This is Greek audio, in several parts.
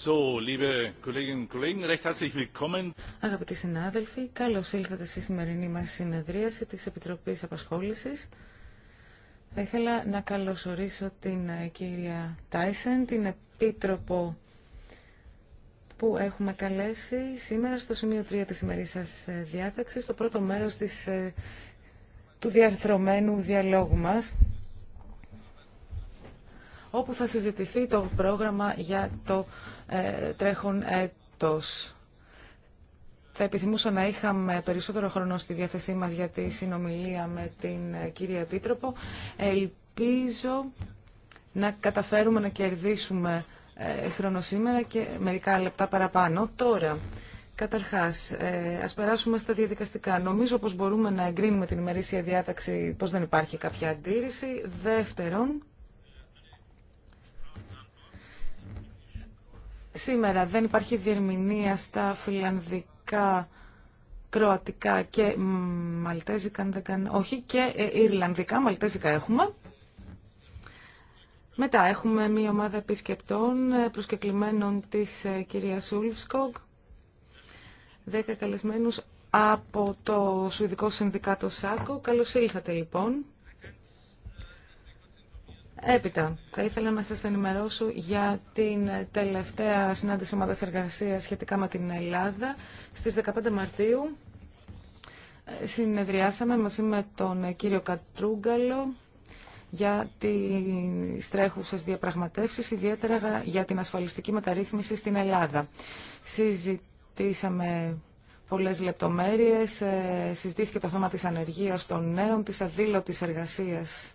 So, Αγαπητοί συνάδελφοι, καλώ ήλθατε στη σημερινή μα συνεδρίαση τη Επιτροπή Απασχόλησης. Θα ήθελα να καλωσορίσω την ε, κυρία Τάισεν, την Επίτροπο που έχουμε καλέσει σήμερα στο σημείο 3 της ημερής σας ε, διάταξης, το πρώτο μέρος ε, του διαρθρωμένου διαλόγου μας όπου θα συζητηθεί το πρόγραμμα για το ε, τρέχον έτος. Θα επιθυμούσα να είχαμε περισσότερο χρόνο στη διάθεσή μας για τη συνομιλία με την ε, κυρία Επίτροπο. Ελπίζω να καταφέρουμε να κερδίσουμε ε, χρόνο σήμερα και μερικά λεπτά παραπάνω. Τώρα, καταρχάς, ε, ας περάσουμε στα διαδικαστικά. Νομίζω πως μπορούμε να εγκρίνουμε την ημερήσια διάταξη, πως δεν υπάρχει κάποια αντίρρηση. Δεύτερον, Σήμερα δεν υπάρχει διερμηνία στα φιλανδικά, κροατικά και μαλτέζικα, δεν όχι, και ε, ιρλανδικά, μαλτέζικα έχουμε. Μετά έχουμε μία ομάδα επισκεπτών ε, προσκεκλημένων της ε, κυρίας Ούλφσκογκ, δέκα καλεσμένους από το Σουηδικό Συνδικάτο ΣΑΚΟ. Καλώς ήλθατε λοιπόν. Έπειτα, θα ήθελα να σας ενημερώσω για την τελευταία συνάντηση ομάδας εργασίας σχετικά με την Ελλάδα. Στις 15 Μαρτίου ε, συνεδριάσαμε μαζί με τον κύριο Κατρούγκαλο για τις τρέχουσες διαπραγματεύσεις, ιδιαίτερα για την ασφαλιστική μεταρρύθμιση στην Ελλάδα. Συζητήσαμε πολλές λεπτομέρειες, ε, συζητήθηκε το θέμα της ανεργίας των νέων, της αδήλωτης εργασίας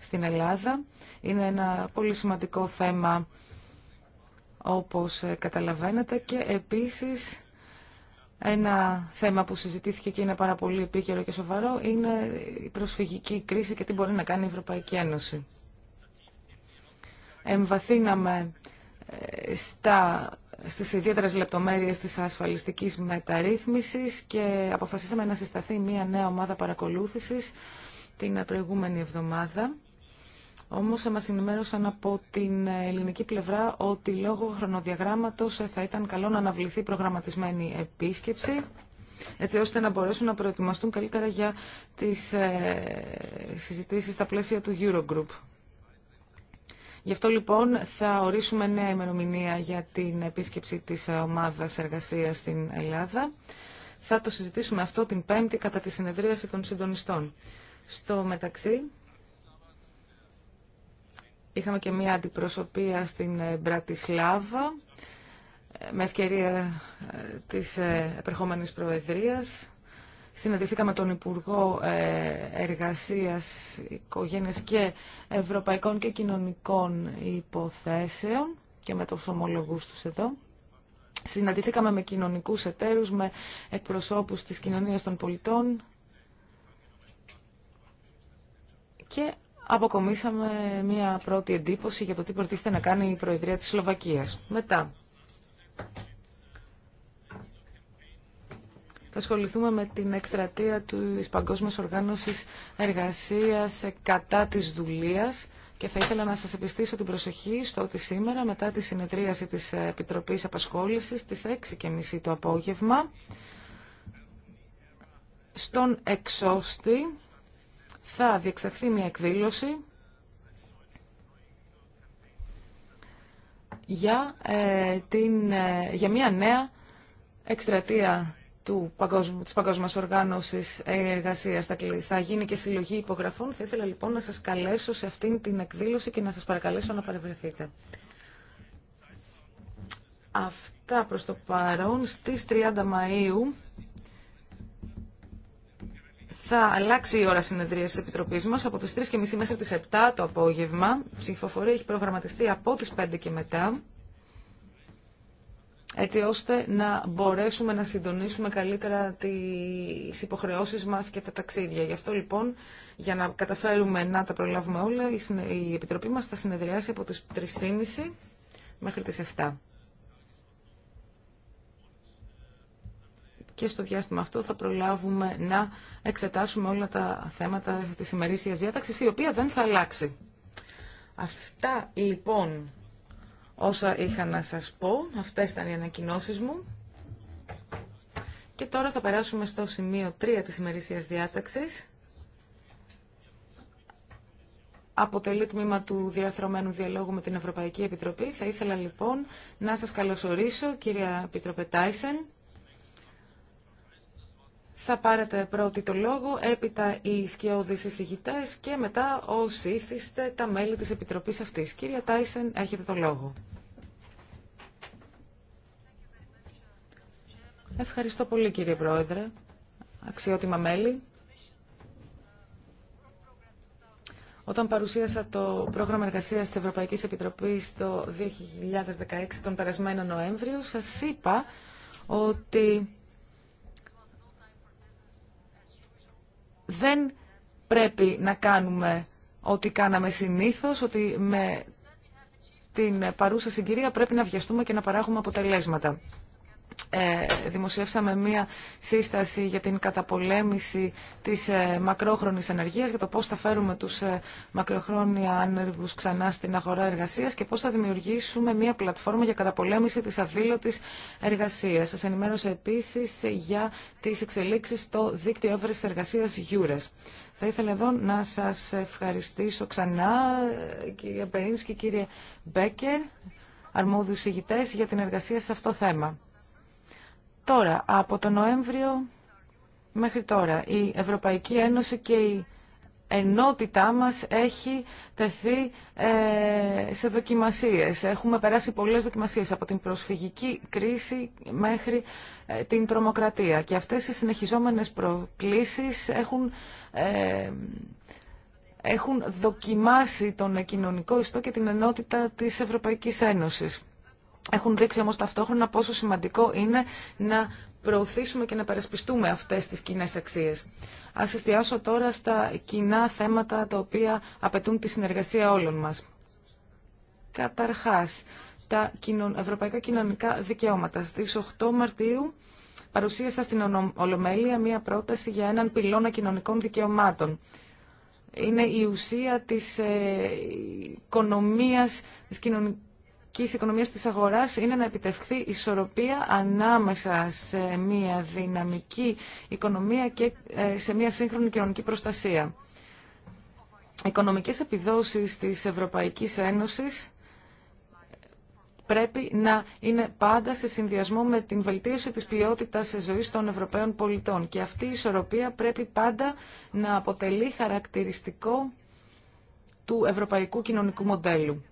στην Ελλάδα. Είναι ένα πολύ σημαντικό θέμα όπως ε, καταλαβαίνετε και επίσης ένα θέμα που συζητήθηκε και είναι πάρα πολύ επίκαιρο και σοβαρό είναι η προσφυγική κρίση και τι μπορεί να κάνει η Ευρωπαϊκή Ένωση. Εμβαθύναμε ε, στα, στις ιδιαίτερες λεπτομέρειες της ασφαλιστικής μεταρρύθμισης και αποφασίσαμε να συσταθεί μια νέα ομάδα παρακολούθησης την προηγούμενη εβδομάδα όμως μας ενημέρωσαν από την ε, ελληνική πλευρά ότι λόγω χρονοδιαγράμματος ε, θα ήταν καλό να αναβληθεί προγραμματισμένη επίσκεψη έτσι ώστε να μπορέσουν να προετοιμαστούν καλύτερα για τις ε, συζητήσεις στα πλαίσια του Eurogroup. Γι' αυτό λοιπόν θα ορίσουμε νέα ημερομηνία για την επίσκεψη της ομάδας εργασία στην Ελλάδα. Θα το συζητήσουμε αυτό την Πέμπτη κατά τη συνεδρίαση των συντονιστών. Στο μεταξύ, Είχαμε και μία αντιπροσωπεία στην ε, Μπρατισλάβα ε, με ευκαιρία ε, της επερχόμενης προεδρίας. Συναντηθήκαμε με τον Υπουργό Εργασίας, Οικογένειας και Ευρωπαϊκών και Κοινωνικών Υποθέσεων και με τους ομολογούς τους εδώ. Συναντηθήκαμε με κοινωνικούς εταίρους, με εκπροσώπους της κοινωνίας των πολιτών και αποκομίσαμε μια πρώτη εντύπωση για το τι προτίθεται να κάνει η Προεδρία της Σλοβακίας. Μετά, θα ασχοληθούμε με την εκστρατεία της Παγκόσμιας Οργάνωσης Εργασίας κατά της δουλείας και θα ήθελα να σας επιστήσω την προσοχή στο ότι σήμερα μετά τη συνεδρίαση της Επιτροπής Απασχόλησης στις 6.30 το απόγευμα στον εξώστη θα διεξαχθεί μια εκδήλωση για, ε, την, ε, για μια νέα εκστρατεία του Παγκόσμου της Παγκόσμιας Οργάνωσης Εργασίας θα γίνει και συλλογή υπογραφών. Θα ήθελα λοιπόν να σας καλέσω σε αυτήν την εκδήλωση και να σας παρακαλέσω να παρευρεθείτε. Αυτά προς το παρόν. Στις 30 Μαΐου θα αλλάξει η ώρα συνεδρία τη Επιτροπή μα από τι 3.30 μέχρι τι 7 το απόγευμα. Η ψηφοφορία έχει προγραμματιστεί από τι 5 και μετά. Έτσι ώστε να μπορέσουμε να συντονίσουμε καλύτερα τι υποχρεώσει μα και τα ταξίδια. Γι' αυτό λοιπόν, για να καταφέρουμε να τα προλάβουμε όλα, η Επιτροπή μα θα συνεδριάσει από τι 3.30 μέχρι τι 7. και στο διάστημα αυτό θα προλάβουμε να εξετάσουμε όλα τα θέματα της ημερήσιας διάταξης, η οποία δεν θα αλλάξει. Αυτά λοιπόν όσα είχα να σας πω, αυτές ήταν οι ανακοινώσεις μου. Και τώρα θα περάσουμε στο σημείο 3 της ημερήσιας διάταξης. Αποτελεί τμήμα του διαρθρωμένου διαλόγου με την Ευρωπαϊκή Επιτροπή. Θα ήθελα λοιπόν να σας καλωσορίσω, κυρία Επιτροπέ Τάισεν, θα πάρετε πρώτοι το λόγο, έπειτα οι σκιώδεις εισηγητές και μετά όσοι ήθιστε τα μέλη της Επιτροπής αυτής. Κυρία Τάισεν, έχετε το λόγο. Ευχαριστώ πολύ κύριε Πρόεδρε, αξιότιμα μέλη. Όταν παρουσίασα το πρόγραμμα εργασίας της Ευρωπαϊκής Επιτροπής το 2016 τον περασμένο Νοέμβριο, σας είπα ότι δεν πρέπει να κάνουμε ό,τι κάναμε συνήθως, ότι με την παρούσα συγκυρία πρέπει να βιαστούμε και να παράγουμε αποτελέσματα. Ε, δημοσιεύσαμε μία σύσταση για την καταπολέμηση της ε, μακρόχρονης ενεργείας, για το πώς θα φέρουμε τους ε, μακροχρόνια άνεργους ξανά στην αγορά εργασίας και πώς θα δημιουργήσουμε μία πλατφόρμα για καταπολέμηση της αδύλωτης εργασίας. Σας ενημέρωσα επίσης για τις εξελίξεις στο δίκτυο έβρεσης εργασίας EURES. Θα ήθελα εδώ να σας ευχαριστήσω ξανά, κύριε Μπερίνς και κύριε Μπέκερ, αρμόδιους ηγητές, για την εργασία σε αυτό το θέμα. Τώρα, από τον Νοέμβριο μέχρι τώρα, η Ευρωπαϊκή Ένωση και η ενότητά μας έχει τεθεί ε, σε δοκιμασίες. Έχουμε περάσει πολλές δοκιμασίες από την προσφυγική κρίση μέχρι ε, την τρομοκρατία. Και αυτές οι συνεχιζόμενες προκλήσεις έχουν, ε, έχουν δοκιμάσει τον κοινωνικό ιστό και την ενότητα της Ευρωπαϊκής Ένωσης. Έχουν δείξει όμως ταυτόχρονα πόσο σημαντικό είναι να προωθήσουμε και να περασπιστούμε αυτές τις κοινέ αξίες. Ας εστιάσω τώρα στα κοινά θέματα τα οποία απαιτούν τη συνεργασία όλων μας. Καταρχάς, τα ευρωπαϊκά κοινωνικά δικαιώματα. Στις 8 Μαρτίου παρουσίασα στην Ολομέλεια μία πρόταση για έναν πυλώνα κοινωνικών δικαιωμάτων. Είναι η ουσία της ε, οικονομίας, της κοινωνικής η οικονομία της αγοράς είναι να επιτευχθεί ισορροπία ανάμεσα σε μια δυναμική οικονομία και ε, σε μια σύγχρονη κοινωνική προστασία. Οι οικονομικές επιδόσεις της Ευρωπαϊκής Ένωσης πρέπει να είναι πάντα σε συνδυασμό με την βελτίωση της ποιότητας ζωής των Ευρωπαίων πολιτών. Και αυτή η ισορροπία πρέπει πάντα να αποτελεί χαρακτηριστικό του ευρωπαϊκού κοινωνικού μοντέλου.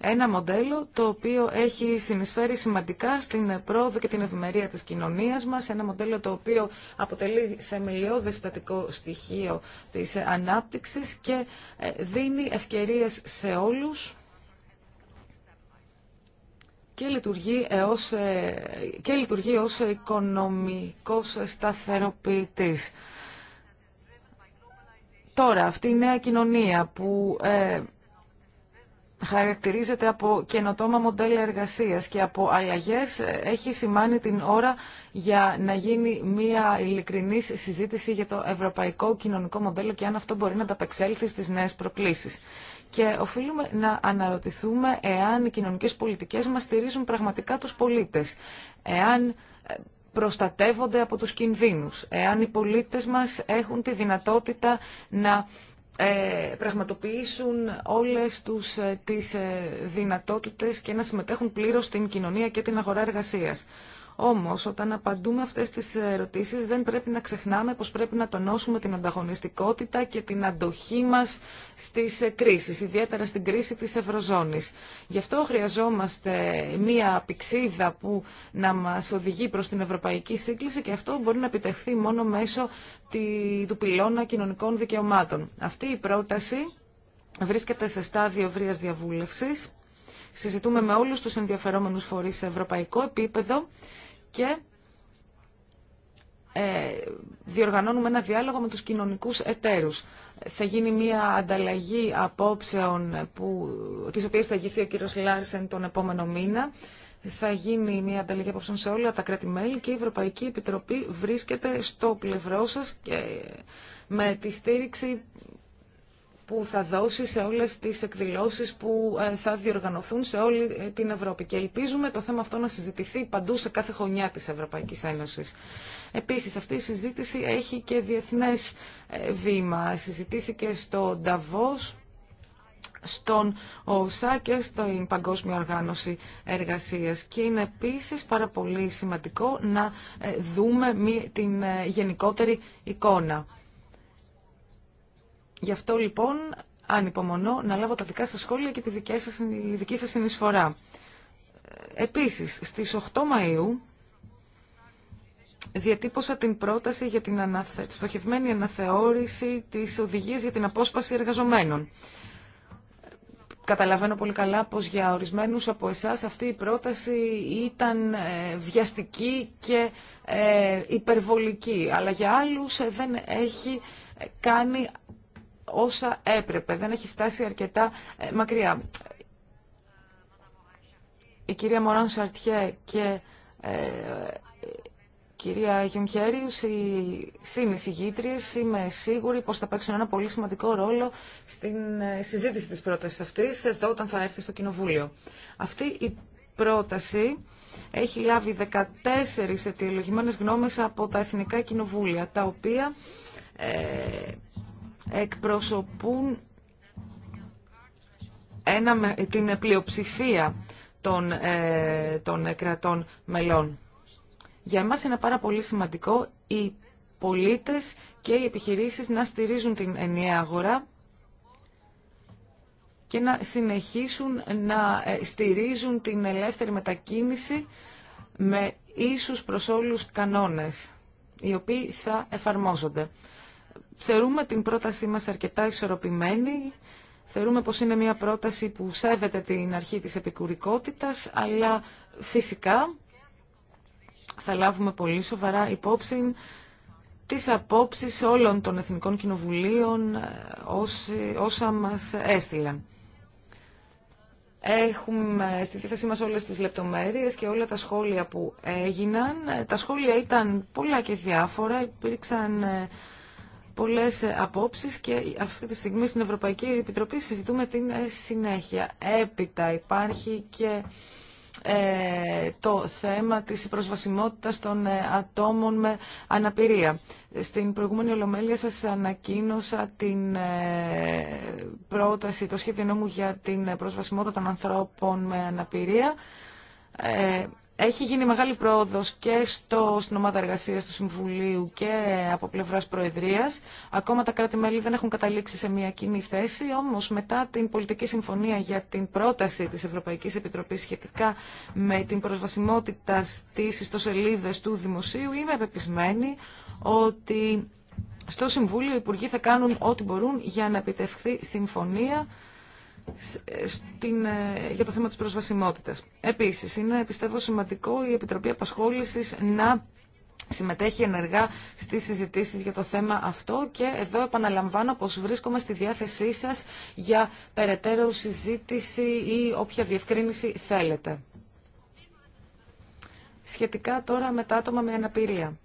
Ένα μοντέλο το οποίο έχει συνεισφέρει σημαντικά στην πρόοδο και την ευημερία της κοινωνίας μας, ένα μοντέλο το οποίο αποτελεί θεμελιώδες στατικό στοιχείο της ανάπτυξης και ε, δίνει ευκαιρίες σε όλους και λειτουργεί, ως, ε, και λειτουργεί ως οικονομικός σταθεροποιητής. Τώρα, αυτή η νέα κοινωνία που ε, χαρακτηρίζεται από καινοτόμα μοντέλα εργασίας και από αλλαγές έχει σημάνει την ώρα για να γίνει μια ειλικρινή συζήτηση για το ευρωπαϊκό κοινωνικό μοντέλο και αν αυτό μπορεί να ταπεξέλθει στις νέες προκλήσεις. Και οφείλουμε να αναρωτηθούμε εάν οι κοινωνικές πολιτικές μας στηρίζουν πραγματικά τους πολίτες, εάν ε, προστατεύονται από τους κινδύνους, εάν οι πολίτες μας έχουν τη δυνατότητα να ε, πραγματοποιήσουν όλες τους, ε, τις ε, δυνατότητες και να συμμετέχουν πλήρως στην κοινωνία και την αγορά εργασίας. Όμως, όταν απαντούμε αυτές τις ερωτήσεις δεν πρέπει να ξεχνάμε πως πρέπει να τονώσουμε την ανταγωνιστικότητα και την αντοχή μας στις κρίσεις, ιδιαίτερα στην κρίση της Ευρωζώνης. Γι' αυτό χρειαζόμαστε μία πηξίδα που να μας οδηγεί προς την ευρωπαϊκή σύγκληση και αυτό μπορεί να επιτευχθεί μόνο μέσω του πυλώνα κοινωνικών δικαιωμάτων. Αυτή η πρόταση βρίσκεται σε στάδιο ευρείας διαβούλευσης συζητούμε με όλους τους ενδιαφερόμενους φορείς σε ευρωπαϊκό επίπεδο και ε, διοργανώνουμε ένα διάλογο με τους κοινωνικούς εταίρους. Θα γίνει μια ανταλλαγή απόψεων που, τις οποίες θα γυθεί ο κύριος Λάρσεν τον επόμενο μήνα. Θα γίνει μια ανταλλαγή απόψεων σε όλα τα κράτη-μέλη και η Ευρωπαϊκή Επιτροπή βρίσκεται στο πλευρό σας και με τη στήριξη που θα δώσει σε όλες τις εκδηλώσεις που ε, θα διοργανωθούν σε όλη ε, την Ευρώπη. Και ελπίζουμε το θέμα αυτό να συζητηθεί παντού σε κάθε χωνιά της Ευρωπαϊκής Ένωσης. Επίσης, αυτή η συζήτηση έχει και διεθνές ε, βήμα. Συζητήθηκε στο Νταβός, στον ΟΣΑ και στην Παγκόσμια Οργάνωση Εργασίας. Και είναι επίσης πάρα πολύ σημαντικό να δούμε την γενικότερη εικόνα. Γι' αυτό λοιπόν ανυπομονώ να λάβω τα δικά σας σχόλια και τη δική σας, η δική σας συνεισφορά. Επίσης, στις 8 Μαΐου διατύπωσα την πρόταση για την αναθε... στοχευμένη αναθεώρηση της οδηγίας για την απόσπαση εργαζομένων. Καταλαβαίνω πολύ καλά πως για ορισμένους από εσάς αυτή η πρόταση ήταν ε, βιαστική και ε, υπερβολική, αλλά για άλλους ε, δεν έχει κάνει όσα έπρεπε. Δεν έχει φτάσει αρκετά ε, μακριά. Η κυρία Μωράν Σαρτιέ και ε, κυρία Γιονχέριους, οι συνεισηγήτριες, είμαι σίγουρη πως θα παίξουν ένα πολύ σημαντικό ρόλο στην ε, συζήτηση της πρότασης αυτής, εδώ όταν θα έρθει στο Κοινοβούλιο. Αυτή η πρόταση έχει λάβει 14 αιτιολογημένες γνώμες από τα Εθνικά Κοινοβούλια, τα οποία ε, εκπροσωπούν ένα, την πλειοψηφία των, ε, των κρατών μελών. Για εμάς είναι πάρα πολύ σημαντικό οι πολίτες και οι επιχειρήσεις να στηρίζουν την ενιαία αγορά και να συνεχίσουν να ε, στηρίζουν την ελεύθερη μετακίνηση με ίσους προς όλους κανόνες, οι οποίοι θα εφαρμόζονται. Θεωρούμε την πρότασή μας αρκετά ισορροπημένη. Θεωρούμε πως είναι μια πρόταση που σέβεται την αρχή της επικουρικότητας, αλλά φυσικά θα λάβουμε πολύ σοβαρά υπόψη τις απόψεις όλων των Εθνικών Κοινοβουλίων ε, όσα μας έστειλαν. Έχουμε στη θέση μας όλες τις λεπτομέρειες και όλα τα σχόλια που έγιναν. Τα σχόλια ήταν πολλά και διάφορα. Υπήρξαν ε, Πολλέ απόψει και αυτή τη στιγμή στην Ευρωπαϊκή Επιτροπή συζητούμε την ε, συνέχεια. Έπειτα υπάρχει και ε, το θέμα της προσβασιμότητας των ε, ατόμων με αναπηρία. Στην προηγούμενη Ολομέλεια σας ανακοίνωσα την πρόταση, το σχέδιο νόμου για την προσβασιμότητα των ανθρώπων με αναπηρία. Έχει γίνει μεγάλη πρόοδο και στο, στην ομάδα εργασία του Συμβουλίου και από πλευρά Προεδρίας. Ακόμα τα κράτη-μέλη δεν έχουν καταλήξει σε μια κοινή θέση, όμως μετά την πολιτική συμφωνία για την πρόταση της Ευρωπαϊκής Επιτροπής σχετικά με την προσβασιμότητα στι ιστοσελίδε του Δημοσίου, είμαι πεπισμένη ότι στο Συμβούλιο οι Υπουργοί θα κάνουν ό,τι μπορούν για να επιτευχθεί συμφωνία στην, ε, για το θέμα της προσβασιμότητας. Επίσης, είναι πιστεύω σημαντικό η Επιτροπή Απασχόλησης να συμμετέχει ενεργά στις συζητήσεις για το θέμα αυτό και εδώ επαναλαμβάνω πως βρίσκομαι στη διάθεσή σας για περαιτέρω συζήτηση ή όποια διευκρίνηση θέλετε. Σχετικά τώρα με τα άτομα με αναπηρία.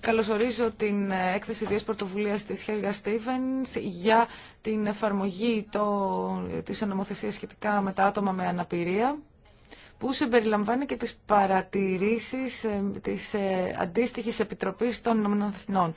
Καλωσορίζω την έκθεση ιδιαίτερη πρωτοβουλία της Χέλγα Στίβεν για την εφαρμογή το, της σχετικά με τα άτομα με αναπηρία που συμπεριλαμβάνει και τις παρατηρήσεις ε, της ε, αντίστοιχης Επιτροπής των Ηνωμένων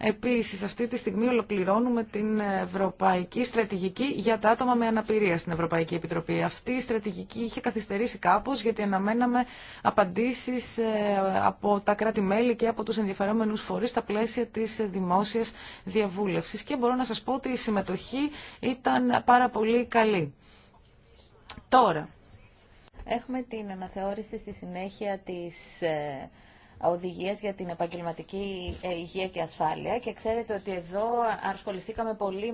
Επίσης, αυτή τη στιγμή ολοκληρώνουμε την Ευρωπαϊκή Στρατηγική για τα άτομα με αναπηρία στην Ευρωπαϊκή Επιτροπή. Αυτή η στρατηγική είχε καθυστερήσει κάπως γιατί αναμέναμε απαντήσεις ε, από τα κράτη-μέλη και από τους ενδιαφερόμενους φορείς στα πλαίσια της δημόσιας διαβούλευσης. Και μπορώ να σας πω ότι η συμμετοχή ήταν πάρα πολύ καλή. Τώρα. Έχουμε την αναθεώρηση στη συνέχεια της ε, Οδηγίε για την επαγγελματική ε, υγεία και ασφάλεια και ξέρετε ότι εδώ ασχοληθήκαμε πολύ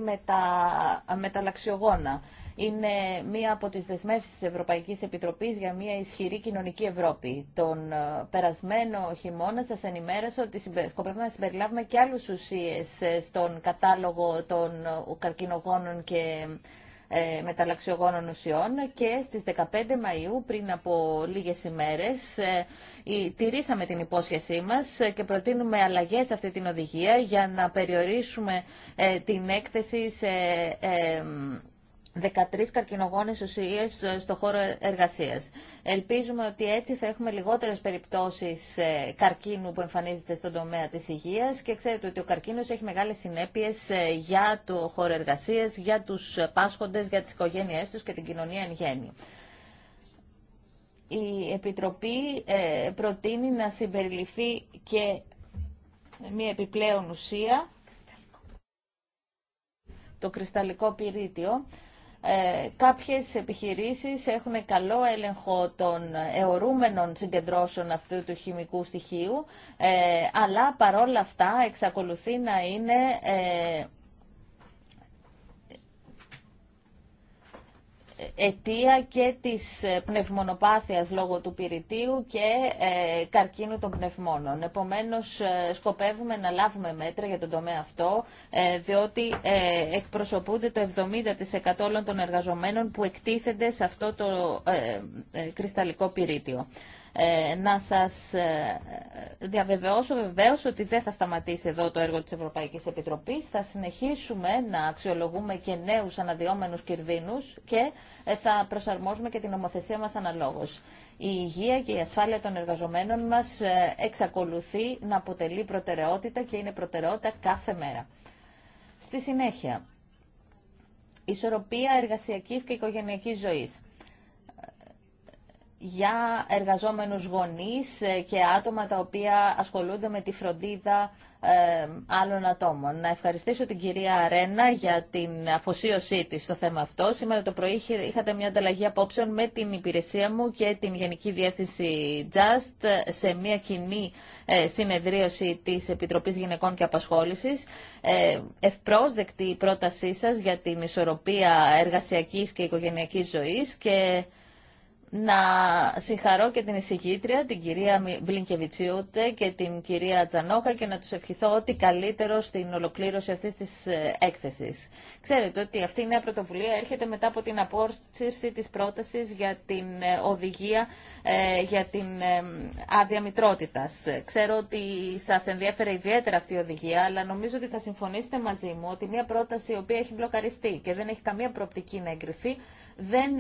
με τα λαξιογόνα. Είναι μία από τις δεσμεύσεις της Ευρωπαϊκής Επιτροπής για μία ισχυρή κοινωνική Ευρώπη. Τον ε, περασμένο χειμώνα σας ενημέρωσα ότι σκοπεύουμε να συμπεριλάβουμε και άλλους ουσίες ε, στον κατάλογο των καρκινογόνων και ε, μεταλλαξιογόνων ουσιών και στις 15 Μαΐου πριν από λίγες ημέρες ε, τηρήσαμε την υπόσχεσή μας και προτείνουμε αλλαγές σε αυτή την οδηγία για να περιορίσουμε ε, την έκθεση σε 13 καρκινογόνες ουσίες ε, στο χώρο εργασίας. Ελπίζουμε ότι έτσι θα έχουμε λιγότερες περιπτώσεις ε, καρκίνου που εμφανίζεται στον τομέα της υγείας και ξέρετε ότι ο καρκίνος έχει μεγάλες συνέπειες ε, για το χώρο εργασίας, για τους πάσχοντες, για τις οικογένειές τους και την κοινωνία εν γέννη. Η Επιτροπή προτείνει να συμπεριληφθεί και μια επιπλέον ουσία, το κρυσταλλικό πυρίτιο, ε, κάποιες επιχειρήσεις έχουν καλό έλεγχο των αιωρούμενων συγκεντρώσεων αυτού του χημικού στοιχείου, ε, αλλά παρόλα αυτά εξακολουθεί να είναι... Ε, αιτία και της ε, πνευμονοπάθειας λόγω του πυρητίου και ε, καρκίνου των πνευμόνων. Επομένως, ε, σκοπεύουμε να λάβουμε μέτρα για τον τομέα αυτό, διότι εκπροσωπούνται το 70% όλων των εργαζομένων που εκτίθενται σε αυτό το κρυσταλλικό πυρίτιο. Ε, να σας ε, διαβεβαιώσω βεβαίως ότι δεν θα σταματήσει εδώ το έργο της Ευρωπαϊκής Επιτροπής. Θα συνεχίσουμε να αξιολογούμε και νέους αναδυόμενους κυρδίνους και ε, θα προσαρμόζουμε και την νομοθεσία μας αναλόγως. Η υγεία και η ασφάλεια των εργαζομένων μας εξακολουθεί να αποτελεί προτεραιότητα και είναι προτεραιότητα κάθε μέρα. Στη συνέχεια, ισορροπία εργασιακής και οικογενειακής ζωής για εργαζόμενους γονείς ε, και άτομα τα οποία ασχολούνται με τη φροντίδα ε, άλλων ατόμων. Να ευχαριστήσω την κυρία Αρένα για την αφοσίωσή της στο θέμα αυτό. Σήμερα το πρωί είχατε μια ανταλλαγή απόψεων με την υπηρεσία μου και την Γενική Διεύθυνση Just ε, σε μια κοινή συνεδρίωση της Επιτροπής Γυναικών και Απασχόλησης. Ευπρόσδεκτη η πρότασή σας για την ισορροπία εργασιακής και οικογενειακής ζωής και να συγχαρώ και την εισηγήτρια, την κυρία Μπλινκεβιτσιούτε και την κυρία Τζανόκα και να τους ευχηθώ ό,τι καλύτερο στην ολοκλήρωση αυτής της ε, έκθεσης. Ξέρετε ότι αυτή η νέα πρωτοβουλία έρχεται μετά από την απόρριψη της πρότασης για την ε, οδηγία ε, για την άδεια μητρότητας. Ξέρω ότι σας ενδιαφέρει ιδιαίτερα αυτή η οδηγία, αλλά νομίζω ότι θα συμφωνήσετε μαζί μου ότι μια πρόταση η οποία έχει μπλοκαριστεί και δεν έχει καμία προοπτική να εγκριθεί, δεν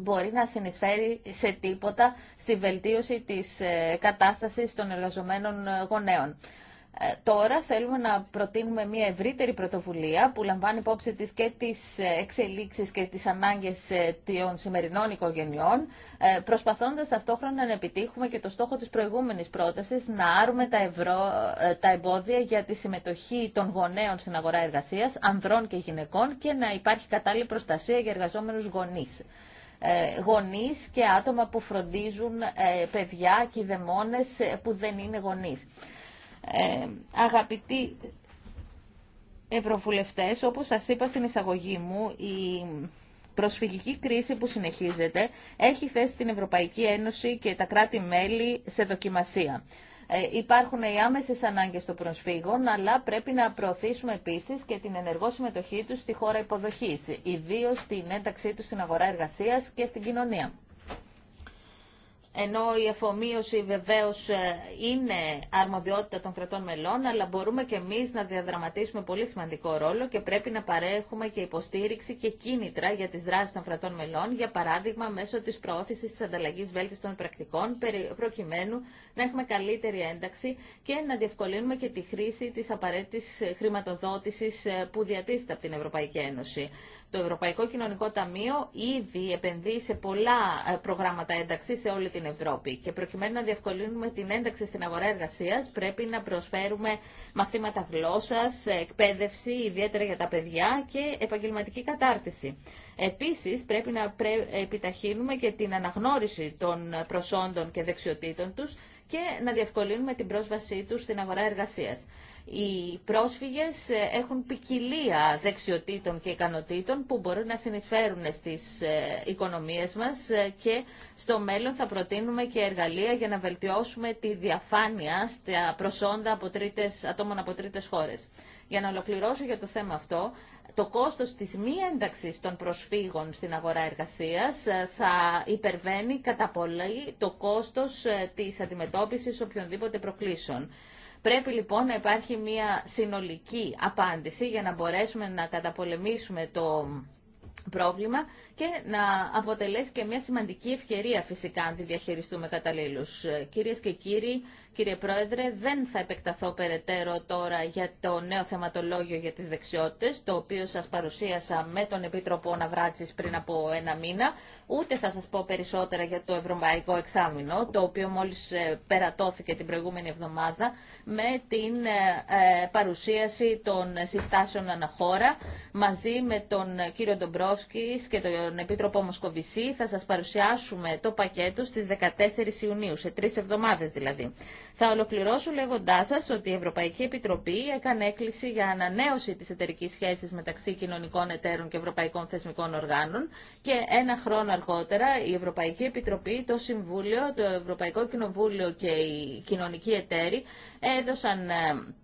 μπορεί να συνεισφέρει σε τίποτα στη βελτίωση της ε, κατάστασης των εργαζομένων ε, γονέων. Ε, τώρα θέλουμε να προτείνουμε μια ευρύτερη πρωτοβουλία που λαμβάνει υπόψη της και τις εξελίξεις και τις ανάγκες των σημερινών οικογενειών, προσπαθώντας ταυτόχρονα να επιτύχουμε και το στόχο της προηγούμενης πρότασης, να άρουμε τα, ευρώ, τα εμπόδια για τη συμμετοχή των γονέων στην αγορά εργασίας, ανδρών και γυναικών και να υπάρχει κατάλληλη προστασία για εργαζόμενους γονείς. Ε, γονείς και άτομα που φροντίζουν ε, παιδιά και δαιμόνες ε, που δεν είναι γονείς. Αγαπητοί ευρωβουλευτές, όπως σας είπα στην εισαγωγή μου, η προσφυγική κρίση που συνεχίζεται έχει θέσει την Ευρωπαϊκή Ένωση και τα κράτη-μέλη σε δοκιμασία. Ε, υπάρχουν οι άμεσε ανάγκε των προσφύγων, αλλά πρέπει να προωθήσουμε επίσης και την ενεργό συμμετοχή τους στη χώρα υποδοχή, ιδίω στην ένταξή τους στην αγορά εργασίας και στην κοινωνία ενώ η αφομοίωση βεβαίως ε, είναι αρμοδιότητα των κρατών μελών, αλλά μπορούμε και εμείς να διαδραματίσουμε πολύ σημαντικό ρόλο και πρέπει να παρέχουμε και υποστήριξη και κίνητρα για τις δράσεις των κρατών μελών, για παράδειγμα μέσω της προώθησης της ανταλλαγής βέλτιστων πρακτικών, προκειμένου να έχουμε καλύτερη ένταξη και να διευκολύνουμε και τη χρήση της απαραίτητης χρηματοδότησης ε, που διατίθεται από την Ευρωπαϊκή Ένωση. Το Ευρωπαϊκό Κοινωνικό Ταμείο ήδη επενδύει σε πολλά ε, προγράμματα ένταξη σε όλη την Ευρώπη. Και προκειμένου να διευκολύνουμε την ένταξη στην αγορά εργασία, πρέπει να προσφέρουμε μαθήματα γλώσσα, εκπαίδευση, ιδιαίτερα για τα παιδιά και επαγγελματική κατάρτιση. Επίσης, πρέπει να επιταχύνουμε και την αναγνώριση των προσόντων και δεξιοτήτων τους και να διευκολύνουμε την πρόσβασή του στην αγορά εργασία. Οι πρόσφυγες ε, έχουν ποικιλία δεξιοτήτων και ικανοτήτων που μπορούν να συνεισφέρουν στις ε, οικονομίες μας ε, και στο μέλλον θα προτείνουμε και εργαλεία για να βελτιώσουμε τη διαφάνεια στα προσόντα από τρίτες, ατόμων από τρίτες χώρες. Για να ολοκληρώσω για το θέμα αυτό, το κόστος της μη ένταξης των προσφύγων στην αγορά εργασίας θα υπερβαίνει κατά πολύ το κόστος της αντιμετώπισης οποιονδήποτε προκλήσεων. Πρέπει λοιπόν να υπάρχει μια συνολική απάντηση για να μπορέσουμε να καταπολεμήσουμε το πρόβλημα και να αποτελέσει και μια σημαντική ευκαιρία φυσικά αν τη διαχειριστούμε καταλήλους. Ε, κυρίες και κύριοι, Κύριε Πρόεδρε, δεν θα επεκταθώ περαιτέρω τώρα για το νέο θεματολόγιο για τις δεξιότητες, το οποίο σας παρουσίασα με τον Επίτροπο Ναυράτσης πριν από ένα μήνα, ούτε θα σας πω περισσότερα για το Ευρωπαϊκό Εξάμεινο, το οποίο μόλις ε, περατώθηκε την προηγούμενη εβδομάδα με την ε, ε, παρουσίαση των συστάσεων αναχώρα, μαζί με τον κύριο Ντομπρόσκη και τον Επίτροπο Μοσκοβισή θα σας παρουσιάσουμε το πακέτο στις 14 Ιουνίου, σε τρει εβδομάδες δηλαδή. Θα ολοκληρώσω λέγοντά σα ότι η Ευρωπαϊκή Επιτροπή έκανε έκκληση για ανανέωση τη εταιρική σχέση μεταξύ κοινωνικών εταίρων και ευρωπαϊκών θεσμικών οργάνων και ένα χρόνο αργότερα η Ευρωπαϊκή Επιτροπή, το Συμβούλιο, το Ευρωπαϊκό Κοινοβούλιο και οι κοινωνικοί εταίροι έδωσαν ε,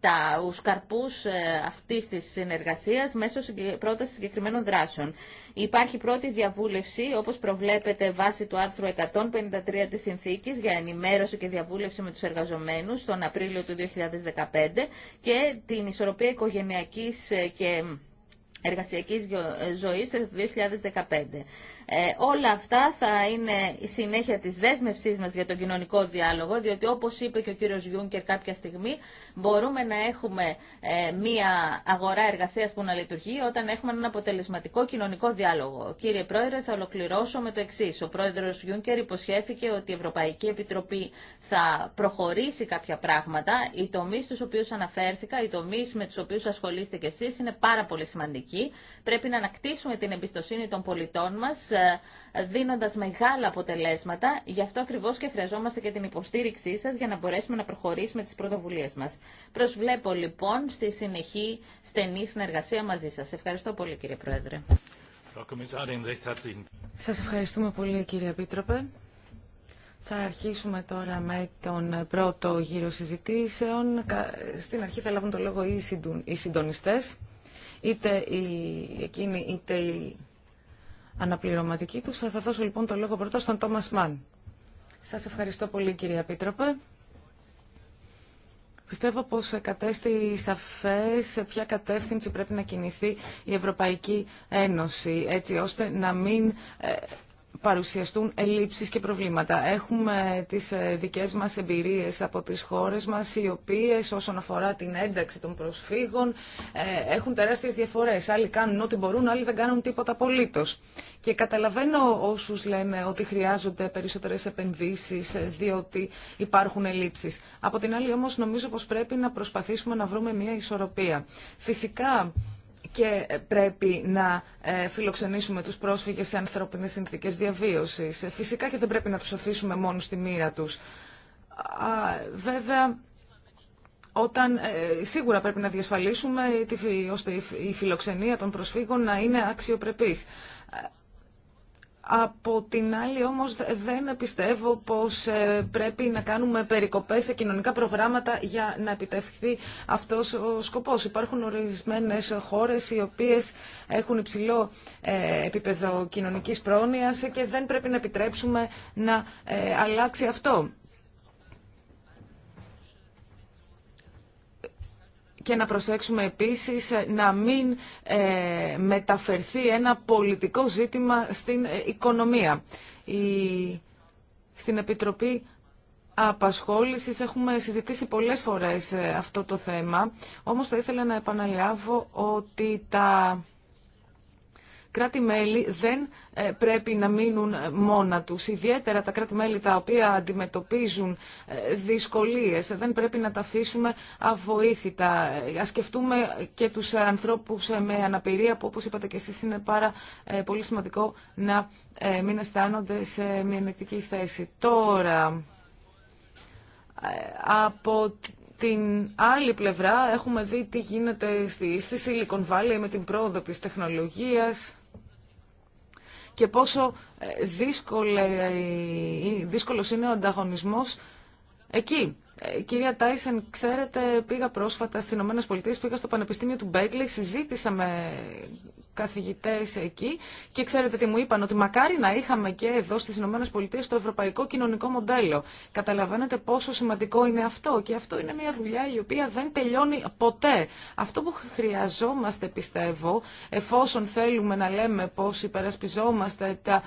τα καρπούς ε, αυτής της συνεργασίας μέσω πρόταση συγκεκριμένων δράσεων. Υπάρχει πρώτη διαβούλευση, όπως προβλέπεται βάσει του άρθρου 153 της Συνθήκης για ενημέρωση και διαβούλευση με τους εργαζομένους τον Απρίλιο του 2015 και την ισορροπία οικογενειακής ε, και εργασιακής ζωής το 2015. Ε, όλα αυτά θα είναι η συνέχεια της δέσμευσής μας για τον κοινωνικό διάλογο, διότι όπως είπε και ο κύριος Γιούνκερ κάποια στιγμή, μπορούμε να έχουμε ε, μία αγορά εργασίας που να λειτουργεί όταν έχουμε έναν αποτελεσματικό κοινωνικό διάλογο. Κύριε Πρόεδρε, θα ολοκληρώσω με το εξή. Ο Πρόεδρος Γιούνκερ υποσχέθηκε ότι η Ευρωπαϊκή Επιτροπή θα προχωρήσει κάποια πράγματα. Οι τομεί στους οποίους αναφέρθηκα, οι τομεί με τους οποίους ασχολείστε κι εσείς είναι πάρα πολύ σημαντικοί. Πρέπει να ανακτήσουμε την εμπιστοσύνη των πολιτών μας ε, δίνοντα μεγάλα αποτελέσματα. Γι' αυτό ακριβώ και χρειαζόμαστε και την υποστήριξή σας για να μπορέσουμε να προχωρήσουμε τι πρωτοβουλίες μας. Προσβλέπω λοιπόν στη συνεχή στενή συνεργασία μαζί σας. Ευχαριστώ πολύ κύριε Πρόεδρε. Σα ευχαριστούμε πολύ κύριε Επίτροπε. Θα αρχίσουμε τώρα με τον πρώτο γύρο συζητήσεων. Στην αρχή θα λάβουν το λόγο οι συντονιστές, είτε οι, είτε αναπληρωματική του, Θα δώσω λοιπόν το λόγο πρώτα στον Τόμας Μαν. Σας ευχαριστώ πολύ κυρία Επίτροπε. Πιστεύω πως κατέστη σαφές σε ποια κατεύθυνση πρέπει να κινηθεί η Ευρωπαϊκή Ένωση, έτσι ώστε να μην ε, παρουσιαστούν ελλείψεις και προβλήματα. Έχουμε τις ε, δικές μας εμπειρίες από τις χώρες μας, οι οποίες όσον αφορά την ένταξη των προσφύγων ε, έχουν τεράστιες διαφορές. Άλλοι κάνουν ό,τι μπορούν, άλλοι δεν κάνουν τίποτα απολύτω. Και καταλαβαίνω όσους λένε ότι χρειάζονται περισσότερες επενδύσεις, ε, διότι υπάρχουν ελλείψεις. Από την άλλη όμως νομίζω πως πρέπει να προσπαθήσουμε να βρούμε μια ισορροπία. Φυσικά και πρέπει να ε, φιλοξενήσουμε τους πρόσφυγες σε ανθρώπινες συνθήκες διαβίωσης. Ε, φυσικά και δεν πρέπει να τους αφήσουμε μόνο στη μοίρα τους. Βέβαια, όταν ε, σίγουρα πρέπει να διασφαλίσουμε ώστε η φιλοξενία των προσφύγων να είναι αξιοπρεπής. Από την άλλη όμως δεν πιστεύω πως ε, πρέπει να κάνουμε περικοπές σε κοινωνικά προγράμματα για να επιτευχθεί αυτός ο σκοπός. Υπάρχουν ορισμένες χώρες οι οποίες έχουν υψηλό ε, επίπεδο κοινωνικής πρόνοιας και δεν πρέπει να επιτρέψουμε να ε, αλλάξει αυτό. και να προσέξουμε επίσης να μην ε, μεταφερθεί ένα πολιτικό ζήτημα στην ε, οικονομία. Η, στην Επιτροπή Απασχόλησης έχουμε συζητήσει πολλές φορές ε, αυτό το θέμα, όμως θα ήθελα να επαναλάβω ότι τα κράτη-μέλη δεν ε, πρέπει να μείνουν μόνα τους. Ιδιαίτερα τα κράτη-μέλη τα οποία αντιμετωπίζουν ε, δυσκολίες δεν πρέπει να τα αφήσουμε αβοήθητα. Ε, ας σκεφτούμε και τους ανθρώπους με αναπηρία που όπως είπατε και εσείς είναι πάρα πολύ σημαντικό να μην αισθάνονται σε μειονεκτική θέση. Τώρα, από την άλλη πλευρά έχουμε δει τι γίνεται στη, Silicon Valley με την πρόοδο της τεχνολογίας και πόσο ε, ε, δύσκολος είναι ο ανταγωνισμός εκεί. Ε, κυρία Τάισεν, ξέρετε, πήγα πρόσφατα στι Ηνωμένε Πολιτείε, πήγα στο Πανεπιστήμιο του Μπέγκλε, συζήτησα με καθηγητέ εκεί και ξέρετε τι μου είπαν, ότι μακάρι να είχαμε και εδώ στι Ηνωμένε Πολιτείε το ευρωπαϊκό κοινωνικό μοντέλο. Καταλαβαίνετε πόσο σημαντικό είναι αυτό και αυτό είναι μια δουλειά η οποία δεν τελειώνει ποτέ. Αυτό που χρειαζόμαστε, πιστεύω, εφόσον θέλουμε να λέμε πώ υπερασπιζόμαστε τα,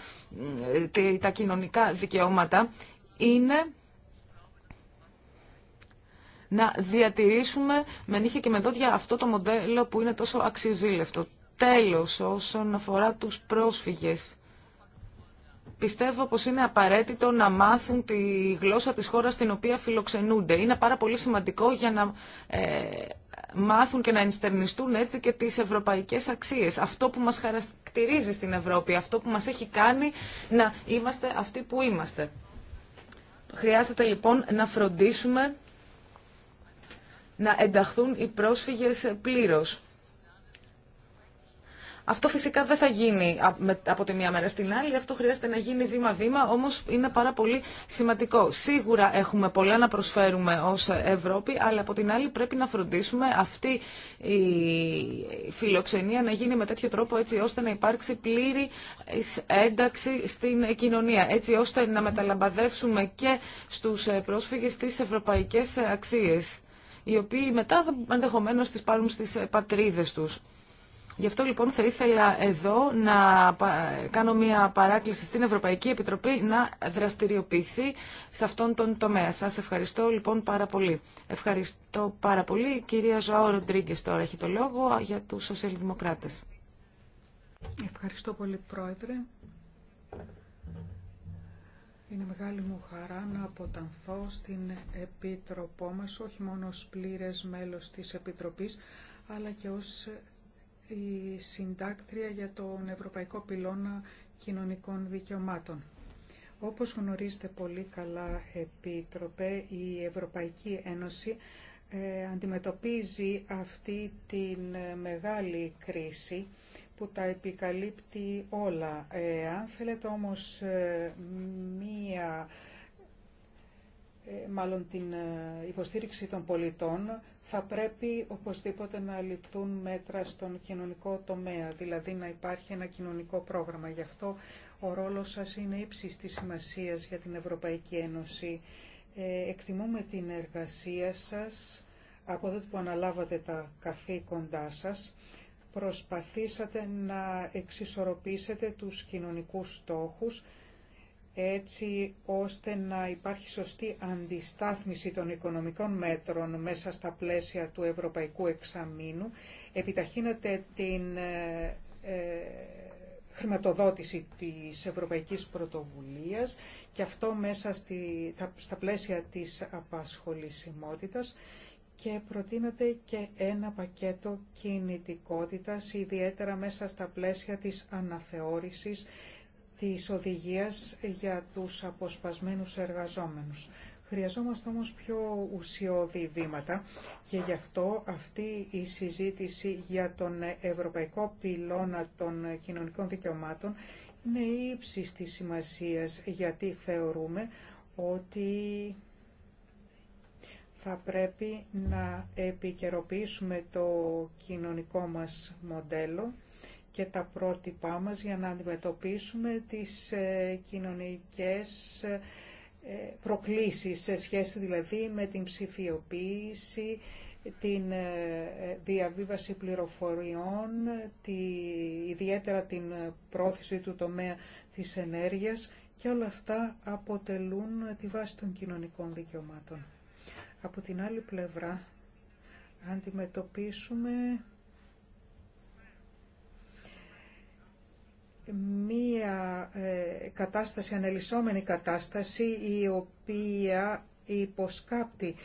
ε, τα κοινωνικά δικαιώματα, είναι να διατηρήσουμε με νύχια και με δόντια αυτό το μοντέλο που είναι τόσο αξιζήλευτο. Τέλος, όσον αφορά τους πρόσφυγες, πιστεύω πως είναι απαραίτητο να μάθουν τη γλώσσα της χώρας στην οποία φιλοξενούνται. Είναι πάρα πολύ σημαντικό για να ε, μάθουν και να ενστερνιστούν έτσι και τις ευρωπαϊκές αξίες. Αυτό που μας χαρακτηρίζει στην Ευρώπη, αυτό που μας έχει κάνει να είμαστε αυτοί που είμαστε. Χρειάζεται λοιπόν να φροντίσουμε να ενταχθούν οι πρόσφυγες πλήρως. Αυτό φυσικά δεν θα γίνει από τη μία μέρα στην άλλη, αυτό χρειάζεται να γίνει βήμα-βήμα, όμως είναι πάρα πολύ σημαντικό. Σίγουρα έχουμε πολλά να προσφέρουμε ως Ευρώπη, αλλά από την άλλη πρέπει να φροντίσουμε αυτή η φιλοξενία να γίνει με τέτοιο τρόπο έτσι ώστε να υπάρξει πλήρη ένταξη στην κοινωνία, έτσι ώστε να μεταλαμπαδεύσουμε και στους ε, πρόσφυγες τις ευρωπαϊκές ε, αξίες οι οποίοι μετά ενδεχομένω τις πάρουν στι ε, πατρίδε τους. Γι' αυτό λοιπόν θα ήθελα εδώ να κάνω μια παράκληση στην Ευρωπαϊκή Επιτροπή να δραστηριοποιηθεί σε αυτόν τον τομέα. Σας ευχαριστώ λοιπόν πάρα πολύ. Ευχαριστώ πάρα πολύ. Η κυρία Ζωάο Ροντρίγκε τώρα έχει το λόγο για τους σοσιαλδημοκράτες. Ευχαριστώ πολύ Πρόεδρε. Είναι μεγάλη μου χαρά να αποτανθώ στην Επίτροπό μας, όχι μόνο ως πλήρες μέλος της Επιτροπής, αλλά και ως ε, η συντάκτρια για τον Ευρωπαϊκό Πυλώνα Κοινωνικών Δικαιωμάτων. Όπως γνωρίζετε πολύ καλά, Επίτροπε, η Ευρωπαϊκή Ένωση ε, αντιμετωπίζει αυτή την μεγάλη κρίση που τα επικαλύπτει όλα. Ε, αν θέλετε όμως ε, μία, ε, μάλλον την ε, υποστήριξη των πολιτών, θα πρέπει οπωσδήποτε να ληφθούν μέτρα στον κοινωνικό τομέα, δηλαδή να υπάρχει ένα κοινωνικό πρόγραμμα. Γι' αυτό ο ρόλος σας είναι ύψης της σημασίας για την Ευρωπαϊκή Ένωση. εκτιμούμε την εργασία σας από τότε που αναλάβατε τα καθήκοντά σας προσπαθήσατε να εξισορροπήσετε τους κοινωνικούς στόχους έτσι ώστε να υπάρχει σωστή αντιστάθμιση των οικονομικών μέτρων μέσα στα πλαίσια του Ευρωπαϊκού Εξαμήνου. Επιταχύνατε την ε, ε, χρηματοδότηση της Ευρωπαϊκής Πρωτοβουλίας και αυτό μέσα στη, στα πλαίσια της απασχολησιμότητας και προτείνεται και ένα πακέτο κινητικότητας, ιδιαίτερα μέσα στα πλαίσια της αναθεώρησης της οδηγίας για τους αποσπασμένους εργαζόμενους. Χρειαζόμαστε όμως πιο ουσιώδη βήματα και γι' αυτό αυτή η συζήτηση για τον Ευρωπαϊκό Πυλώνα των Κοινωνικών Δικαιωμάτων είναι ύψης της σημασίας γιατί θεωρούμε ότι θα πρέπει να επικαιροποιήσουμε το κοινωνικό μας μοντέλο και τα πρότυπά μας για να αντιμετωπίσουμε τις ε, κοινωνικές ε, προκλήσεις σε σχέση δηλαδή με την ψηφιοποίηση, την ε, διαβίβαση πληροφοριών, τη, ιδιαίτερα την πρόθεση του τομέα της ενέργειας και όλα αυτά αποτελούν τη βάση των κοινωνικών δικαιωμάτων από την άλλη πλευρά αντιμετωπίσουμε μία ε, κατάσταση, ανελισσόμενη κατάσταση η οποία υποσκάπτει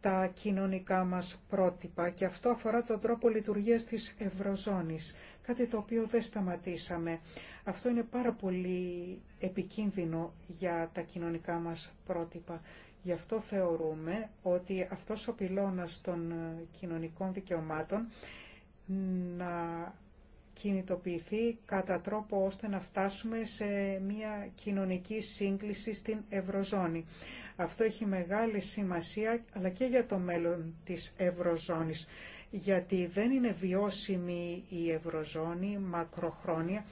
τα κοινωνικά μας πρότυπα και αυτό αφορά τον τρόπο λειτουργίας της Ευρωζώνης, κάτι το οποίο δεν σταματήσαμε. Αυτό είναι πάρα πολύ επικίνδυνο για τα κοινωνικά μας πρότυπα Γι' αυτό θεωρούμε ότι αυτός ο πυλώνας των ε, κοινωνικών δικαιωμάτων να κινητοποιηθεί κατά τρόπο ώστε να φτάσουμε σε μια κοινωνική σύγκληση στην Ευρωζώνη. Αυτό έχει μεγάλη σημασία αλλά και για το μέλλον της Ευρωζώνης γιατί δεν είναι βιώσιμη η Ευρωζώνη μακροχρόνια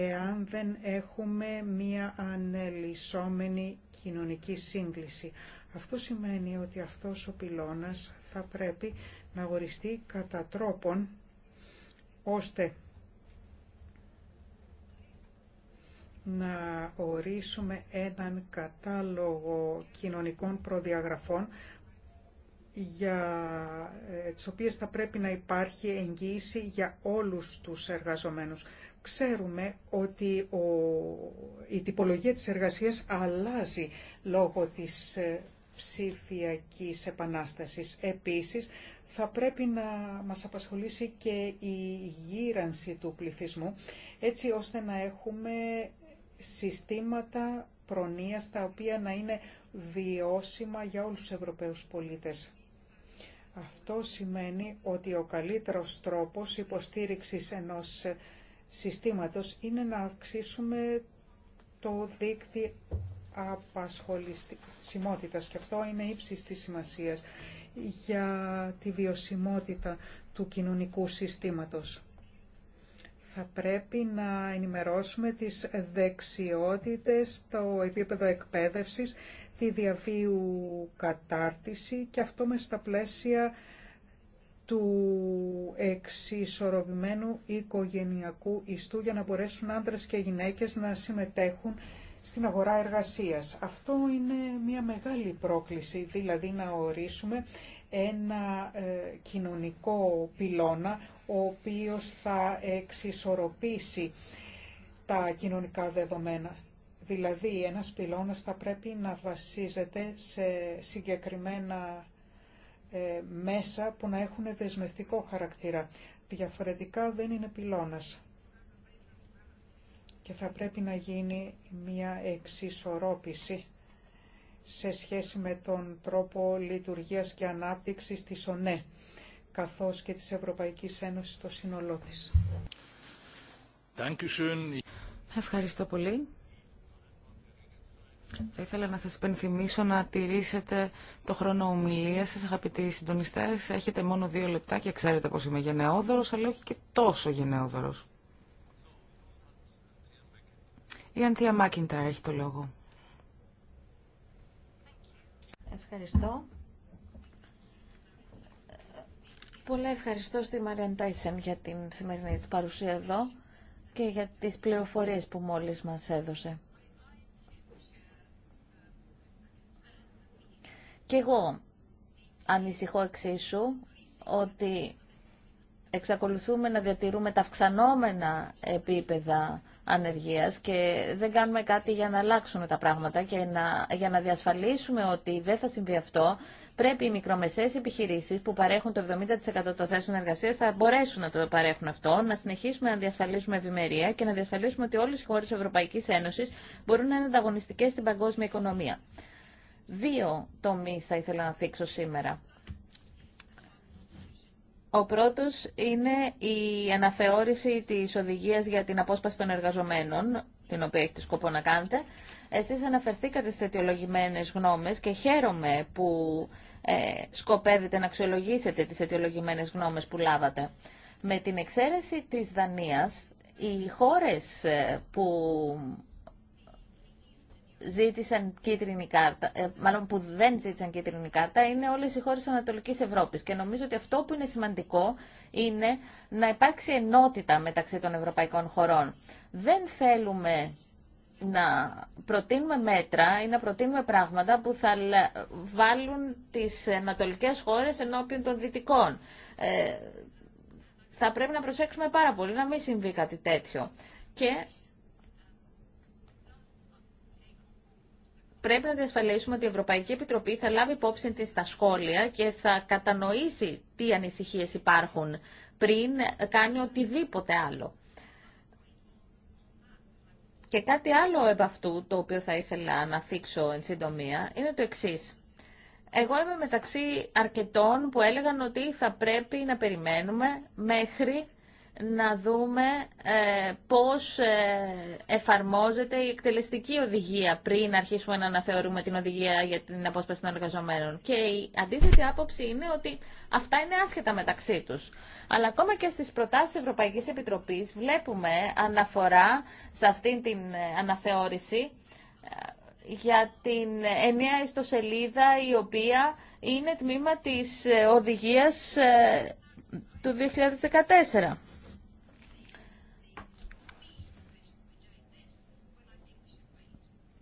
εάν δεν έχουμε μία ανελισσόμενη κοινωνική σύγκληση. Αυτό σημαίνει ότι αυτός ο πυλώνας θα πρέπει να οριστεί κατά τρόπον ώστε να ορίσουμε έναν κατάλογο κοινωνικών προδιαγραφών για ε, τις οποίες θα πρέπει να υπάρχει εγγύηση για όλους τους εργαζομένους. Ξέρουμε ότι ο, η τυπολογία της εργασίας αλλάζει λόγω της ε, ψηφιακής επανάστασης. Επίσης, θα πρέπει να μας απασχολήσει και η γύρανση του πληθυσμού, έτσι ώστε να έχουμε συστήματα προνοίας τα οποία να είναι βιώσιμα για όλους τους Ευρωπαίους πολίτες. Αυτό σημαίνει ότι ο καλύτερος τρόπος υποστήριξης ενός συστήματος είναι να αυξήσουμε το δίκτυο απασχολησιμότητας και αυτό είναι ύψης της σημασίας για τη βιωσιμότητα του κοινωνικού συστήματος. Θα πρέπει να ενημερώσουμε τις δεξιότητες στο επίπεδο εκπαίδευσης, τη διαβίου κατάρτιση και αυτό με στα πλαίσια του εξισορροπημένου οικογενειακού ιστού για να μπορέσουν άντρες και γυναίκες να συμμετέχουν στην αγορά εργασίας. Αυτό είναι μια μεγάλη πρόκληση, δηλαδή να ορίσουμε ένα ε, κοινωνικό πυλώνα ο οποίος θα εξισορροπήσει τα κοινωνικά δεδομένα. Δηλαδή ένας πυλώνας θα πρέπει να βασίζεται σε συγκεκριμένα ε, μέσα που να έχουν δεσμευτικό χαρακτήρα. Διαφορετικά δεν είναι πυλώνας. Και θα πρέπει να γίνει μια εξισορρόπηση σε σχέση με τον τρόπο λειτουργίας και ανάπτυξης της ΟΝΕ, καθώς και της Ευρωπαϊκής Ένωσης στο σύνολό της. Ευχαριστώ πολύ. Θα ήθελα να σας υπενθυμίσω να τηρήσετε το χρόνο ομιλία σας, αγαπητοί συντονιστές. Έχετε μόνο δύο λεπτά και ξέρετε πως είμαι γενναιόδωρος, αλλά όχι και τόσο γενναιόδωρος. Η Αντία Μάκιντα έχει το λόγο. Ευχαριστώ. Πολλά ευχαριστώ στη Μαρία Τάισεν για την σημερινή της παρουσία εδώ και για τις πληροφορίες που μόλις μας έδωσε. Και εγώ ανησυχώ εξίσου ότι εξακολουθούμε να διατηρούμε τα αυξανόμενα επίπεδα ανεργίας και δεν κάνουμε κάτι για να αλλάξουμε τα πράγματα και να, για να διασφαλίσουμε ότι δεν θα συμβεί αυτό, πρέπει οι μικρομεσαίες επιχειρήσεις που παρέχουν το 70% των θέσεων εργασίας θα μπορέσουν να το παρέχουν αυτό, να συνεχίσουμε να διασφαλίσουμε ευημερία και να διασφαλίσουμε ότι όλες οι χώρες της Ευρωπαϊκής Ένωσης μπορούν να είναι ανταγωνιστικές στην παγκόσμια οικονομία. Δύο τομείς θα ήθελα να θίξω σήμερα. Ο πρώτος είναι η αναθεώρηση της οδηγίας για την απόσπαση των εργαζομένων, την οποία έχετε σκοπό να κάνετε. Εσείς αναφερθήκατε στις αιτιολογημένες γνώμες και χαίρομαι που ε, σκοπεύετε να αξιολογήσετε τις αιτιολογημένες γνώμες που λάβατε. Με την εξαίρεση της Δανίας, οι χώρες ε, που ζήτησαν κίτρινη κάρτα, ε, μάλλον που δεν ζήτησαν κίτρινη κάρτα, είναι όλες οι χώρες Ανατολικής Ευρώπης. Και νομίζω ότι αυτό που είναι σημαντικό είναι να υπάρξει ενότητα μεταξύ των ευρωπαϊκών χωρών. Δεν θέλουμε να προτείνουμε μέτρα ή να προτείνουμε πράγματα που θα βάλουν τις ανατολικές χώρες ενώπιον των δυτικών. Ε, θα πρέπει να προσέξουμε πάρα πολύ να μην συμβεί κάτι τέτοιο. Και πρέπει να διασφαλίσουμε ότι η Ευρωπαϊκή Επιτροπή θα λάβει υπόψη της στα σχόλια και θα κατανοήσει τι ανησυχίες υπάρχουν πριν κάνει οτιδήποτε άλλο. Και κάτι άλλο από αυτού, το οποίο θα ήθελα να θίξω εν συντομία, είναι το εξής. Εγώ είμαι μεταξύ αρκετών που έλεγαν ότι θα πρέπει να περιμένουμε μέχρι να δούμε ε, πώς ε, εφαρμόζεται η εκτελεστική οδηγία πριν αρχίσουμε να αναθεωρούμε την οδηγία για την απόσπαση των εργαζομένων. Και η αντίθετη άποψη είναι ότι αυτά είναι άσχετα μεταξύ τους. Αλλά ακόμα και στις προτάσεις Ευρωπαϊκής Επιτροπής βλέπουμε αναφορά σε αυτήν την ε, αναθεώρηση ε, για την ενιαία ιστοσελίδα η οποία είναι τμήμα της οδηγίας του 2014.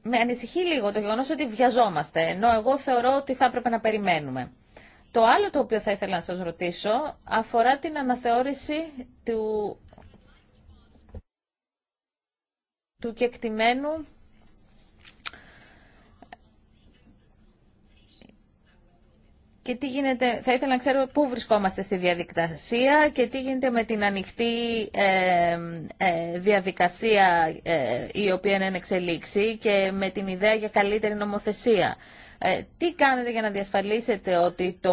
με ανησυχεί λίγο το γεγονό ότι βιαζόμαστε, ενώ εγώ θεωρώ ότι θα έπρεπε να περιμένουμε. Το άλλο το οποίο θα ήθελα να σας ρωτήσω αφορά την αναθεώρηση του, του κεκτημένου και τι γίνεται, θα ήθελα να ξέρω πού βρισκόμαστε στη διαδικασία και τι γίνεται με την ανοιχτή ε, ε, διαδικασία ε, η οποία είναι εξελίξη και με την ιδέα για καλύτερη νομοθεσία. Ε, τι κάνετε για να διασφαλίσετε ότι το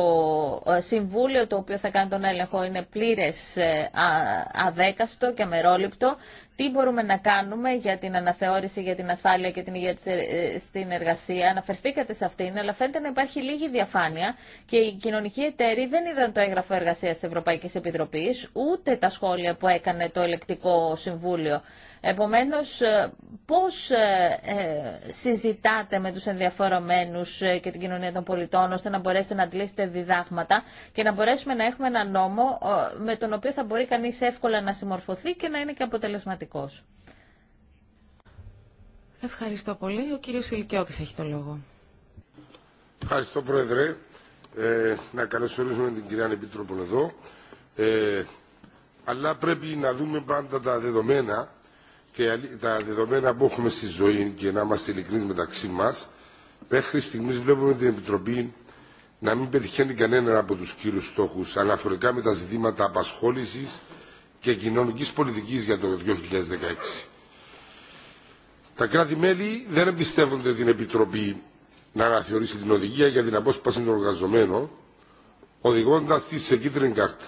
ε, συμβούλιο το οποίο θα κάνει τον έλεγχο είναι πλήρες ε, αδέκαστο και αμερόληπτο. Τι μπορούμε να κάνουμε για την αναθεώρηση για την ασφάλεια και την υγεία στην εργασία. Αναφερθήκατε σε αυτήν, αλλά φαίνεται να υπάρχει λίγη διαφάνεια και οι κοινωνικοί εταίροι δεν είδαν το έγγραφο εργασίας της Ευρωπαϊκής Επιτροπής, ούτε τα σχόλια που έκανε το Ελεκτικό Συμβούλιο. Επομένως, ε, πώς ε, ε, συζητάτε με τους ενδιαφορομένους και την κοινωνία των πολιτών ώστε να μπορέσετε να αντλήσετε διδάγματα και να μπορέσουμε να έχουμε ένα νόμο με τον οποίο θα μπορεί κανείς εύκολα να συμμορφωθεί και να είναι και αποτελεσματικός. Ευχαριστώ πολύ. Ο κύριος Ηλικιώτης έχει το λόγο. Ευχαριστώ, Πρόεδρε. να καλωσορίσουμε την κυρία Επίτροπο εδώ. Ε, αλλά πρέπει να δούμε πάντα τα δεδομένα και τα δεδομένα που έχουμε στη ζωή και να είμαστε ειλικρινεί μεταξύ μα, μέχρι στιγμή βλέπουμε την Επιτροπή να μην πετυχαίνει κανέναν από του κύριου στόχου αναφορικά με τα ζητήματα απασχόληση και κοινωνική πολιτική για το 2016. Τα κράτη-μέλη δεν εμπιστεύονται την Επιτροπή να αναθεωρήσει την οδηγία για την απόσπαση των εργαζομένων, οδηγώντα τη σε κίτρινη κάρτα.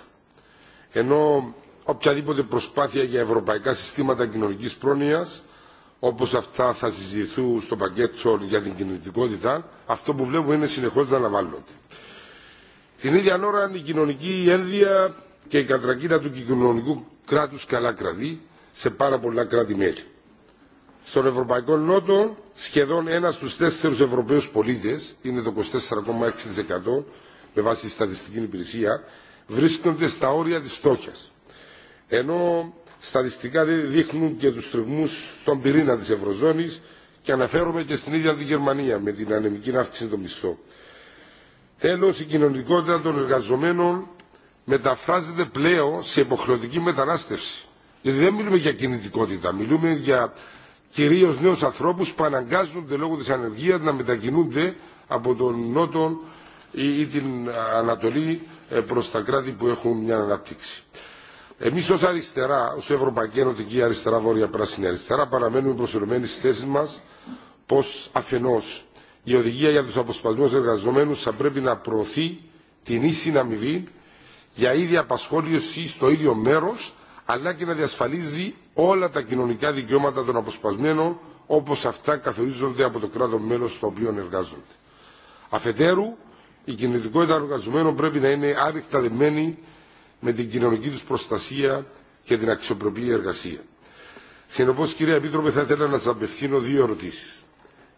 Ενώ οποιαδήποτε προσπάθεια για ευρωπαϊκά συστήματα κοινωνικής πρόνοιας, όπως αυτά θα συζητηθούν στο πακέτο για την κινητικότητα, αυτό που βλέπουμε είναι συνεχώς να αναβάλλονται. Την ίδια ώρα η κοινωνική ένδυα και η κατρακύρα του κοινωνικού κράτους καλά κρατεί σε πάρα πολλά κράτη-μέλη. Στον Ευρωπαϊκό Νότο σχεδόν ένα στου τέσσερου Ευρωπαίου πολίτε, είναι το 24,6% με βάση τη στατιστική υπηρεσία, βρίσκονται στα όρια τη φτώχεια ενώ στατιστικά δεν δείχνουν και του τριγμούς στον πυρήνα της Ευρωζώνης και αναφέρομαι και στην ίδια τη Γερμανία με την ανεμική αύξηση των μισθών. Τέλος, η κοινωνικότητα των εργαζομένων μεταφράζεται πλέον σε υποχρεωτική μετανάστευση. Γιατί δεν μιλούμε για κινητικότητα, μιλούμε για κυρίω νέου ανθρώπου που αναγκάζονται λόγω τη ανεργία να μετακινούνται από τον Νότο ή την Ανατολή ε, προ τα κράτη που έχουν μια αναπτύξη. Εμεί ω αριστερά, ω Ευρωπαϊκή Ενωτική Αριστερά, Βόρεια Πράσινη Αριστερά, παραμένουμε προσιλωμένοι στι θέσει μα πω αφενό η οδηγία για του αποσπασμού εργαζομένου θα πρέπει να προωθεί την ίση αμοιβή για ίδια απασχόληση στο ίδιο μέρο, αλλά και να διασφαλίζει όλα τα κοινωνικά δικαιώματα των αποσπασμένων όπω αυτά καθορίζονται από το κράτο μέλο στο οποίο εργάζονται. Αφετέρου, η κινητικότητα εργαζομένων πρέπει να είναι άρρηκτα δεμένη με την κοινωνική του προστασία και την αξιοπρεπή εργασία. Συνεπώ, κύριε Επίτροπε, θα ήθελα να σα απευθύνω δύο ερωτήσει.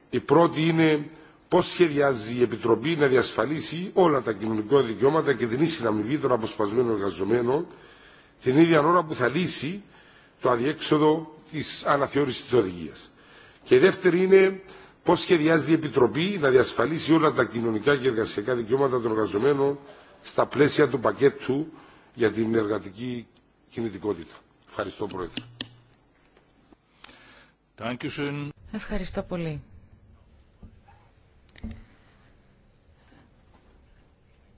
Η πρώτη είναι πώ σχεδιάζει η Επιτροπή να διασφαλίσει όλα τα κοινωνικά δικαιώματα και την ίση αμοιβή των αποσπασμένων εργαζομένων την ίδια ώρα που θα λύσει το αδιέξοδο τη αναθεώρηση τη οδηγία. Και η δεύτερη είναι πώ σχεδιάζει η Επιτροπή να διασφαλίσει όλα τα κοινωνικά και εργασιακά δικαιώματα των εργαζομένων στα πλαίσια του πακέτου για την εργατική κινητικότητα. Ευχαριστώ, Πρόεδρε. Ευχαριστώ πολύ.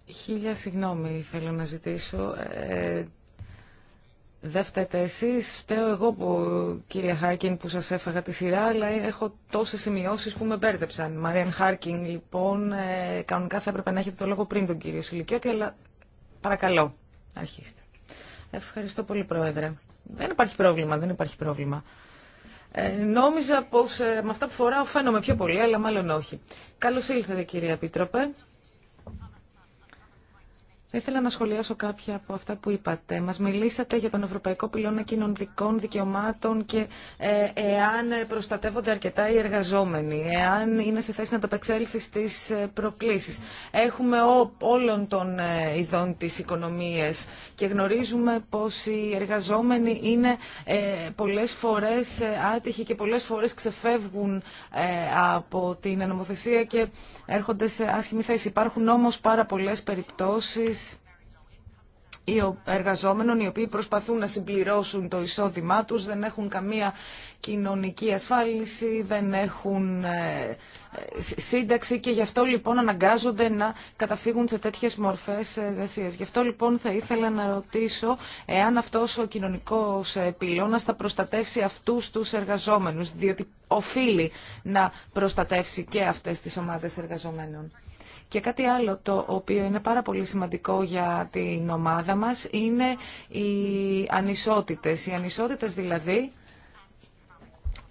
Χίλια συγγνώμη θέλω να ζητήσω. Ε, δεν φταίτε εσείς, φταίω εγώ που, κύριε Χάρκιν που σας έφαγα τη σειρά, αλλά έχω τόσες σημειώσεις που με μπέρδεψαν. Μαρίαν Χάρκιν, λοιπόν, ε, κανονικά θα έπρεπε να έχετε το λόγο πριν τον κύριο Σιλικιώτη, αλλά παρακαλώ. Αρχίστε. Ευχαριστώ πολύ, Πρόεδρε. Δεν υπάρχει πρόβλημα, δεν υπάρχει πρόβλημα. Ε, νόμιζα πως ε, με αυτά που φοράω φαίνομαι πιο πολύ, αλλά μάλλον όχι. Καλώς ήλθατε, κυρία Επίτροπε. Θα ήθελα να σχολιάσω κάποια από αυτά που είπατε. Μας μιλήσατε για τον Ευρωπαϊκό Πυλώνα Κοινωνικών Δικαιωμάτων και ε, εάν προστατεύονται αρκετά οι εργαζόμενοι, εάν είναι σε θέση να ταπεξέλθει στι ε, προκλήσεις. Έχουμε όλων των ε, ειδών της οικονομίες και γνωρίζουμε πως οι εργαζόμενοι είναι πολλές φορές άτυχοι και πολλέ φορέ ξεφεύγουν από την νομοθεσία και έρχονται σε άσχημη θέση. Υπάρχουν όμω πάρα πολλέ περιπτώσει εργαζόμενων οι οποίοι προσπαθούν να συμπληρώσουν το εισόδημά τους, δεν έχουν καμία κοινωνική ασφάλιση, δεν έχουν ε, ε, σύνταξη και γι' αυτό λοιπόν αναγκάζονται να καταφύγουν σε τέτοιες μορφές εργασίας. Γι' αυτό λοιπόν θα ήθελα να ρωτήσω εάν αυτός ο κοινωνικός ε, πυλώνας θα προστατεύσει αυτούς τους εργαζόμενους, διότι οφείλει να προστατεύσει και αυτές τις ομάδες εργαζομένων. Και κάτι άλλο το οποίο είναι πάρα πολύ σημαντικό για την ομάδα μας είναι οι ανισότητες. Οι ανισότητες δηλαδή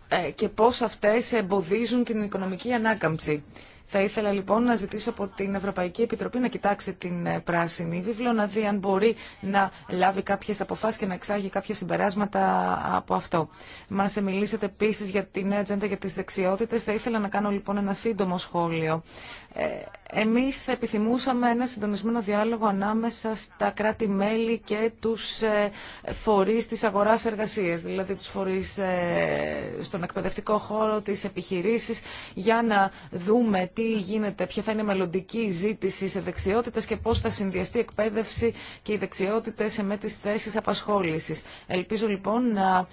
ε, και πώς αυτές εμποδίζουν την οικονομική ανάκαμψη. Θα ήθελα λοιπόν να ζητήσω από την Ευρωπαϊκή Επιτροπή να κοιτάξει την ε, πράσινη βίβλο, να δει αν μπορεί να λάβει κάποιε αποφάσει και να εξάγει κάποια συμπεράσματα από αυτό. Μα μιλήσετε επίση για τη νέα ατζέντα για τι δεξιότητε. Θα ήθελα να κάνω λοιπόν ένα σύντομο σχόλιο. Ε, εμείς θα επιθυμούσαμε ένα συντονισμένο διάλογο ανάμεσα στα κράτη-μέλη και τους ε, φορείς της αγοράς εργασίας, δηλαδή τους φορείς ε, στον εκπαιδευτικό χώρο, τις επιχειρήσεις, για να δούμε τι γίνεται, ποια θα είναι η μελλοντική ζήτηση σε δεξιότητες και πώς θα συνδυαστεί η εκπαίδευση και οι δεξιότητες με τις θέσεις απασχόλησης. Ελπίζω λοιπόν να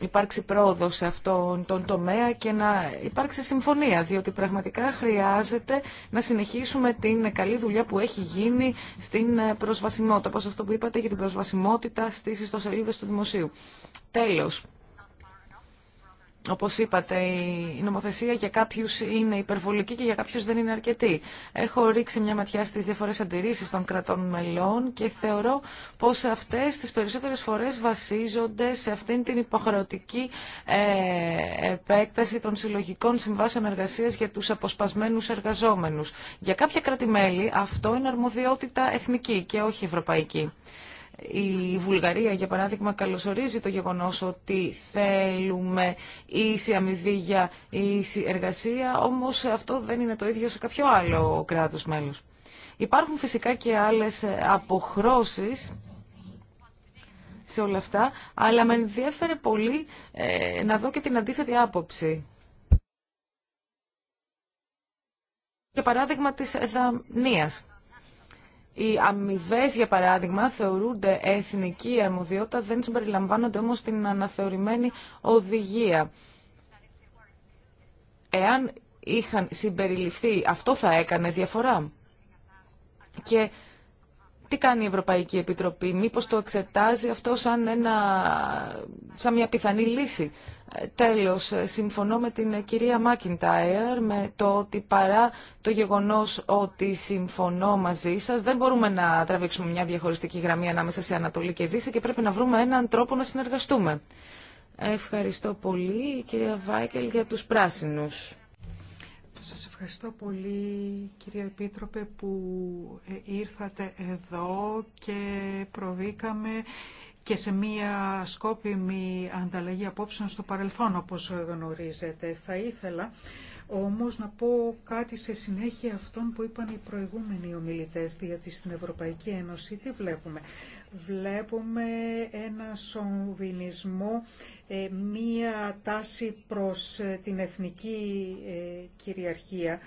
υπάρξει πρόοδο σε αυτόν τον τομέα και να υπάρξει συμφωνία, διότι πραγματικά χρειάζεται να συνεχίσουμε την καλή δουλειά που έχει γίνει στην προσβασιμότητα, όπως αυτό που είπατε για την προσβασιμότητα στις ιστοσελίδες του Δημοσίου. Τέλος όπως είπατε, η νομοθεσία για κάποιους είναι υπερβολική και για κάποιους δεν είναι αρκετή. Έχω ρίξει μια ματιά στις διαφορές αντιρρήσεις των κρατών μελών και θεωρώ πως αυτές τις περισσότερες φορές βασίζονται σε αυτήν την υποχρεωτική ε, επέκταση των συλλογικών συμβάσεων εργασίας για τους αποσπασμένους εργαζόμενους. Για κάποια κράτη-μέλη αυτό είναι αρμοδιότητα εθνική και όχι ευρωπαϊκή. Η Βουλγαρία, για παράδειγμα, καλωσορίζει το γεγονός ότι θέλουμε ίση αμοιβή για ίση εργασία, όμως αυτό δεν είναι το ίδιο σε κάποιο άλλο κράτος μέλος. Υπάρχουν φυσικά και άλλες αποχρώσεις σε όλα αυτά, αλλά με ενδιέφερε πολύ ε, να δω και την αντίθετη άποψη. Για παράδειγμα της Δανίας. Οι αμοιβέ, για παράδειγμα, θεωρούνται εθνική αρμοδιότητα, δεν συμπεριλαμβάνονται όμως στην αναθεωρημένη οδηγία. Εάν είχαν συμπεριληφθεί, αυτό θα έκανε διαφορά. Και τι κάνει η Ευρωπαϊκή Επιτροπή, μήπως το εξετάζει αυτό σαν, ένα, σαν μια πιθανή λύση Τέλος, συμφωνώ με την κυρία Μάκιντάιρ με το ότι παρά το γεγονός ότι συμφωνώ μαζί σας δεν μπορούμε να τραβήξουμε μια διαχωριστική γραμμή ανάμεσα σε Ανατολή και Δύση και πρέπει να βρούμε έναν τρόπο να συνεργαστούμε. Ευχαριστώ πολύ κυρία Βάικελ για τους πράσινους. Σας ευχαριστώ πολύ κυρία Επίτροπε που ε, ήρθατε εδώ και προβήκαμε και σε μία σκόπιμη ανταλλαγή απόψεων στο παρελθόν, όπως γνωρίζετε. Θα ήθελα όμως να πω κάτι σε συνέχεια αυτών που είπαν οι προηγούμενοι ομιλητές, διότι στην Ευρωπαϊκή Ένωση τι βλέπουμε. Βλέπουμε ένα σομβινισμό, ε, μία τάση προς ε, την εθνική ε, κυριαρχία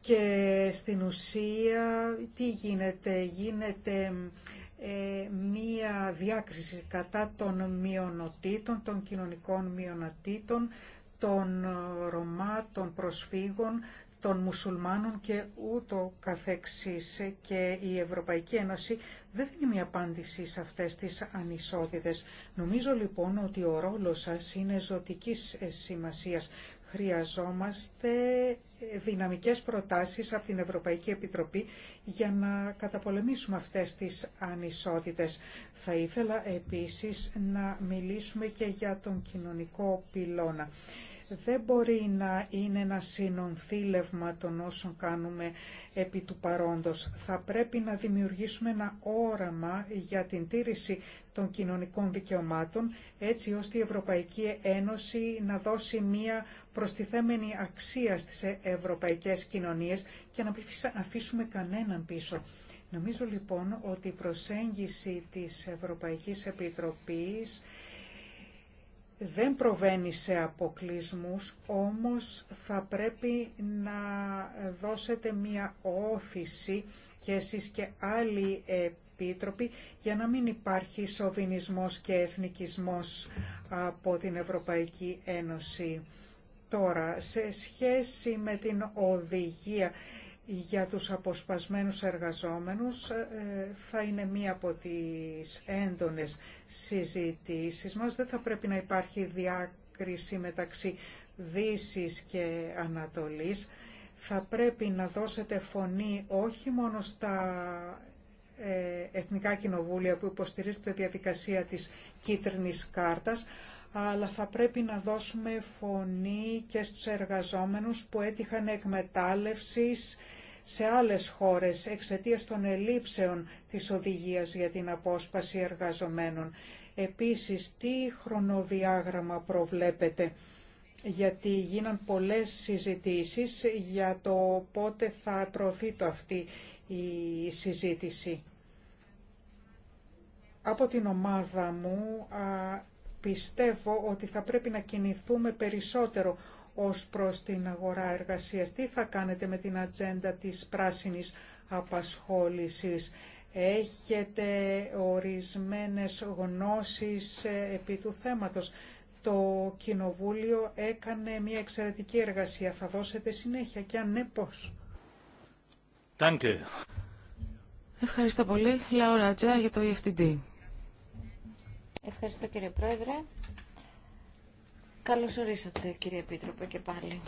και στην ουσία τι γίνεται, γίνεται ε, μία διάκριση κατά των μειονοτήτων, των κοινωνικών μειονοτήτων, των ε, Ρωμά, των προσφύγων, των μουσουλμάνων και ούτω καθεξής. Και η Ευρωπαϊκή Ένωση δεν δίνει μια απάντηση σε αυτές τις ανισότητες. Νομίζω λοιπόν ότι ο ρόλος σας είναι ζωτικής ε, σημασίας. Χρειαζόμαστε δυναμικές προτάσεις από την Ευρωπαϊκή Επιτροπή για να καταπολεμήσουμε αυτές τις ανισότητες. Θα ήθελα επίσης να μιλήσουμε και για τον κοινωνικό πυλώνα δεν μπορεί να είναι ένα συνονθήλευμα των όσων κάνουμε επί του παρόντος. Θα πρέπει να δημιουργήσουμε ένα όραμα για την τήρηση των κοινωνικών δικαιωμάτων, έτσι ώστε η Ευρωπαϊκή Ένωση να δώσει μία προστιθέμενη αξία στις ε, ευρωπαϊκές κοινωνίες και να αφήσουμε κανέναν πίσω. Νομίζω λοιπόν ότι η προσέγγιση της Ευρωπαϊκής Επιτροπής δεν προβαίνει σε αποκλεισμούς, όμως θα πρέπει να δώσετε μία όθηση και εσείς και άλλοι επίτροποι για να μην υπάρχει σοβινισμός και εθνικισμός από την Ευρωπαϊκή Ένωση. Τώρα, σε σχέση με την οδηγία για τους αποσπασμένους εργαζόμενους ε, θα είναι μία από τις έντονες συζητήσεις μας. Δεν θα πρέπει να υπάρχει διάκριση μεταξύ Δύσης και Ανατολής. Θα πρέπει να δώσετε φωνή όχι μόνο στα ε, εθνικά κοινοβούλια που υποστηρίζουν τη διαδικασία της κίτρινης κάρτας, αλλά θα πρέπει να δώσουμε φωνή και στους εργαζόμενους που έτυχαν εκμετάλλευσης σε άλλες χώρες εξαιτίας των ελήψεων της οδηγίας για την απόσπαση εργαζομένων. Επίσης, τι χρονοδιάγραμμα προβλέπετε, γιατί γίναν πολλές συζητήσεις για το πότε θα προωθεί το αυτή η συζήτηση. Από την ομάδα μου πιστεύω ότι θα πρέπει να κινηθούμε περισσότερο ως προς την αγορά εργασίας. Τι θα κάνετε με την ατζέντα της πράσινης απασχόλησης. Έχετε ορισμένες γνώσεις ε, επί του θέματος. Το Κοινοβούλιο έκανε μια εξαιρετική εργασία. Θα δώσετε συνέχεια και αν ναι πώς. Ευχαριστώ πολύ. Λαόρα Τζά για το EFTD. Ευχαριστώ κύριε Πρόεδρε. Καλώς ορίσατε κύριε Επίτροπε και πάλι.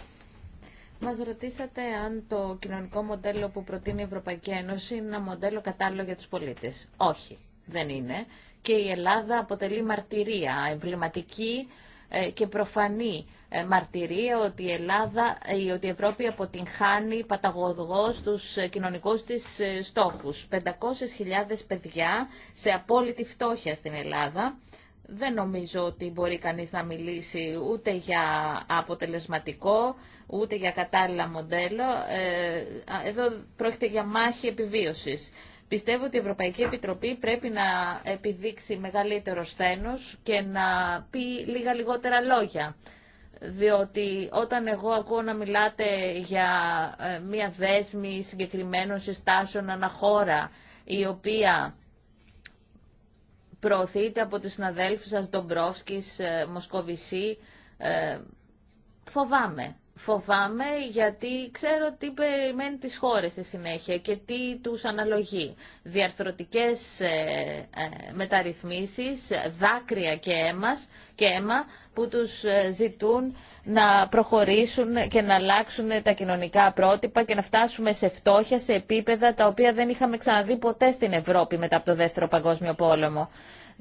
Μας ρωτήσατε αν το κοινωνικό μοντέλο που προτείνει η Ευρωπαϊκή Ένωση είναι ένα μοντέλο κατάλληλο για τους πολίτες. Όχι, δεν είναι. Και η Ελλάδα αποτελεί μαρτυρία, εμβληματική ε, και προφανή ε, μαρτυρία ότι η, Ελλάδα, ε, ότι η Ευρώπη αποτυγχάνει παταγωγός τους κοινωνικούς της στόχους. 500.000 παιδιά σε απόλυτη φτώχεια στην Ελλάδα δεν νομίζω ότι μπορεί κανείς να μιλήσει ούτε για αποτελεσματικό, ούτε για κατάλληλα μοντέλο. Ε, εδώ πρόκειται για μάχη επιβίωσης. Πιστεύω ότι η Ευρωπαϊκή Επιτροπή πρέπει να επιδείξει μεγαλύτερο σθένος και να πει λίγα λιγότερα λόγια. Διότι όταν εγώ ακούω να μιλάτε για ε, μία δέσμη συγκεκριμένων συστάσεων αναχώρα, η οποία προωθείται από τους συναδέλφους σας Ντομπρόφσκης, ε, Μοσκοβισή. Ε, φοβάμαι. Φοβάμαι γιατί ξέρω τι περιμένει τις χώρες στη συνέχεια και τι τους αναλογεί. Διαρθρωτικές ε, ε μεταρρυθμίσεις, δάκρυα και, έμας, και αίμα που τους ε, ζητούν να προχωρήσουν και να αλλάξουν τα κοινωνικά πρότυπα και να φτάσουμε σε φτώχεια, σε επίπεδα τα οποία δεν είχαμε ξαναδεί ποτέ στην Ευρώπη μετά από το Δεύτερο Παγκόσμιο Πόλεμο.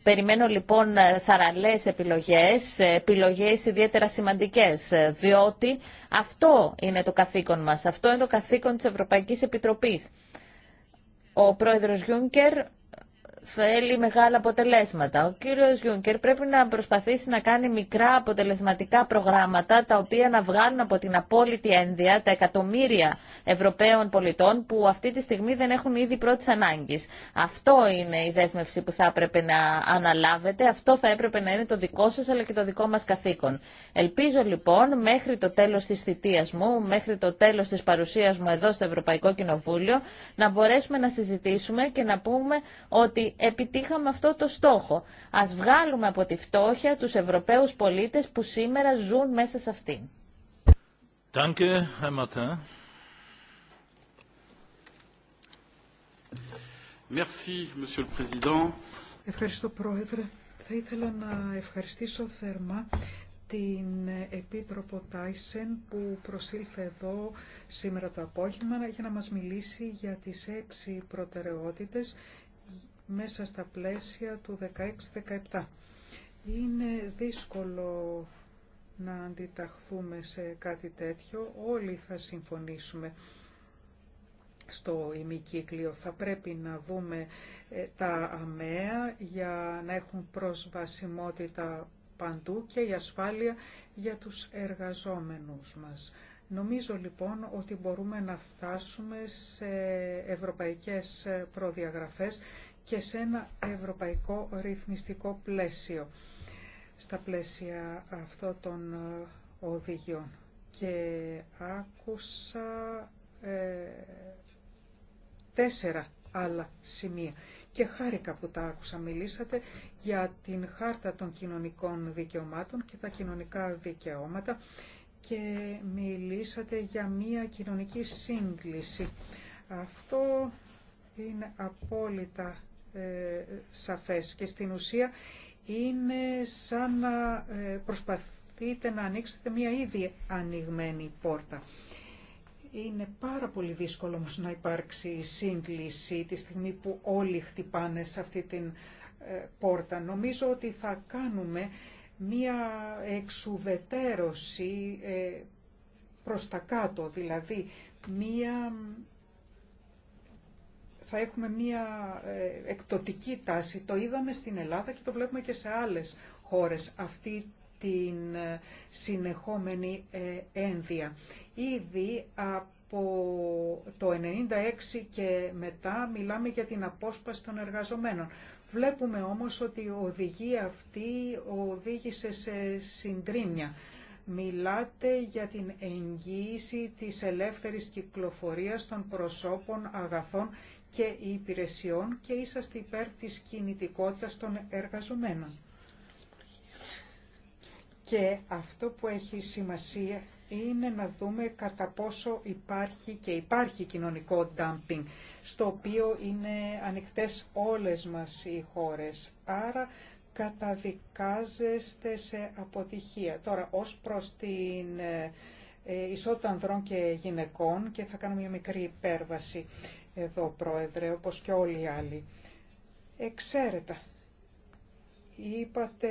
Περιμένω λοιπόν θαραλές επιλογές, επιλογές ιδιαίτερα σημαντικές, διότι αυτό είναι το καθήκον μας, αυτό είναι το καθήκον της Ευρωπαϊκής Επιτροπής. Ο πρόεδρος Γιούνκερ θέλει μεγάλα αποτελέσματα. Ο κύριος Γιούνκερ πρέπει να προσπαθήσει να κάνει μικρά αποτελεσματικά προγράμματα τα οποία να βγάλουν από την απόλυτη ένδια τα εκατομμύρια Ευρωπαίων πολιτών που αυτή τη στιγμή δεν έχουν ήδη πρώτη ανάγκη. Αυτό είναι η δέσμευση που θα έπρεπε να αναλάβετε. Αυτό θα έπρεπε να είναι το δικό σα, αλλά και το δικό μα καθήκον. Ελπίζω λοιπόν μέχρι το τέλο τη θητεία μου, μέχρι το τέλο τη παρουσία μου εδώ στο Ευρωπαϊκό Κοινοβούλιο να μπορέσουμε να συζητήσουμε και να πούμε ότι επιτύχαμε αυτό το στόχο. Ας βγάλουμε από τη φτώχεια τους Ευρωπαίους πολίτες που σήμερα ζουν μέσα σε αυτήν. Ευχαριστώ, Πρόεδρε. Θα ήθελα να ευχαριστήσω θερμά την Επίτροπο Τάισεν που προσήλθε εδώ σήμερα το απόγευμα για να μας μιλήσει για τις έξι προτεραιότητες μέσα στα πλαίσια του 16-17. Είναι δύσκολο να αντιταχθούμε σε κάτι τέτοιο. Όλοι θα συμφωνήσουμε στο ημικύκλιο. Θα πρέπει να δούμε ε, τα αμαία για να έχουν προσβασιμότητα παντού και η ασφάλεια για τους εργαζόμενους μας. Νομίζω λοιπόν ότι μπορούμε να φτάσουμε σε ευρωπαϊκές ε, προδιαγραφές και σε ένα ευρωπαϊκό ρυθμιστικό πλαίσιο στα πλαίσια αυτών των ε, οδηγιών. Και άκουσα ε, τέσσερα άλλα σημεία και χάρηκα που τα άκουσα. Μιλήσατε για την χάρτα των κοινωνικών δικαιωμάτων και τα κοινωνικά δικαιώματα και μιλήσατε για μία κοινωνική σύγκληση. Αυτό είναι απόλυτα ε, σαφές και στην ουσία είναι σαν να ε, προσπαθείτε να ανοίξετε μια ήδη ανοιγμένη πόρτα. Είναι πάρα πολύ δύσκολο όμως να υπάρξει σύγκληση τη στιγμή που όλοι χτυπάνε σε αυτή την ε, πόρτα. Νομίζω ότι θα κάνουμε μία εξουδετέρωση προς τα κάτω, δηλαδή μία θα έχουμε μία ε, εκτοτική τάση. Το είδαμε στην Ελλάδα και το βλέπουμε και σε άλλες χώρες αυτή την ε, συνεχόμενη ε, ένδια. Ήδη από το 1996 και μετά μιλάμε για την απόσπαση των εργαζομένων. Βλέπουμε όμως ότι η οδηγία αυτή οδήγησε σε συντρίμια. Μιλάτε για την εγγύηση της ελεύθερης κυκλοφορίας των προσώπων, αγαθών και υπηρεσιών και είσαστε υπέρ της κινητικότητας των εργαζομένων. Και αυτό που έχει σημασία είναι να δούμε κατά πόσο υπάρχει και υπάρχει κοινωνικό dumping, στο οποίο είναι ανοιχτές όλες μας οι χώρες. Άρα καταδικάζεστε σε αποτυχία. Τώρα, ως προς την ε, ε, ισότητα ανδρών και γυναικών, και θα κάνω μια μικρή υπέρβαση, εδώ, Πρόεδρε, όπως και όλοι οι άλλοι. Εξαίρετα. Είπατε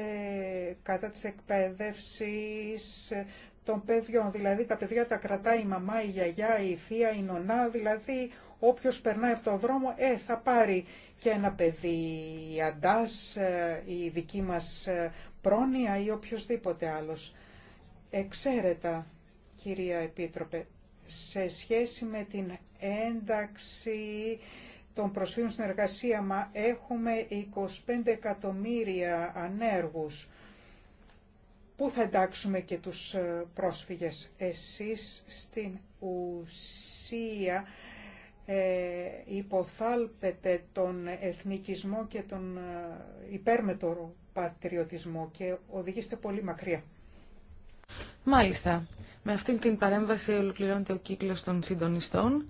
κατά της εκπαίδευσης των παιδιών, δηλαδή τα παιδιά τα κρατάει η μαμά, η γιαγιά, η θεία, η νονά, δηλαδή όποιος περνάει από το δρόμο, ε, θα πάρει και ένα παιδί, η αντάς, ε, η δική μας ε, πρόνοια ή οποιοδήποτε άλλος. Εξαίρετα, κυρία Επίτροπε, σε σχέση με την ένταξη των προσφύγων στην εργασία, μα έχουμε 25 εκατομμύρια ανέργους. Πού θα εντάξουμε και τους ε, πρόσφυγες. Εσείς στην ουσία ε, υποθάλπετε τον εθνικισμό και τον ε, υπέρμετορο πατριωτισμό και οδήγηστε πολύ μακριά. Μάλιστα. Με αυτήν την παρέμβαση ολοκληρώνεται ο κύκλος των συντονιστών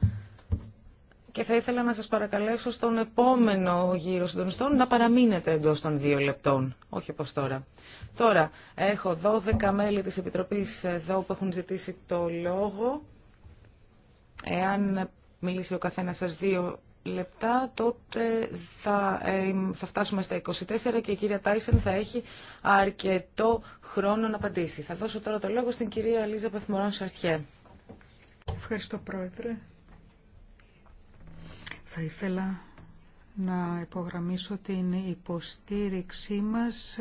και θα ήθελα να σας παρακαλέσω στον επόμενο γύρο συντονιστών να παραμείνετε εντός των δύο λεπτών, όχι όπως τώρα. Τώρα, έχω 12 μέλη της Επιτροπής εδώ που έχουν ζητήσει το λόγο. Εάν μιλήσει ο καθένας σας δύο λεπτά, τότε θα, ε, θα φτάσουμε στα 24 και η κυρία Τάισεν θα έχει αρκετό χρόνο να απαντήσει. Θα δώσω τώρα το λόγο στην κυρία Λίζα Πεθμωρών Σαρτιέ. Ευχαριστώ Πρόεδρε. Θα ήθελα να υπογραμμίσω την υποστήριξή μας,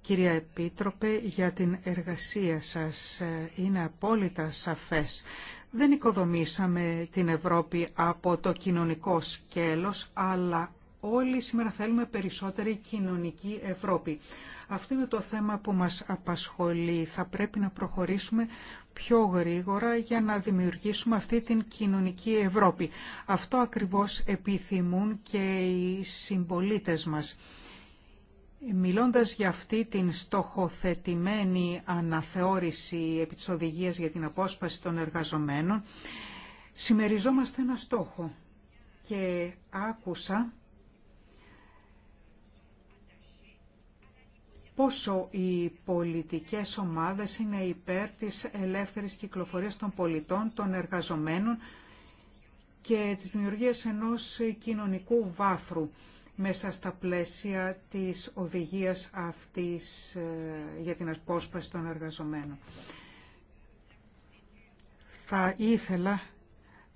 κυρία Επίτροπε, για την εργασία σας. Είναι απόλυτα σαφές δεν οικοδομήσαμε την Ευρώπη από το κοινωνικό σκέλος, αλλά όλοι σήμερα θέλουμε περισσότερη κοινωνική Ευρώπη. Αυτό είναι το θέμα που μας απασχολεί. Θα πρέπει να προχωρήσουμε πιο γρήγορα για να δημιουργήσουμε αυτή την κοινωνική Ευρώπη. Αυτό ακριβώς επιθυμούν και οι συμπολίτες μας. Ε, μιλώντας για αυτή την στοχοθετημένη αναθεώρηση επί της οδηγίας για την απόσπαση των εργαζομένων, συμμεριζόμαστε ένα στόχο και άκουσα πόσο οι πολιτικές ομάδες είναι υπέρ της ελεύθερης κυκλοφορίας των πολιτών, των εργαζομένων και της δημιουργίας ενός κοινωνικού βάθρου μέσα στα πλαίσια της οδηγίας αυτής ε, για την απόσπαση των εργαζομένων. Θα ήθελα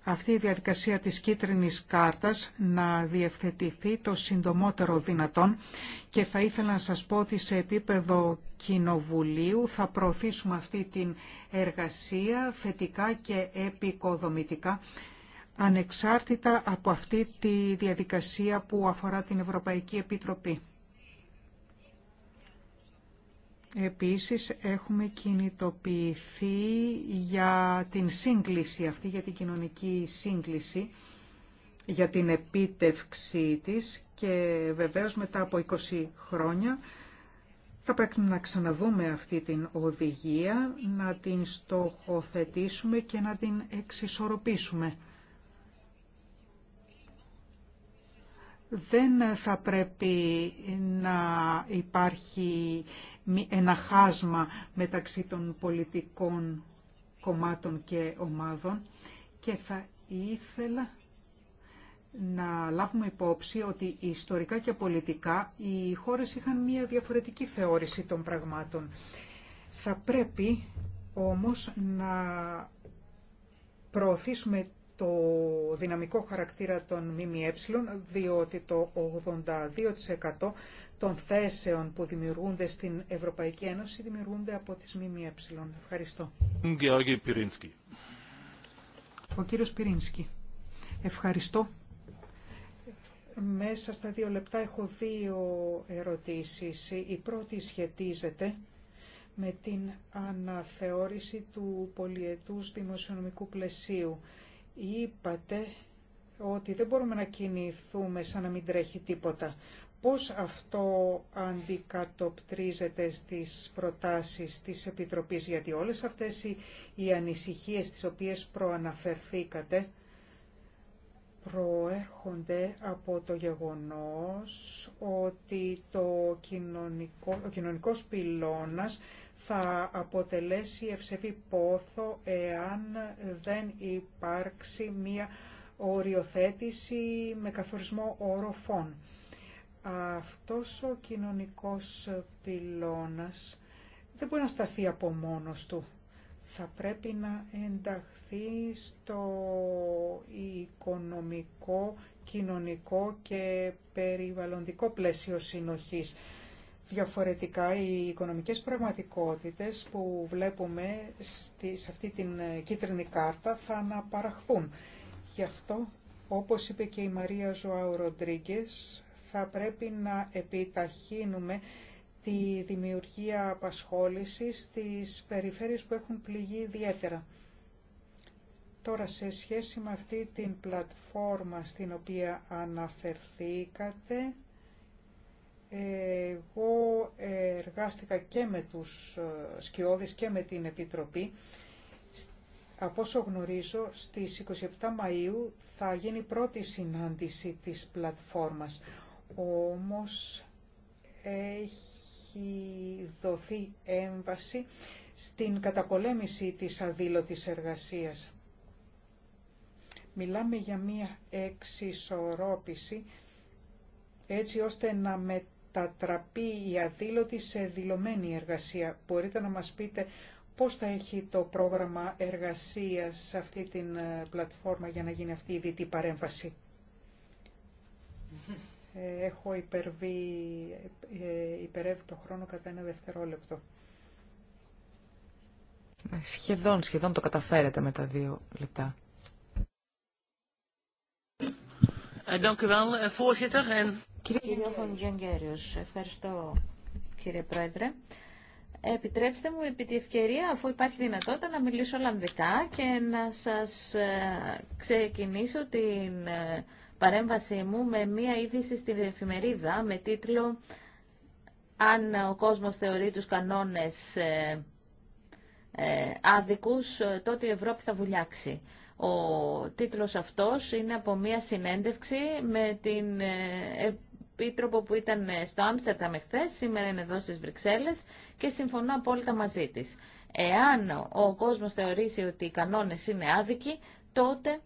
αυτή η διαδικασία της κίτρινης κάρτας να διευθετηθεί το συντομότερο δυνατόν και θα ήθελα να σας πω ότι σε επίπεδο κοινοβουλίου θα προωθήσουμε αυτή την εργασία θετικά και επικοδομητικά ανεξάρτητα από αυτή τη διαδικασία που αφορά την Ευρωπαϊκή Επιτροπή. Επίσης έχουμε κινητοποιηθεί για την σύγκληση αυτή, για την κοινωνική σύγκληση, για την επίτευξη της και βεβαίως μετά από 20 χρόνια θα πρέπει να ξαναδούμε αυτή την οδηγία, να την στοχοθετήσουμε και να την εξισορροπήσουμε. δεν θα πρέπει να υπάρχει ένα χάσμα μεταξύ των πολιτικών κομμάτων και ομάδων και θα ήθελα να λάβουμε υπόψη ότι ιστορικά και πολιτικά οι χώρες είχαν μία διαφορετική θεώρηση των πραγμάτων. Θα πρέπει όμως να προωθήσουμε το δυναμικό χαρακτήρα των ΜΜΕ, διότι το 82% των θέσεων που δημιουργούνται στην Ευρωπαϊκή Ένωση δημιουργούνται από τις ΜΜΕ. Ευχαριστώ. Ο κύριος Πυρίνσκι. Ευχαριστώ. Μέσα στα δύο λεπτά έχω δύο ερωτήσεις. Η πρώτη σχετίζεται με την αναθεώρηση του πολιετούς δημοσιονομικού πλαισίου. Είπατε ότι δεν μπορούμε να κινηθούμε σαν να μην τρέχει τίποτα. Πώς αυτό αντικατοπτρίζεται στις προτάσεις της Επιτροπής, γιατί όλες αυτές οι, οι ανησυχίες τις οποίες προαναφερθήκατε προέρχονται από το γεγονός ότι το κοινωνικό, ο κοινωνικός πυλώνας θα αποτελέσει ευσεβή πόθο εάν δεν υπάρξει μία οριοθέτηση με καθορισμό οροφών. Αυτός ο κοινωνικός πυλώνας δεν μπορεί να σταθεί από μόνος του. Θα πρέπει να ενταχθεί στο οικονομικό, κοινωνικό και περιβαλλοντικό πλαίσιο συνοχής. Διαφορετικά, οι οικονομικές πραγματικότητες που βλέπουμε στη, σε αυτή την ε, κίτρινη κάρτα θα αναπαραχθούν. Γι' αυτό, όπως είπε και η Μαρία Ζωάου Ροντρίγκε, θα πρέπει να επιταχύνουμε τη δημιουργία απασχόλησης στις περιφέρειες που έχουν πληγεί ιδιαίτερα. Τώρα, σε σχέση με αυτή την πλατφόρμα στην οποία αναφερθήκατε, εγώ εργάστηκα και με τους ε, σκιώδεις και με την Επιτροπή. Από όσο γνωρίζω, στις 27 Μαΐου θα γίνει η πρώτη συνάντηση της πλατφόρμας. Όμως έχει δοθεί έμβαση στην καταπολέμηση της αδήλωτης εργασίας. Μιλάμε για μία εξισορρόπηση έτσι ώστε να τραπεί η αδήλωτη σε δηλωμένη εργασία. Μπορείτε να μας πείτε πώς θα έχει το πρόγραμμα εργασίας σε αυτή την ε, πλατφόρμα για να γίνει αυτή η δυτή παρέμβαση. Ε, έχω υπερβεί, ε, υπερεύει το χρόνο κατά ένα δευτερόλεπτο. Ναι, σχεδόν, σχεδόν το καταφέρετε με τα δύο λεπτά. Dank u wel, eh, voorzitter. Κύριε ευχαριστώ κύριε Πρόεδρε. Επιτρέψτε μου επί τη ευκαιρία, αφού υπάρχει δυνατότητα, να μιλήσω Ολλανδικά και να σας ε, ξεκινήσω την ε, παρέμβασή μου με μία είδηση στην εφημερίδα με τίτλο «Αν ο κόσμος θεωρεί τους κανόνες ε, άδικους, τότε η Ευρώπη θα βουλιάξει». Ο τίτλος αυτός είναι από μία συνέντευξη με την Επίτροπο που ήταν ε, στο Άμστερνταμ εχθέ, σήμερα είναι εδώ στις Βρυξέλλες και συμφωνώ απόλυτα μαζί της. Εάν ο κόσμος θεωρήσει ότι οι κανόνες είναι άδικοι, τότε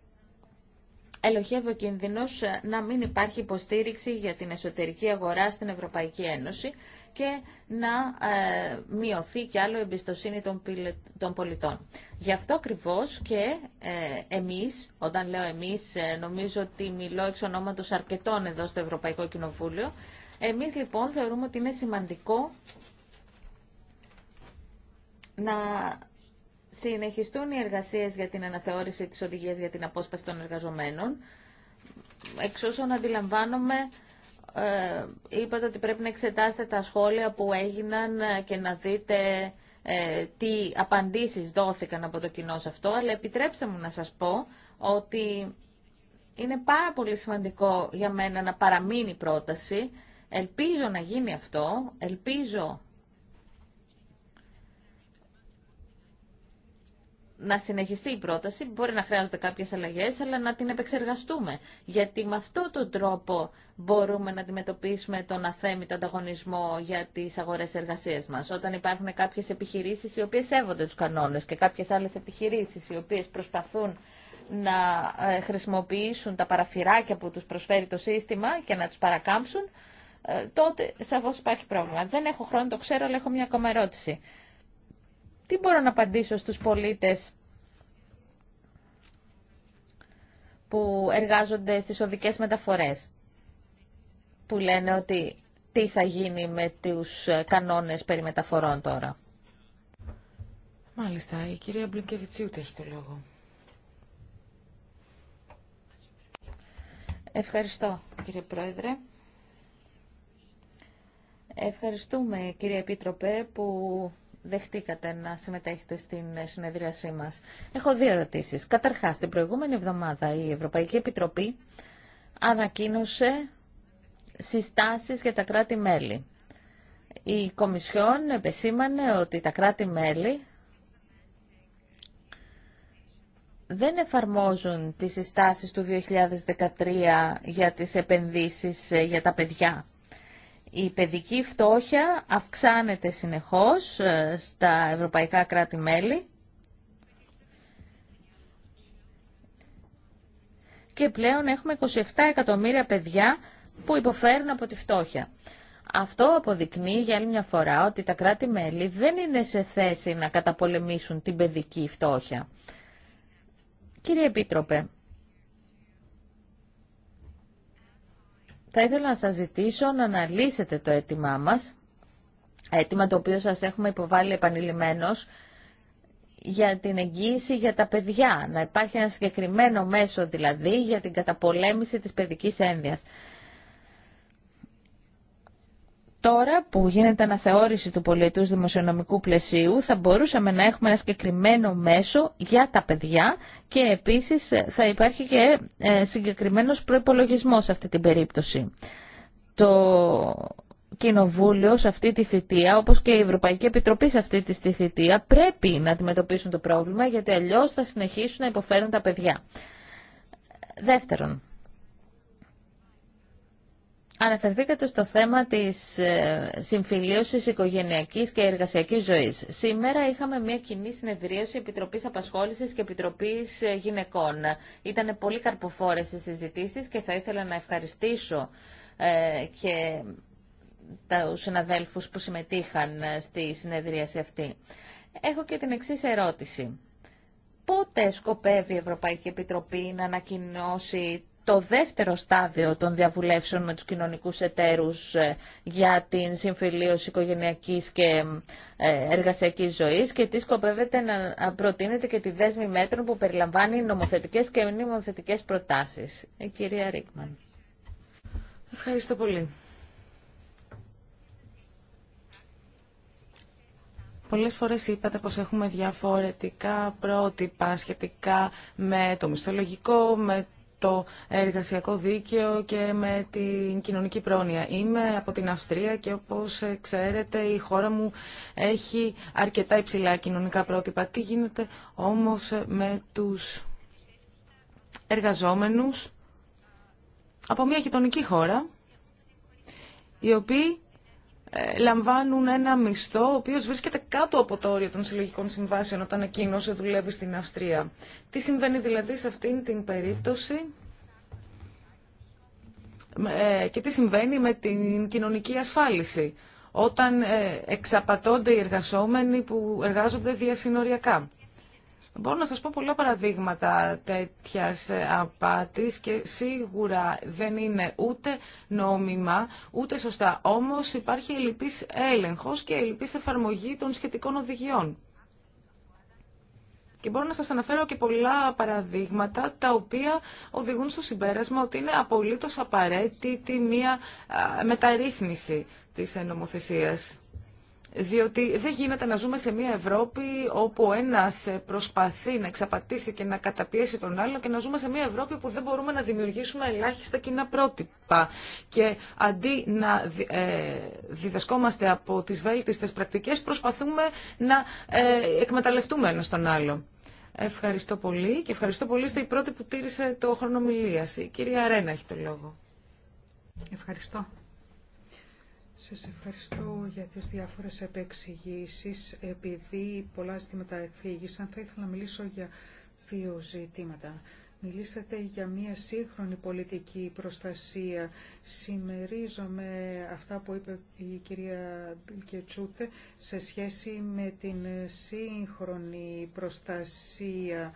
ελοχεύει ο κίνδυνο ε, να μην υπάρχει υποστήριξη για την εσωτερική αγορά στην Ευρωπαϊκή Ένωση και να ε, μειωθεί και άλλο η εμπιστοσύνη των πολιτών. Γι' αυτό ακριβώ και ε, εμείς, όταν λέω εμείς, ε, νομίζω ότι μιλώ εξ ονόματος αρκετών εδώ στο Ευρωπαϊκό Κοινοβούλιο, εμείς λοιπόν θεωρούμε ότι είναι σημαντικό να συνεχιστούν οι εργασίες για την αναθεώρηση της οδηγίας για την απόσπαση των εργαζομένων. Εξ όσων αντιλαμβάνομαι, ε, είπατε ότι πρέπει να εξετάσετε τα σχόλια που έγιναν και να δείτε ε, τι απαντήσεις δόθηκαν από το κοινό σε αυτό, αλλά επιτρέψτε μου να σας πω ότι είναι πάρα πολύ σημαντικό για μένα να παραμείνει η πρόταση. Ελπίζω να γίνει αυτό, ελπίζω να συνεχιστεί η πρόταση, μπορεί να χρειάζονται κάποιες αλλαγές, αλλά να την επεξεργαστούμε. Γιατί με αυτόν τον τρόπο μπορούμε να αντιμετωπίσουμε τον αθέμητο ανταγωνισμό για τις αγορές εργασίας μας. Όταν υπάρχουν κάποιες επιχειρήσεις οι οποίες σέβονται τους κανόνες και κάποιες άλλες επιχειρήσεις οι οποίες προσπαθούν να ε, χρησιμοποιήσουν τα παραφυράκια που τους προσφέρει το σύστημα και να τους παρακάμψουν, ε, τότε σαφώς υπάρχει πρόβλημα. Δεν έχω χρόνο, το ξέρω, αλλά έχω μια ακόμα ερώτηση. Τι μπορώ να απαντήσω στους πολίτες που εργάζονται στις οδικές μεταφορές, που λένε ότι τι θα γίνει με τους ε, κανόνες περί μεταφορών τώρα. Μάλιστα, η κυρία ούτε έχει το λόγο. Ευχαριστώ, κύριε Πρόεδρε. Ευχαριστούμε, κύριε Επίτροπε, που δεχτήκατε να συμμετέχετε στην συνεδρίασή μας. Έχω δύο ερωτήσεις. Καταρχάς, την προηγούμενη εβδομάδα η Ευρωπαϊκή Επιτροπή ανακοίνωσε συστάσεις για τα κράτη-μέλη. Η Κομισιόν επεσήμανε ότι τα κράτη-μέλη δεν εφαρμόζουν τις συστάσεις του 2013 για τις επενδύσεις ε, για τα παιδιά. Η παιδική φτώχεια αυξάνεται συνεχώς ε, στα ευρωπαϊκά κράτη-μέλη και πλέον έχουμε 27 εκατομμύρια παιδιά που υποφέρουν από τη φτώχεια. Αυτό αποδεικνύει για άλλη μια φορά ότι τα κράτη-μέλη δεν είναι σε θέση να καταπολεμήσουν την παιδική φτώχεια. Κύριε Επίτροπε, θα ήθελα να σας ζητήσω να αναλύσετε το αίτημά μας, αίτημα το οποίο σας έχουμε υποβάλει επανειλημμένος για την εγγύηση για τα παιδιά, να υπάρχει ένα συγκεκριμένο μέσο δηλαδή για την καταπολέμηση της παιδικής ένδυας. Τώρα που γίνεται αναθεώρηση του πολιτού δημοσιονομικού πλαισίου θα μπορούσαμε να έχουμε ένα συγκεκριμένο μέσο για τα παιδιά και επίσης θα υπάρχει και ε, συγκεκριμένος προϋπολογισμός σε αυτή την περίπτωση. Το Κοινοβούλιο σε αυτή τη θητεία, όπως και η Ευρωπαϊκή Επιτροπή σε αυτή τη θητεία, πρέπει να αντιμετωπίσουν το πρόβλημα γιατί αλλιώς θα συνεχίσουν να υποφέρουν τα παιδιά. Δεύτερον, Αναφερθήκατε στο θέμα της ε, συμφιλίωσης οικογενειακής και εργασιακής ζωής. Σήμερα είχαμε μια κοινή συνεδρίαση Επιτροπής Απασχόλησης και Επιτροπής ε, Γυναικών. Ήταν πολύ καρποφόρες οι συζητήσεις και θα ήθελα να ευχαριστήσω ε, και τους συναδέλφους που συμμετείχαν στη συνεδρίαση αυτή. Έχω και την εξής ερώτηση. Πότε σκοπεύει η Ευρωπαϊκή Επιτροπή να ανακοινώσει το δεύτερο στάδιο των διαβουλεύσεων με τους κοινωνικούς εταίρους ε, για την συμφιλίωση οικογενειακής και ε, εργασιακής ζωής και τι σκοπεύεται να προτείνεται και τη δέσμη μέτρων που περιλαμβάνει νομοθετικές και μη νομοθετικές προτάσεις. Η κυρία Ρίκμαν. Ευχαριστώ πολύ. Πολλές φορές είπατε πως έχουμε διαφορετικά πρότυπα σχετικά με το μισθολογικό, με το εργασιακό δίκαιο και με την κοινωνική πρόνοια. Είμαι από την Αυστρία και όπως ξέρετε η χώρα μου έχει αρκετά υψηλά κοινωνικά πρότυπα. Τι γίνεται όμως με τους εργαζόμενους από μια γειτονική χώρα οι οποίοι ε, λαμβάνουν ένα μισθό ο οποίος βρίσκεται κάτω από το όριο των συλλογικών συμβάσεων όταν εκείνος δουλεύει στην Αυστρία. Τι συμβαίνει δηλαδή σε αυτήν την περίπτωση ε, και τι συμβαίνει με την κοινωνική ασφάλιση όταν ε, εξαπατώνται οι εργαζόμενοι που εργάζονται διασυνοριακά. Μπορώ να σας πω πολλά παραδείγματα τέτοιας ε, απάτης και σίγουρα δεν είναι ούτε νόμιμα, ούτε σωστά. Όμως υπάρχει ελλειπής έλεγχος και ελλειπής εφαρμογή των σχετικών οδηγιών. Και μπορώ να σας αναφέρω και πολλά παραδείγματα τα οποία οδηγούν στο συμπέρασμα ότι είναι απολύτως απαραίτητη μια μεταρρύθμιση της ε, νομοθεσίας διότι δεν γίνεται να ζούμε σε μια Ευρώπη όπου ένας ε, προσπαθεί να εξαπατήσει και να καταπιέσει τον άλλο και να ζούμε σε μια Ευρώπη που δεν μπορούμε να δημιουργήσουμε ελάχιστα κοινά πρότυπα. Και αντί να ε, διδασκόμαστε από τις βέλτιστες πρακτικές, προσπαθούμε να ε, εκμεταλλευτούμε ένα τον άλλο. Ευχαριστώ πολύ και ευχαριστώ πολύ. στην πρώτη που τήρησε το χρονομιλίαση. Η κυρία Ρένα έχει το λόγο. Ευχαριστώ. Σας ευχαριστώ για τις διάφορες επεξηγήσεις. Επειδή πολλά ζητήματα εφήγησαν, θα ήθελα να μιλήσω για δύο ζητήματα. Μιλήσατε για μια σύγχρονη πολιτική προστασία. Συμμερίζομαι αυτά που είπε η κυρία Μπιλκετσούτε σε σχέση με την σύγχρονη προστασία,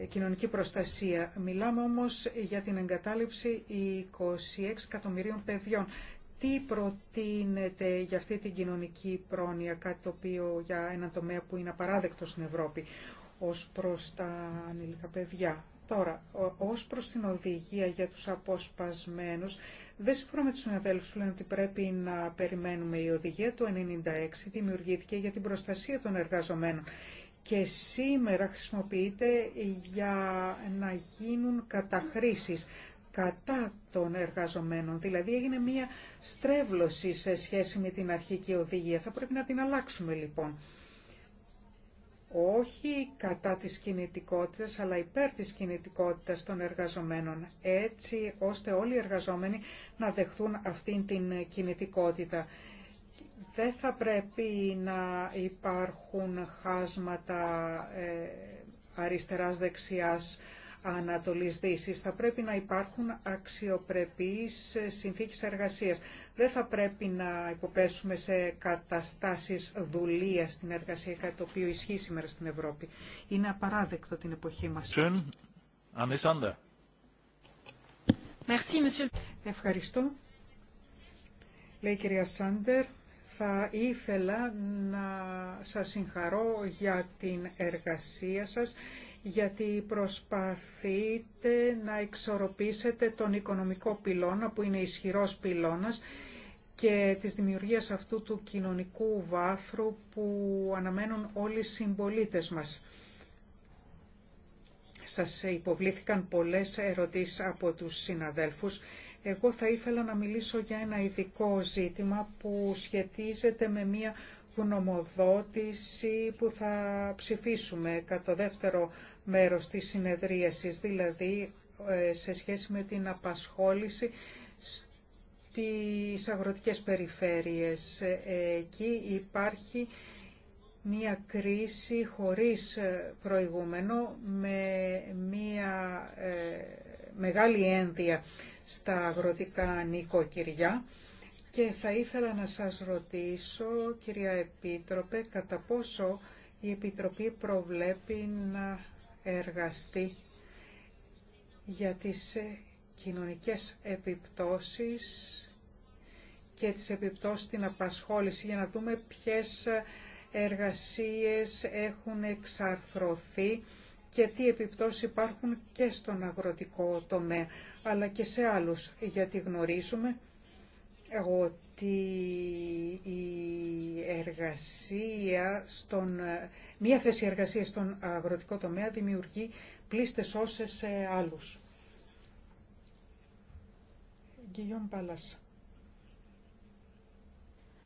ε, κοινωνική προστασία. Μιλάμε όμως για την εγκατάλειψη 26 εκατομμυρίων παιδιών τι προτείνεται για αυτή την κοινωνική πρόνοια, κάτι το οποίο για έναν τομέα που είναι απαράδεκτο στην Ευρώπη ως προς τα ανήλικα παιδιά. Τώρα, ως προς την οδηγία για τους αποσπασμένους, δεν συμφωνώ με τους συναδέλφους που λένε ότι πρέπει να περιμένουμε. Η οδηγία του 1996 δημιουργήθηκε για την προστασία των εργαζομένων και σήμερα χρησιμοποιείται για να γίνουν καταχρήσεις κατά των εργαζομένων. Δηλαδή έγινε μία στρέβλωση σε σχέση με την αρχική οδηγία. Θα πρέπει να την αλλάξουμε λοιπόν. Όχι κατά της κινητικότητας, αλλά υπέρ της κινητικότητας των εργαζομένων, έτσι ώστε όλοι οι εργαζόμενοι να δεχθούν αυτήν την κινητικότητα. Δεν θα πρέπει να υπάρχουν χάσματα ε, αριστεράς-δεξιάς Ανατολής Δύσης. Θα πρέπει να υπάρχουν αξιοπρεπείς συνθήκες εργασίας. Δεν θα πρέπει να υποπέσουμε σε καταστάσεις δουλεία στην εργασία, κάτι το οποίο ισχύει σήμερα στην Ευρώπη. Είναι απαράδεκτο την εποχή μας. Ευχαριστώ. Λέει η κυρία Σάντερ, θα ήθελα να σας συγχαρώ για την εργασία σας γιατί προσπαθείτε να εξορροπήσετε τον οικονομικό πυλώνα που είναι ισχυρός πυλώνας και της δημιουργίας αυτού του κοινωνικού βάθρου που αναμένουν όλοι οι συμπολίτες μας. Σας υποβλήθηκαν πολλές ερωτήσεις από τους συναδέλφους. Εγώ θα ήθελα να μιλήσω για ένα ειδικό ζήτημα που σχετίζεται με μία γνωμοδότηση που θα ψηφίσουμε κατά δεύτερο μέρος της συνεδρίασης, δηλαδή ε, σε σχέση με την απασχόληση στις αγροτικές περιφέρειες. Ε, εκεί υπάρχει μία κρίση χωρίς ε, προηγούμενο με μία μεγάλη ένδια στα αγροτικά νοικοκυριά και θα ήθελα να σας ρωτήσω, κυρία Επίτροπε, κατά πόσο η Επιτροπή προβλέπει να εργαστεί για τις ε, κοινωνικές επιπτώσεις και τις επιπτώσεις στην απασχόληση για να δούμε ποιες ε, εργασίες έχουν εξαρθρωθεί και τι επιπτώσεις υπάρχουν και στον αγροτικό τομέα αλλά και σε άλλους γιατί γνωρίζουμε ότι η εργασία στον, μία θέση εργασίας στον αγροτικό τομέα δημιουργεί πλήστες όσες σε άλλους.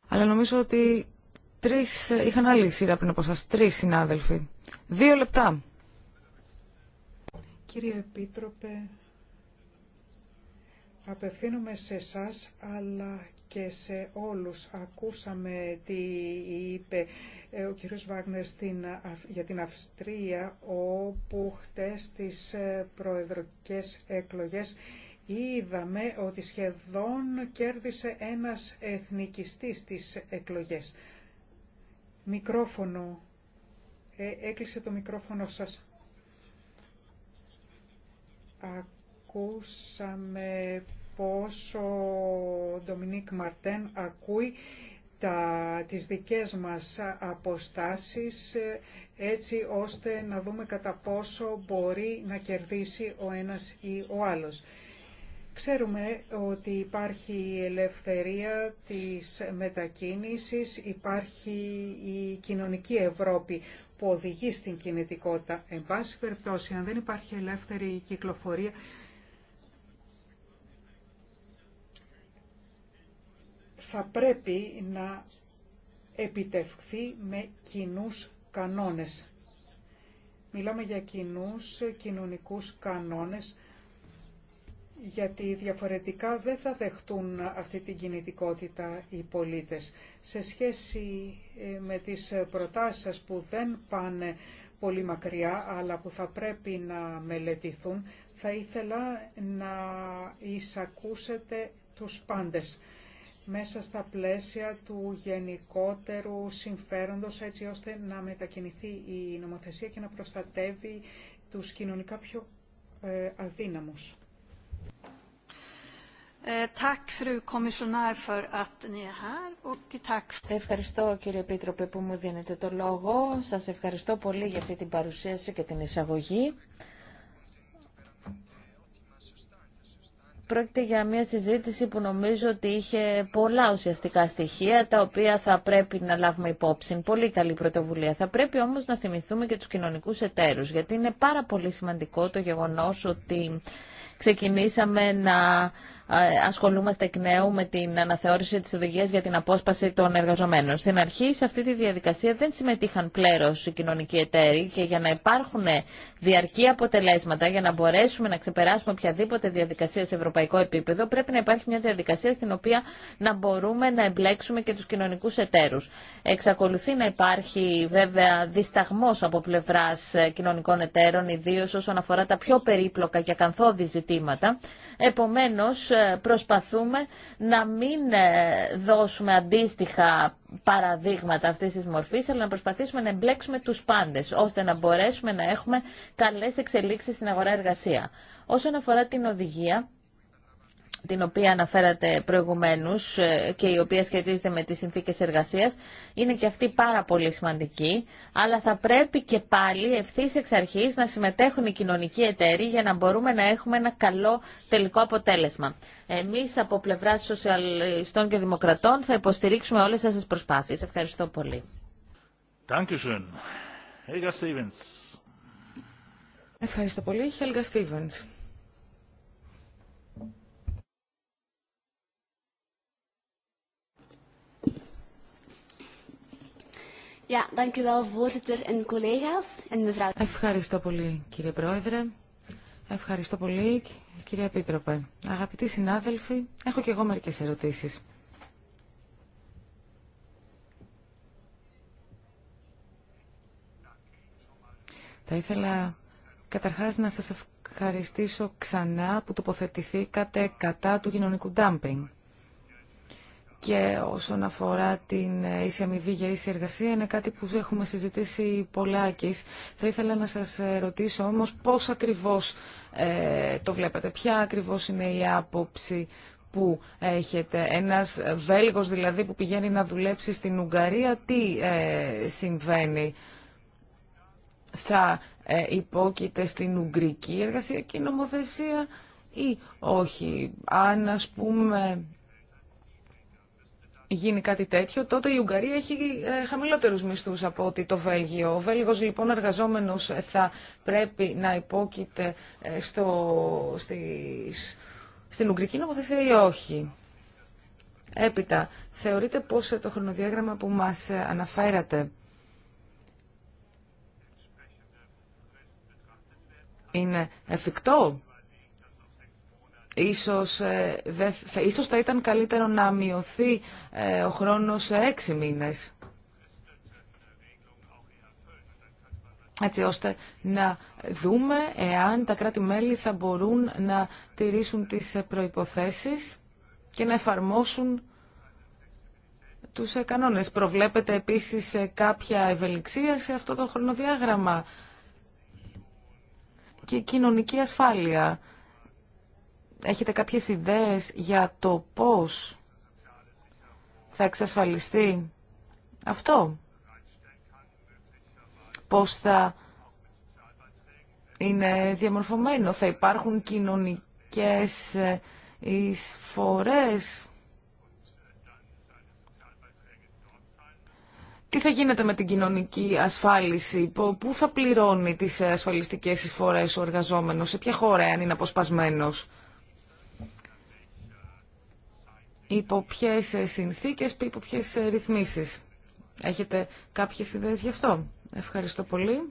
Αλλά νομίζω ότι τρεις, ε, είχαν άλλη σειρά πριν από σας, τρεις συνάδελφοι. Δύο λεπτά. Κύριε Επίτροπε, Απευθύνομαι σε σας αλλά και σε όλους. Ακούσαμε τι είπε ε, ο κύριος Βάγνερ στην, για την Αυστρία, όπου χτες τις ε, προεδρικές εκλογές είδαμε ότι σχεδόν κέρδισε ένας εθνικιστής τις εκλογές. Μικρόφωνο. Ε, έκλεισε το μικρόφωνο σας. Ακούσαμε πόσο ο Ντομινίκ Μαρτέν ακούει τα, τις δικές μας αποστάσεις ε, έτσι ώστε να δούμε κατά πόσο μπορεί να κερδίσει ο ένας ή ο άλλος. Ξέρουμε ότι υπάρχει η ελευθερία της μετακίνησης, υπάρχει η κοινωνική Ευρώπη που οδηγεί στην κινητικότητα. Εν πάση περιπτώσει, αν δεν υπάρχει ελεύθερη κυκλοφορία, θα πρέπει να επιτευχθεί με κοινούς κανόνες. Μιλάμε για κοινούς κοινωνικούς κανόνες, γιατί διαφορετικά δεν θα δεχτούν αυτή την κινητικότητα οι πολίτες. Σε σχέση ε, με τις προτάσεις σας που δεν πάνε πολύ μακριά, αλλά που θα πρέπει να μελετηθούν, θα ήθελα να εισακούσετε τους πάντες μέσα στα πλαίσια του γενικότερου συμφέροντος έτσι ώστε να μετακινηθεί η νομοθεσία και να προστατεύει τους κοινωνικά πιο ε, αδύναμους. Ε, ευχαριστώ κύριε Επίτροπε που μου δίνετε το λόγο. Σας ευχαριστώ πολύ για αυτή την παρουσίαση και την εισαγωγή. Πρόκειται για μια συζήτηση που νομίζω ότι είχε πολλά ουσιαστικά στοιχεία τα οποία θα πρέπει να λάβουμε υπόψη. Πολύ καλή πρωτοβουλία. Θα πρέπει όμως να θυμηθούμε και τους κοινωνικούς εταίρους γιατί είναι πάρα πολύ σημαντικό το γεγονός ότι ξεκινήσαμε να ε, ασχολούμαστε εκ νέου με την αναθεώρηση τη οδηγία για την απόσπαση των εργαζομένων. Στην αρχή σε αυτή τη διαδικασία δεν συμμετείχαν πλέρω οι κοινωνικοί εταίροι και για να υπάρχουν διαρκή αποτελέσματα, για να μπορέσουμε να ξεπεράσουμε οποιαδήποτε διαδικασία σε ευρωπαϊκό επίπεδο, πρέπει να υπάρχει μια διαδικασία στην οποία να μπορούμε να εμπλέξουμε και του κοινωνικού εταίρους. Εξακολουθεί να υπάρχει βέβαια δισταγμό από πλευρά κοινωνικών εταίρων, ιδίω όσον αφορά τα πιο περίπλοκα και ζητήματα, Επομένως, ε, προσπαθούμε να μην ε, δώσουμε αντίστοιχα παραδείγματα αυτής της μορφής, αλλά να προσπαθήσουμε να εμπλέξουμε τους πάντες, ώστε να μπορέσουμε να έχουμε καλές εξελίξεις στην αγορά εργασία. Όσον αφορά την οδηγία, την οποία αναφέρατε προηγουμένως ε, και η οποία σχετίζεται με τις συνθήκες εργασίας, είναι και αυτή πάρα πολύ σημαντική, αλλά θα πρέπει και πάλι ευθύ εξ αρχής να συμμετέχουν οι κοινωνικοί εταίροι για να μπορούμε να έχουμε ένα καλό τελικό αποτέλεσμα. Εμείς από πλευρά σοσιαλιστών και δημοκρατών θα υποστηρίξουμε όλες σας τις προσπάθειες. Ευχαριστώ πολύ. Ευχαριστώ πολύ, Ευχαριστώ πολύ, κύριε Πρόεδρε. Ευχαριστώ πολύ, κύριε Πίτροπε. Αγαπητοί συνάδελφοι, έχω και εγώ μερικέ ερωτήσει. Θα ήθελα καταρχάς να σας ευχαριστήσω ξανά που τοποθετηθήκατε κατά του κοινωνικού ντάμπινγκ και όσον αφορά την ε, ίση αμοιβή για ίση εργασία είναι κάτι που έχουμε συζητήσει πολλάκις. Θα ήθελα να σας ε, ρωτήσω όμως πώς ακριβώς ε, το βλέπετε, ποια ακριβώς είναι η άποψη που έχετε. Ένας Βέλγος δηλαδή που πηγαίνει να δουλέψει στην Ουγγαρία, τι συμβαίνει. Θα υπόκειται στην Ουγγρική εργασία και νομοθεσία ή όχι. Αν ας πούμε γίνει κάτι τέτοιο, τότε η Ουγγαρία έχει ε, χαμηλότερους μισθούς από ότι το Βέλγιο. Ο Βέλγος λοιπόν εργαζόμενος ε, θα πρέπει να υπόκειται ε, στο, στις, στην Ουγγρική νομοθεσία ή όχι. Έπειτα, θεωρείτε πως το χρονοδιάγραμμα που μας αναφέρατε είναι εφικτό. Ε, ίσως, θα ήταν καλύτερο να μειωθεί ε, ο χρόνος σε έξι μήνες. έτσι ώστε να δούμε εάν τα κράτη-μέλη θα μπορούν να τηρήσουν τις προϋποθέσεις και να εφαρμόσουν τους ε, κανόνες. Προβλέπεται επίσης κάποια ευελιξία σε αυτό το χρονοδιάγραμμα και κοινωνική ασφάλεια έχετε κάποιες ιδέες για το πώς θα εξασφαλιστεί αυτό. Πώς θα είναι διαμορφωμένο, θα υπάρχουν κοινωνικές εισφορές. Τι θα γίνεται με την κοινωνική ασφάλιση, πού θα πληρώνει τις ασφαλιστικές εισφορές ο εργαζόμενος, σε ποια χώρα αν είναι αποσπασμένος. υπό ποιε συνθήκες, υπό ποιε ρυθμίσει Έχετε κάποιες ιδέες γι' αυτό. Ευχαριστώ πολύ.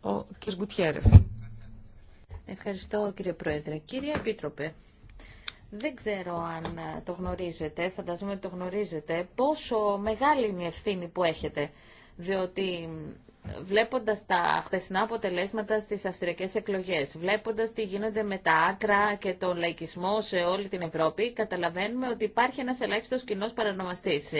Ο κ. Γκουτιέρε. Ευχαριστώ κύριε Πρόεδρε. Κύριε Επίτροπε, δεν ξέρω αν το γνωρίζετε, φανταζόμαι ότι το γνωρίζετε, πόσο μεγάλη είναι η ευθύνη που έχετε, διότι βλέποντας τα χθεσινά αποτελέσματα στις αυστριακές εκλογές, βλέποντας τι γίνεται με τα άκρα και τον λαϊκισμό σε όλη την Ευρώπη, καταλαβαίνουμε ότι υπάρχει ένας ελάχιστος κοινό παρανομαστής.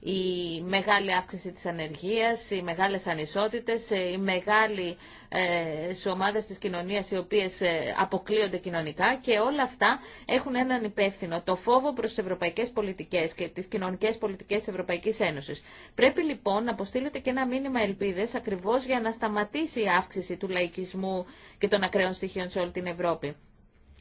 Η μεγάλη αύξηση της ανεργίας, οι μεγάλες ανισότητες, η μεγάλη ε, σε ομάδες της κοινωνίας οι οποίες ε, αποκλείονται κοινωνικά και όλα αυτά έχουν έναν υπεύθυνο, το φόβο προς τις ευρωπαϊκές πολιτικές και τις κοινωνικές πολιτικές της Ευρωπαϊκής Ένωσης. Πρέπει λοιπόν να αποστείλετε και ένα μήνυμα ελπίδες ακριβώς για να σταματήσει η αύξηση του λαϊκισμού και των ακραίων στοιχείων σε όλη την Ευρώπη.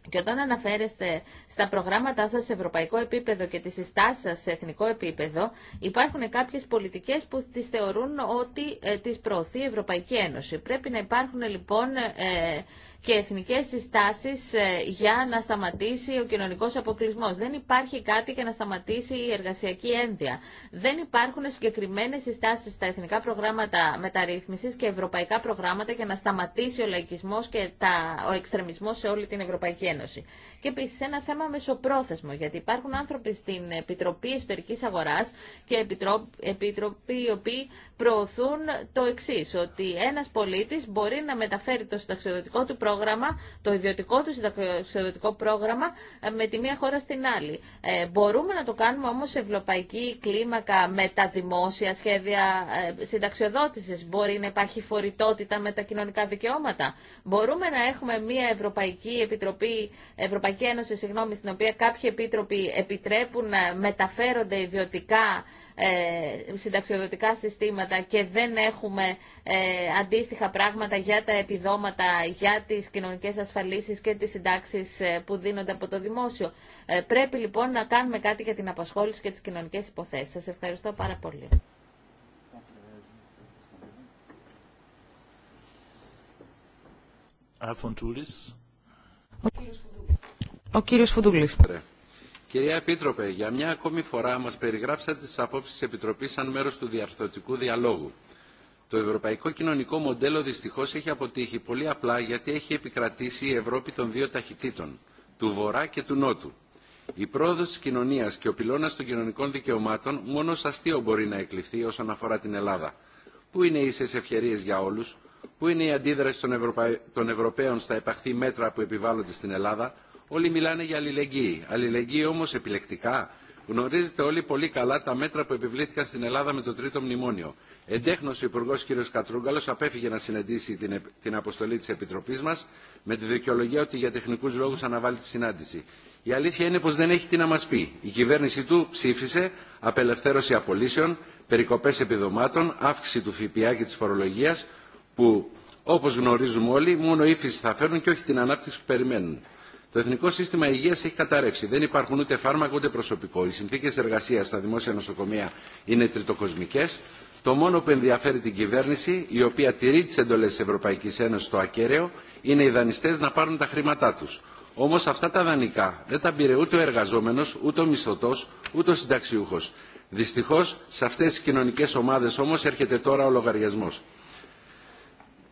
Και όταν αναφέρεστε στα προγράμματά σας σε ευρωπαϊκό επίπεδο και τις συστάσεις σας σε εθνικό επίπεδο, υπάρχουν κάποιες πολιτικές που τις θεωρούν ότι ε, τις προωθεί η Ευρωπαϊκή Ένωση. Πρέπει να υπάρχουν λοιπόν ε, και εθνικές συστάσεις ε, για να σταματήσει ο κοινωνικός αποκλεισμό. Δεν υπάρχει κάτι για να σταματήσει η εργασιακή ένδυα. Δεν υπάρχουν συγκεκριμένες συστάσεις στα εθνικά προγράμματα μεταρρύθμισης και ευρωπαϊκά προγράμματα για να σταματήσει ο λαϊκισμός και ο εξτρεμισμό σε όλη την Ευρωπαϊκή Ένωση και επίση ένα θέμα μεσοπρόθεσμο, γιατί υπάρχουν άνθρωποι στην Επιτροπή Εσωτερική Αγορά και επιτροποί οι οποίοι προωθούν το εξή, ότι ένα πολίτη μπορεί να μεταφέρει το συνταξιοδοτικό του πρόγραμμα, το ιδιωτικό του συνταξιοδοτικό πρόγραμμα ε, με τη μία χώρα στην άλλη. Ε, μπορούμε να το κάνουμε όμω σε ευρωπαϊκή κλίμακα με τα δημόσια σχέδια ε, συνταξιοδότηση. Μπορεί να υπάρχει φορητότητα με τα κοινωνικά δικαιώματα. Μπορούμε να έχουμε μία Ευρωπαϊκή Επιτροπή, Ευρωπαϊκή Ευρωπαϊκή Ένωση, συγγνώμη, στην οποία κάποιοι επίτροποι επιτρέπουν να μεταφέρονται ιδιωτικά ε, συνταξιοδοτικά συστήματα και δεν έχουμε ε, αντίστοιχα πράγματα για τα επιδόματα, για τις κοινωνικές ασφαλίσεις και τις συντάξεις ε, που δίνονται από το δημόσιο. Ε, πρέπει λοιπόν να κάνουμε κάτι για την απασχόληση και τις κοινωνικές υποθέσεις. Σας ευχαριστώ πάρα πολύ. Ο κύριος Κυρία Επίτροπε, για μια ακόμη φορά μας περιγράψατε τι απόψει τη Επιτροπής σαν μέρος του διαρθωτικού διαλόγου. Το ευρωπαϊκό κοινωνικό μοντέλο δυστυχώς έχει αποτύχει πολύ απλά γιατί έχει επικρατήσει η Ευρώπη των δύο ταχυτήτων, του Βορρά και του Νότου. Η πρόοδο τη κοινωνία και ο πυλώνα των κοινωνικών δικαιωμάτων μόνο ως αστείο μπορεί να εκλειφθεί όσον αφορά την Ελλάδα. Πού είναι οι ίσες ευκαιρίε για όλου, πού είναι η αντίδραση των, των Ευρωπαίων στα επαχθή μέτρα που επιβάλλονται στην Ελλάδα, όλοι μιλάνε για αλληλεγγύη. Αλληλεγγύη όμω επιλεκτικά. Γνωρίζετε όλοι πολύ καλά τα μέτρα που επιβλήθηκαν στην Ελλάδα με το τρίτο μνημόνιο. Εντέχνω ο Υπουργό κ. Κατρούγκαλο απέφυγε να συναντήσει την, την αποστολή τη Επιτροπή μα με τη δικαιολογία ότι για τεχνικού λόγου αναβάλει τη συνάντηση. Η αλήθεια είναι πω δεν έχει τι να μα πει. Η κυβέρνηση του ψήφισε απελευθέρωση απολύσεων, περικοπέ επιδομάτων, αύξηση του ΦΠΑ και τη φορολογία που όπω γνωρίζουμε όλοι μόνο ύφεση θα φέρουν και όχι την ανάπτυξη που περιμένουν. Το Εθνικό Σύστημα Υγεία έχει καταρρεύσει. Δεν υπάρχουν ούτε φάρμακο ούτε προσωπικό. Οι συνθήκε εργασία στα δημόσια νοσοκομεία είναι τριτοκοσμικέ. Το μόνο που ενδιαφέρει την κυβέρνηση, η οποία τηρεί τι εντολέ τη Ευρωπαϊκή Ένωση στο ακέραιο, είναι οι δανειστέ να πάρουν τα χρήματά του. Όμω αυτά τα δανεικά δεν τα πήρε ούτε ο εργαζόμενο, ούτε ο μισθωτό, ούτε ο συνταξιούχο. Δυστυχώ, σε αυτέ τι κοινωνικέ ομάδε όμω έρχεται τώρα ο λογαριασμό.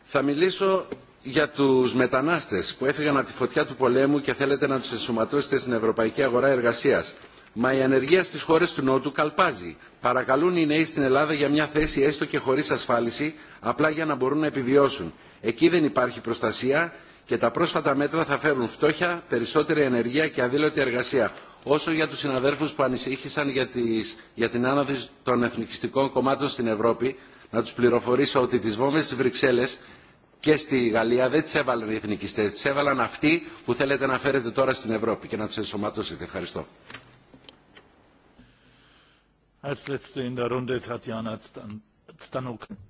Θα μιλήσω για τους μετανάστες που έφυγαν από τη φωτιά του πολέμου και θέλετε να τους ενσωματώσετε στην ευρωπαϊκή αγορά εργασίας. Μα η ανεργία στις χώρες του Νότου καλπάζει. Παρακαλούν οι νέοι στην Ελλάδα για μια θέση έστω και χωρίς ασφάλιση, απλά για να μπορούν να επιβιώσουν. Εκεί δεν υπάρχει προστασία και τα πρόσφατα μέτρα θα φέρουν φτώχεια, περισσότερη ενεργεία και αδήλωτη εργασία. Όσο για τους συναδέρφους που ανησύχησαν για, τις, για την άναδο των εθνικιστικών κομμάτων στην Ευρώπη, να τους πληροφορήσω ότι τις βόμβες στις και στη Γαλλία δεν τις έβαλαν οι εθνικιστές, τις έβαλαν αυτοί που θέλετε να φέρετε τώρα στην Ευρώπη και να τους ενσωματώσετε. Ευχαριστώ.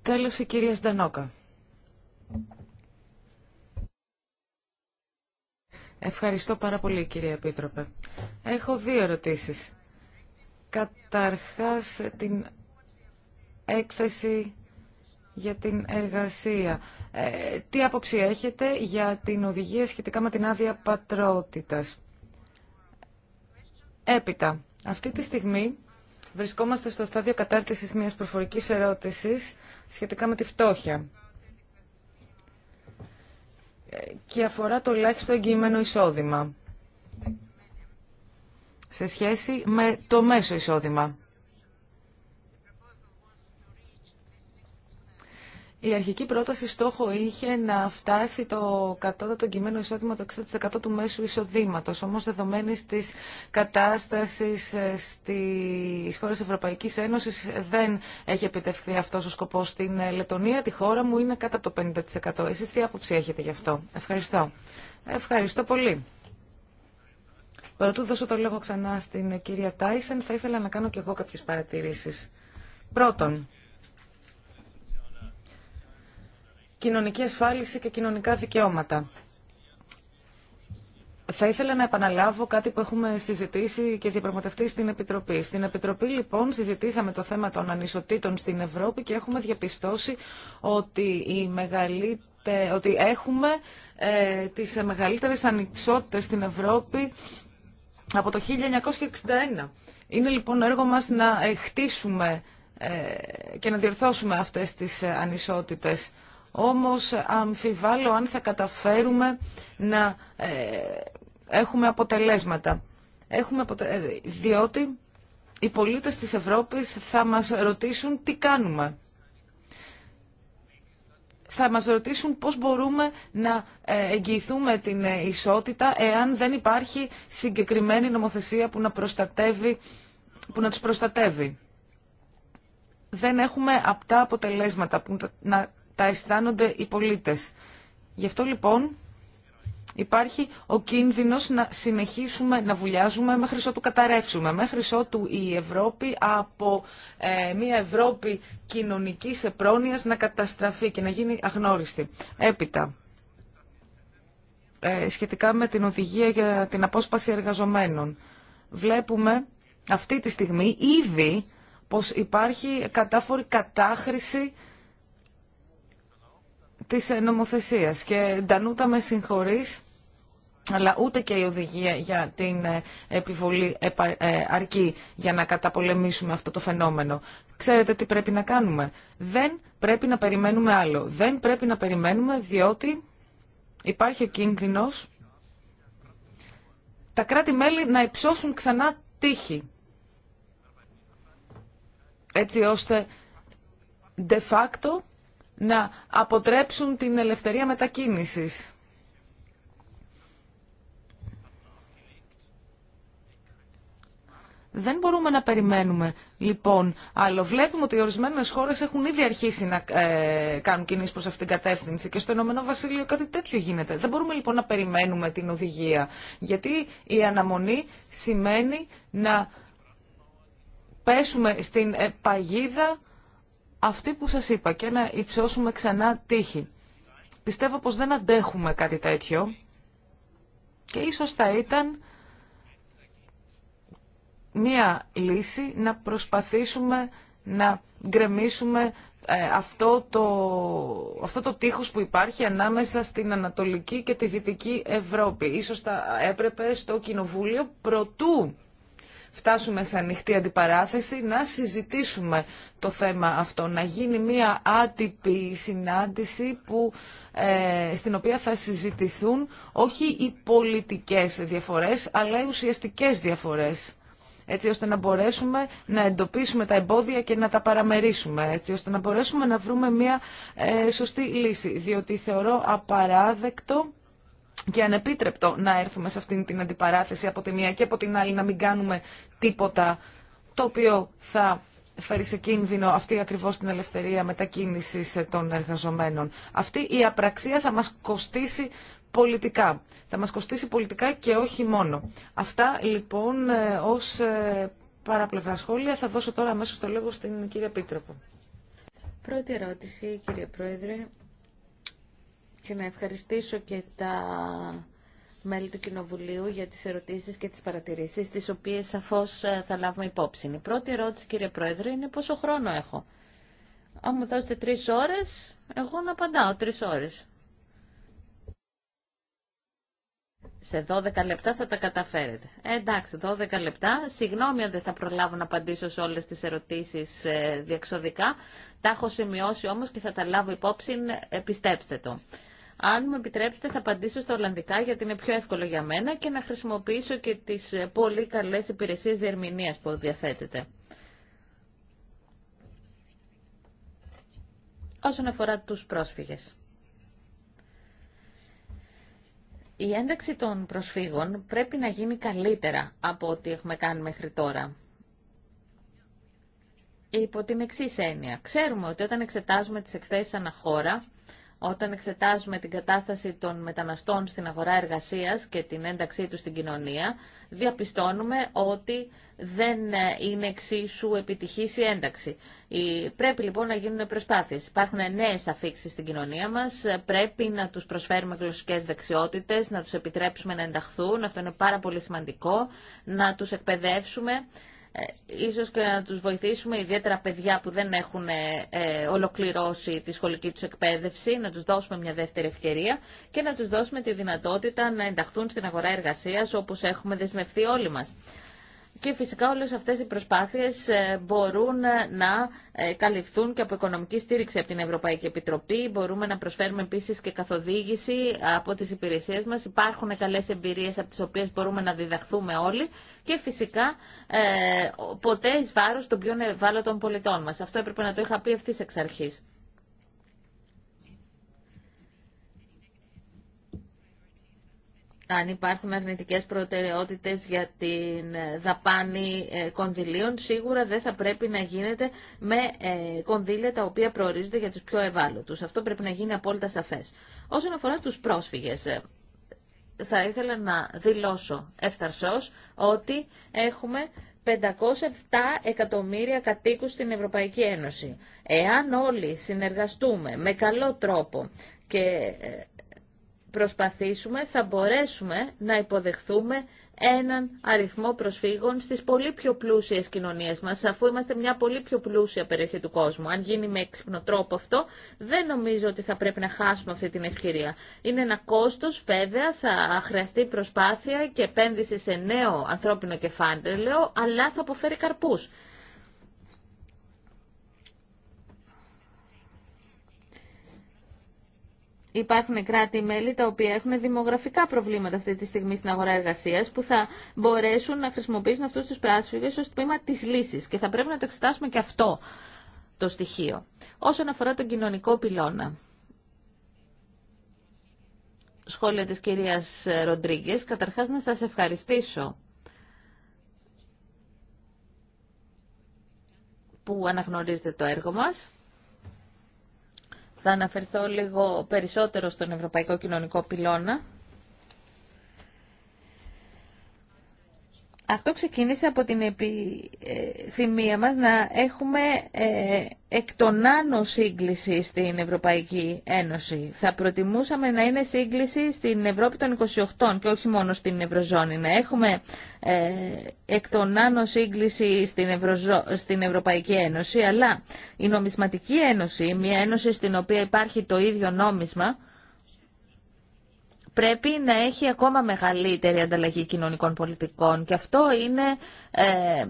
Τέλος η κυρία Στανόκα. Ευχαριστώ πάρα πολύ κυρία Επίτροπε. Έχω δύο ερωτήσεις. Καταρχάς την έκθεση για την εργασία. Ε, τι άποψη έχετε για την οδηγία σχετικά με την άδεια πατρότητας. Έπειτα, αυτή τη στιγμή βρισκόμαστε στο στάδιο κατάρτισης μιας προφορικής ερώτησης σχετικά με τη φτώχεια ε, και αφορά το ελάχιστο εγγυημένο εισόδημα σε σχέση με το μέσο εισόδημα. Η αρχική πρόταση στόχο είχε να φτάσει το κατώτατο κειμένο εισόδημα το 60% του μέσου εισοδήματος. Όμως δεδομένη της κατάστασης ε, στις χώρες Ευρωπαϊκής Ένωσης δεν έχει επιτευχθεί αυτός ο σκοπός στην ε, Λετωνία. Τη χώρα μου είναι κάτω το 50%. Εσείς τι άποψη έχετε γι' αυτό. Ευχαριστώ. Ευχαριστώ πολύ. Πρωτού δώσω το λόγο ξανά στην ε, κυρία Τάισεν, θα ήθελα να κάνω κι εγώ κάποιε παρατηρήσει. Πρώτον, κοινωνική ασφάλιση και κοινωνικά δικαιώματα. Θα ήθελα να επαναλάβω κάτι που έχουμε συζητήσει και διαπραγματευτεί στην Επιτροπή. Στην Επιτροπή, λοιπόν, συζητήσαμε το θέμα των ανισοτήτων στην Ευρώπη και έχουμε διαπιστώσει ότι, η μεγαλύτε... ότι έχουμε ε, τις μεγαλύτερες ανισότητες στην Ευρώπη από το 1961. Είναι, λοιπόν, έργο μας να ε, χτίσουμε ε, και να διορθώσουμε αυτές τις ε, ανισότητες όμως αμφιβάλλω αν θα καταφέρουμε να ε, έχουμε αποτελέσματα. Έχουμε ε, Διότι οι πολίτες της Ευρώπης θα μας ρωτήσουν τι κάνουμε. Θα μας ρωτήσουν πώς μπορούμε να ε, εγγυηθούμε την ισότητα εάν δεν υπάρχει συγκεκριμένη νομοθεσία που να, προστατεύει, που να τους προστατεύει. Δεν έχουμε απτά αποτελέσματα που να τα αισθάνονται οι πολίτες. Γι' αυτό λοιπόν υπάρχει ο κίνδυνος να συνεχίσουμε να βουλιάζουμε μέχρι ότου καταρρεύσουμε, μέχρι ότου η Ευρώπη από ε, μια Ευρώπη κοινωνικής επρόνοιας να καταστραφεί και να γίνει αγνώριστη. Έπειτα, ε, σχετικά με την οδηγία για την απόσπαση εργαζομένων, βλέπουμε αυτή τη στιγμή ήδη πως υπάρχει κατάφορη κατάχρηση της ε, νομοθεσίας και Ντανούτα με συγχωρείς αλλά ούτε και η οδηγία για την ε, επιβολή ε, αρκεί για να καταπολεμήσουμε αυτό το φαινόμενο. Ξέρετε τι πρέπει να κάνουμε. Δεν πρέπει να περιμένουμε άλλο. Δεν πρέπει να περιμένουμε διότι υπάρχει ο κίνδυνος τα κράτη-μέλη να υψώσουν ξανά τύχη. Έτσι ώστε de facto να αποτρέψουν την ελευθερία μετακίνησης. Δεν μπορούμε να περιμένουμε. Λοιπόν, αλλά βλέπουμε ότι οι ορισμένε χώρε έχουν ήδη αρχίσει να ε, κάνουν κινήσεις προς αυτήν την κατεύθυνση και στο Ηνωμένο Βασίλειο κάτι τέτοιο γίνεται. Δεν μπορούμε λοιπόν να περιμένουμε την οδηγία. Γιατί η αναμονή σημαίνει να πέσουμε στην ε, παγίδα αυτή που σας είπα και να υψώσουμε ξανά τύχη. Πιστεύω πως δεν αντέχουμε κάτι τέτοιο και ίσως θα ήταν μία λύση να προσπαθήσουμε να γκρεμίσουμε ε, αυτό, το, αυτό το τείχος που υπάρχει ανάμεσα στην Ανατολική και τη Δυτική Ευρώπη. Ίσως θα έπρεπε στο Κοινοβούλιο προτού φτάσουμε σε ανοιχτή αντιπαράθεση, να συζητήσουμε το θέμα αυτό, να γίνει μία άτυπη συνάντηση που, ε, στην οποία θα συζητηθούν όχι οι πολιτικές διαφορές, αλλά οι ουσιαστικές διαφορές έτσι ώστε να μπορέσουμε να εντοπίσουμε τα εμπόδια και να τα παραμερίσουμε, έτσι ώστε να μπορέσουμε να βρούμε μια ε, σωστή λύση. Διότι θεωρώ απαράδεκτο και ανεπίτρεπτο να έρθουμε σε αυτήν την αντιπαράθεση από τη μία και από την άλλη να μην κάνουμε τίποτα το οποίο θα φέρει σε κίνδυνο αυτή ακριβώς την ελευθερία μετακίνησης των εργαζομένων. Αυτή η απραξία θα μας κοστίσει πολιτικά. Θα μας κοστίσει πολιτικά και όχι μόνο. Αυτά λοιπόν ε, ως ε, παραπλευρά σχόλια. Θα δώσω τώρα αμέσως το λόγο στην κυρία Πίτροπο. Πρώτη ερώτηση κύριε Πρόεδρε και να ευχαριστήσω και τα μέλη του Κοινοβουλίου για τις ερωτήσεις και τις παρατηρήσεις, τις οποίες σαφώς ε, θα λάβουμε υπόψη. Η πρώτη ερώτηση, κύριε Πρόεδρε, είναι πόσο χρόνο έχω. Αν μου δώσετε τρεις ώρες, εγώ να απαντάω τρεις ώρες. Σε 12 λεπτά θα τα καταφέρετε. Ε, εντάξει, 12 λεπτά. Συγγνώμη αν δεν θα προλάβω να απαντήσω σε όλες τις ερωτήσεις ε, διεξοδικά. Τα έχω σημειώσει όμως και θα τα λάβω υπόψη, πιστέψτε το. Αν μου επιτρέψετε θα απαντήσω στα Ολλανδικά γιατί είναι πιο εύκολο για μένα και να χρησιμοποιήσω και τις ε, πολύ καλές υπηρεσίες διερμηνίας που διαθέτεται. Όσον αφορά τους πρόσφυγες. Η ένταξη των προσφύγων πρέπει να γίνει καλύτερα από ό,τι έχουμε κάνει μέχρι τώρα υπό την εξή έννοια. Ξέρουμε ότι όταν εξετάζουμε τις εκθέσεις αναχώρα, όταν εξετάζουμε την κατάσταση των μεταναστών στην αγορά εργασίας και την ένταξή τους στην κοινωνία, διαπιστώνουμε ότι δεν είναι εξίσου επιτυχής η ένταξη. Πρέπει λοιπόν να γίνουν προσπάθειες. Υπάρχουν νέες αφήξεις στην κοινωνία μας, πρέπει να τους προσφέρουμε γλωσσικές δεξιότητες, να τους επιτρέψουμε να ενταχθούν, αυτό είναι πάρα πολύ σημαντικό, να τους εκπαιδεύσουμε ε, ίσως και να τους βοηθήσουμε, ιδιαίτερα παιδιά που δεν έχουν ε, ε, ολοκληρώσει τη σχολική τους εκπαίδευση, να τους δώσουμε μια δεύτερη ευκαιρία και να τους δώσουμε τη δυνατότητα να ενταχθούν στην αγορά εργασίας όπως έχουμε δεσμευθεί όλοι μας. Και φυσικά όλες αυτές οι προσπάθειες ε, μπορούν ε, να ε, καλυφθούν και από οικονομική στήριξη από την Ευρωπαϊκή Επιτροπή. Μπορούμε να προσφέρουμε επίσης και καθοδήγηση από τις υπηρεσίες μας. Υπάρχουν καλές εμπειρίες από τις οποίες μπορούμε να διδαχθούμε όλοι και φυσικά ποτέ εις βάρος των πιο ευάλωτων πολιτών μας. Αυτό έπρεπε να το είχα πει ευθύ εξ αρχής. αν υπάρχουν αρνητικές προτεραιότητες για την δαπάνη ε, κονδυλίων, σίγουρα δεν θα πρέπει να γίνεται με ε, κονδύλια τα οποία προορίζονται για τους πιο ευάλωτους. Αυτό πρέπει να γίνει απόλυτα σαφές. Όσον αφορά τους πρόσφυγες, ε, θα ήθελα να δηλώσω ευθαρσώς ότι έχουμε 507 εκατομμύρια κατοίκους στην Ευρωπαϊκή Ένωση. Εάν όλοι συνεργαστούμε με καλό τρόπο και προσπαθήσουμε, θα μπορέσουμε να υποδεχθούμε έναν αριθμό προσφύγων στις πολύ πιο πλούσιες κοινωνίες μας, αφού είμαστε μια πολύ πιο πλούσια περιοχή του κόσμου. Αν γίνει με έξυπνο τρόπο αυτό, δεν νομίζω ότι θα πρέπει να χάσουμε αυτή την ευκαιρία. Είναι ένα κόστος, βέβαια, θα χρειαστεί προσπάθεια και επένδυση σε νέο ανθρώπινο κεφάλαιο, αλλά θα αποφέρει καρπούς. Υπάρχουν κράτη-μέλη τα οποία έχουν δημογραφικά προβλήματα αυτή τη στιγμή στην αγορά εργασία που θα μπορέσουν να χρησιμοποιήσουν αυτού του πράσφυγε ω τμήμα τη λύση και θα πρέπει να το εξετάσουμε και αυτό το στοιχείο. Όσον αφορά τον κοινωνικό πυλώνα. Σχόλια της κυρίας Ροντρίγκες. Καταρχάς να σας ευχαριστήσω που αναγνωρίζετε το έργο μας θα αναφερθώ λίγο περισσότερο στον Ευρωπαϊκό Κοινωνικό Πυλώνα. Αυτό ξεκίνησε από την επιθυμία μας να έχουμε ε, εκ των άνω σύγκληση στην Ευρωπαϊκή Ένωση. Θα προτιμούσαμε να είναι σύγκληση στην Ευρώπη των 28 και όχι μόνο στην Ευρωζώνη. Να έχουμε ε, εκ των άνω σύγκληση στην, στην Ευρωπαϊκή Ένωση, αλλά η Νομισματική Ένωση, μια ένωση στην οποία υπάρχει το ίδιο νόμισμα, πρέπει να έχει ακόμα μεγαλύτερη ανταλλαγή κοινωνικών πολιτικών και αυτό είναι ε,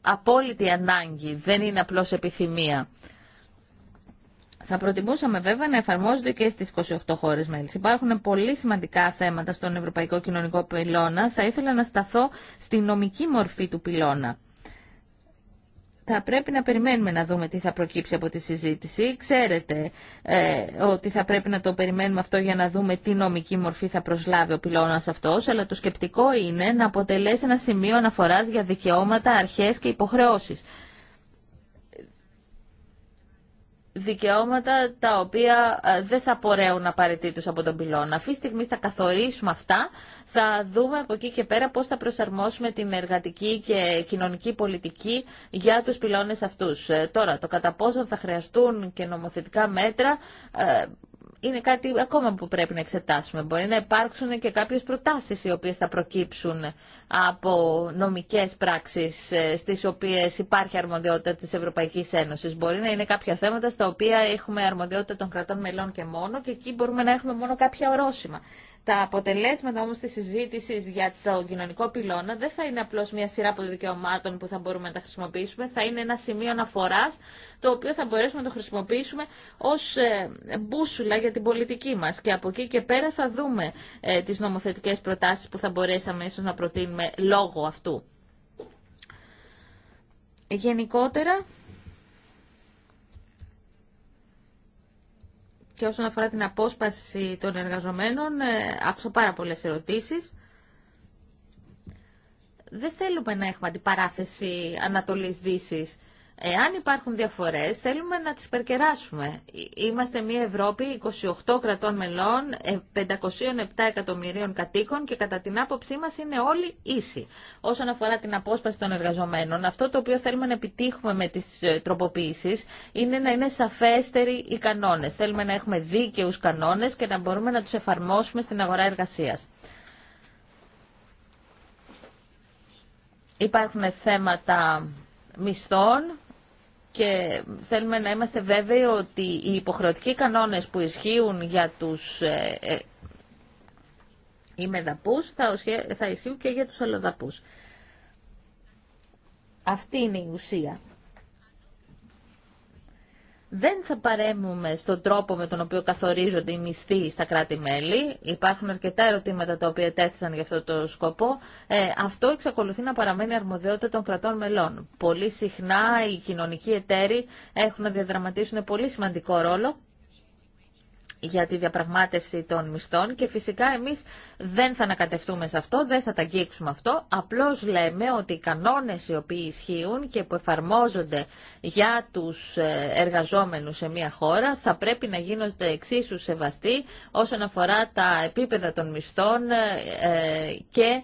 απόλυτη ανάγκη, δεν είναι απλώς επιθυμία. Θα προτιμούσαμε βέβαια να εφαρμόζονται και στις 28 χώρες μέλη. Υπάρχουν πολύ σημαντικά θέματα στον Ευρωπαϊκό Κοινωνικό Πυλώνα. Θα ήθελα να σταθώ στη νομική μορφή του πυλώνα θα πρέπει να περιμένουμε να δούμε τι θα προκύψει από τη συζήτηση. Ξέρετε ε, ότι θα πρέπει να το περιμένουμε αυτό για να δούμε τι νομική μορφή θα προσλάβει ο πυλώνας αυτός, αλλά το σκεπτικό είναι να αποτελέσει ένα σημείο αναφοράς για δικαιώματα, αρχές και υποχρεώσεις δικαιώματα τα οποία ε, δεν θα πορέουν απαραίτητο από τον πυλώνα. Αυτή τη στιγμή θα καθορίσουμε αυτά, θα δούμε από εκεί και πέρα πώς θα προσαρμόσουμε την εργατική και κοινωνική πολιτική για τους πυλώνες αυτούς. Ε, τώρα, το κατά πόσο θα χρειαστούν και νομοθετικά μέτρα, ε, είναι κάτι ακόμα που πρέπει να εξετάσουμε. Μπορεί να υπάρξουν και κάποιες προτάσεις οι οποίες θα προκύψουν από νομικές πράξεις ε, στις οποίες υπάρχει αρμοδιότητα της Ευρωπαϊκής Ένωσης. Μπορεί να είναι κάποια θέματα στα οποία έχουμε αρμοδιότητα των κρατών μελών και μόνο και εκεί μπορούμε να έχουμε μόνο κάποια ορόσημα. Τα αποτελέσματα όμως της συζήτησης για το κοινωνικό πυλώνα δεν θα είναι απλώς μια σειρά από δικαιωμάτων που θα μπορούμε να τα χρησιμοποιήσουμε, θα είναι ένα σημείο αναφοράς το οποίο θα μπορέσουμε να το χρησιμοποιήσουμε ως ε, μπούσουλα για την πολιτική μας και από εκεί και πέρα θα δούμε ε, τις νομοθετικές προτάσεις που θα μπορέσαμε ίσως να προτείνουμε λόγω αυτού. Γενικότερα, και όσον αφορά την απόσπαση των εργαζομένων, ε, άφησα πάρα πολλέ ερωτήσεις. Δεν θέλουμε να έχουμε αντιπαράθεση Ανατολή-Δύση. Εάν υπάρχουν διαφορές, θέλουμε να τις περκεράσουμε. Είμαστε μια Ευρώπη 28 κρατών μελών, 507 ε, εκατομμυρίων κατοίκων και κατά την άποψή μας είναι όλοι ίσοι. Όσον αφορά την απόσπαση των εργαζομένων, αυτό το οποίο θέλουμε να επιτύχουμε με τις ε, τροποποίησεις είναι να είναι σαφέστεροι οι κανόνες. Θέλουμε να έχουμε δίκαιους κανόνες και να μπορούμε να τους εφαρμόσουμε στην αγορά εργασίας. Υπάρχουν θέματα μισθών και θέλουμε να είμαστε βέβαιοι ότι οι υποχρεωτικοί κανόνες που ισχύουν για τους ε, ε, θα, ισχύουν και για τους αλλοδαπούς. Αυτή είναι η ουσία. Δεν θα παρέμβουμε στον τρόπο με τον οποίο καθορίζονται οι μισθοί στα κράτη-μέλη. Υπάρχουν αρκετά ερωτήματα τα οποία τέθησαν για αυτό το σκοπό. Ε, αυτό εξακολουθεί να παραμένει αρμοδιότητα των κρατών μελών. Πολύ συχνά οι κοινωνικοί εταίροι έχουν να διαδραματίσουν πολύ σημαντικό ρόλο για τη διαπραγμάτευση των μισθών και φυσικά εμείς δεν θα ανακατευτούμε σε αυτό, δεν θα τα αγγίξουμε αυτό. Απλώς λέμε ότι οι κανόνες οι οποίοι ισχύουν και που εφαρμόζονται για τους ε, εργαζόμενους σε μια χώρα θα πρέπει να γίνονται εξίσου σεβαστοί όσον αφορά τα επίπεδα των μισθών ε, ε, και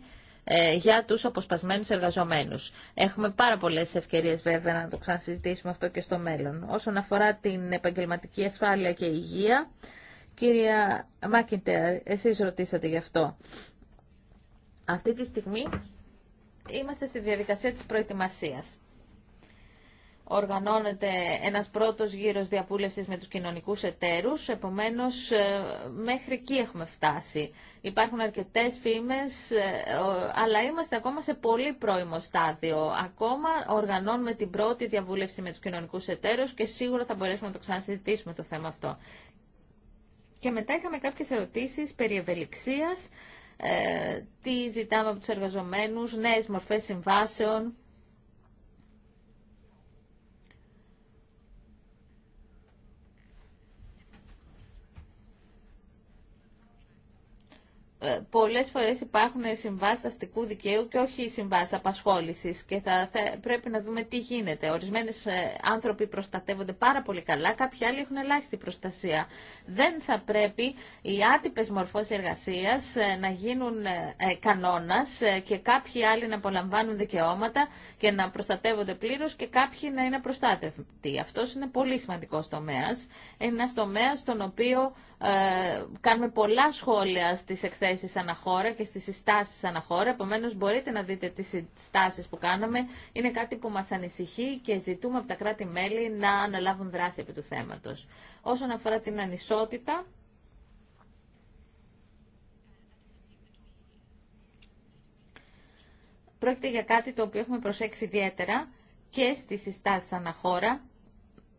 για τους αποσπασμένους εργαζομένους. Έχουμε πάρα πολλές ευκαιρίες βέβαια να το ξανασυζητήσουμε αυτό και στο μέλλον. Όσον αφορά την επαγγελματική ασφάλεια και υγεία, Κυρία Μάκιντερ, εσείς ρωτήσατε γι' αυτό. Αυτή τη στιγμή είμαστε στη διαδικασία της προετοιμασίας. Οργανώνεται ένας πρώτος γύρος διαβούλευσης με τους κοινωνικούς εταίρους, επομένως ε, μέχρι εκεί έχουμε φτάσει. Υπάρχουν αρκετές φήμες, ε, αλλά είμαστε ακόμα σε πολύ πρώιμο στάδιο. Ακόμα οργανώνουμε την πρώτη διαβούλευση με τους κοινωνικούς εταίρους και σίγουρα θα μπορέσουμε να το ξανασυζητήσουμε το θέμα αυτό. Και μετά είχαμε κάποιες ερωτήσεις περί ευελιξίας, ε, τι ζητάμε από τους εργαζομένους, νέες μορφές συμβάσεων, Ε, Πολλέ φορέ υπάρχουν συμβάσει αστικού δικαίου και όχι συμβάσει απασχόληση και θα, πρέπει να δούμε τι γίνεται. Ορισμένοι ε, άνθρωποι προστατεύονται πάρα πολύ καλά, κάποιοι άλλοι έχουν ελάχιστη προστασία. Δεν θα πρέπει οι άτυπε μορφές εργασία ε, να γίνουν κανόνα και κάποιοι άλλοι να απολαμβάνουν δικαιώματα και να προστατεύονται πλήρω και κάποιοι να είναι προστάτευτοι. Αυτό είναι πολύ σημαντικό τομέα, Είναι τομέα στον οποίο ε, κάνουμε πολλά σχόλια στι εκθέσει εκθέσεις αναχώρα και στις συστάσεις αναχώρα. Επομένως μπορείτε να δείτε τις συστάσεις που κάναμε. Είναι κάτι που μας ανησυχεί και ζητούμε από τα κράτη-μέλη να αναλάβουν δράση επί του θέματος. Όσον αφορά την ανισότητα, πρόκειται για κάτι το οποίο έχουμε προσέξει ιδιαίτερα και στις συστάσεις αναχώρα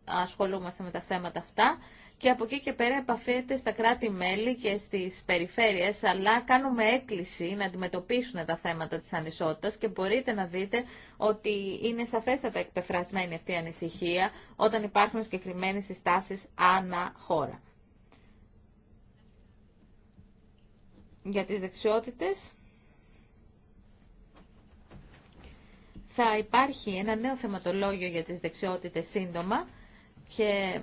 ασχολούμαστε με τα θέματα αυτά και από εκεί και πέρα επαφείται στα κράτη-μέλη και στις περιφέρειες, αλλά κάνουμε έκκληση να αντιμετωπίσουν τα θέματα της ανισότητας και μπορείτε να δείτε ότι είναι σαφέστατα εκπεφρασμένη αυτή η ανησυχία όταν υπάρχουν συγκεκριμένες συστάσεις ανά χώρα. Για τις δεξιότητες, θα υπάρχει ένα νέο θεματολόγιο για τις δεξιότητες σύντομα και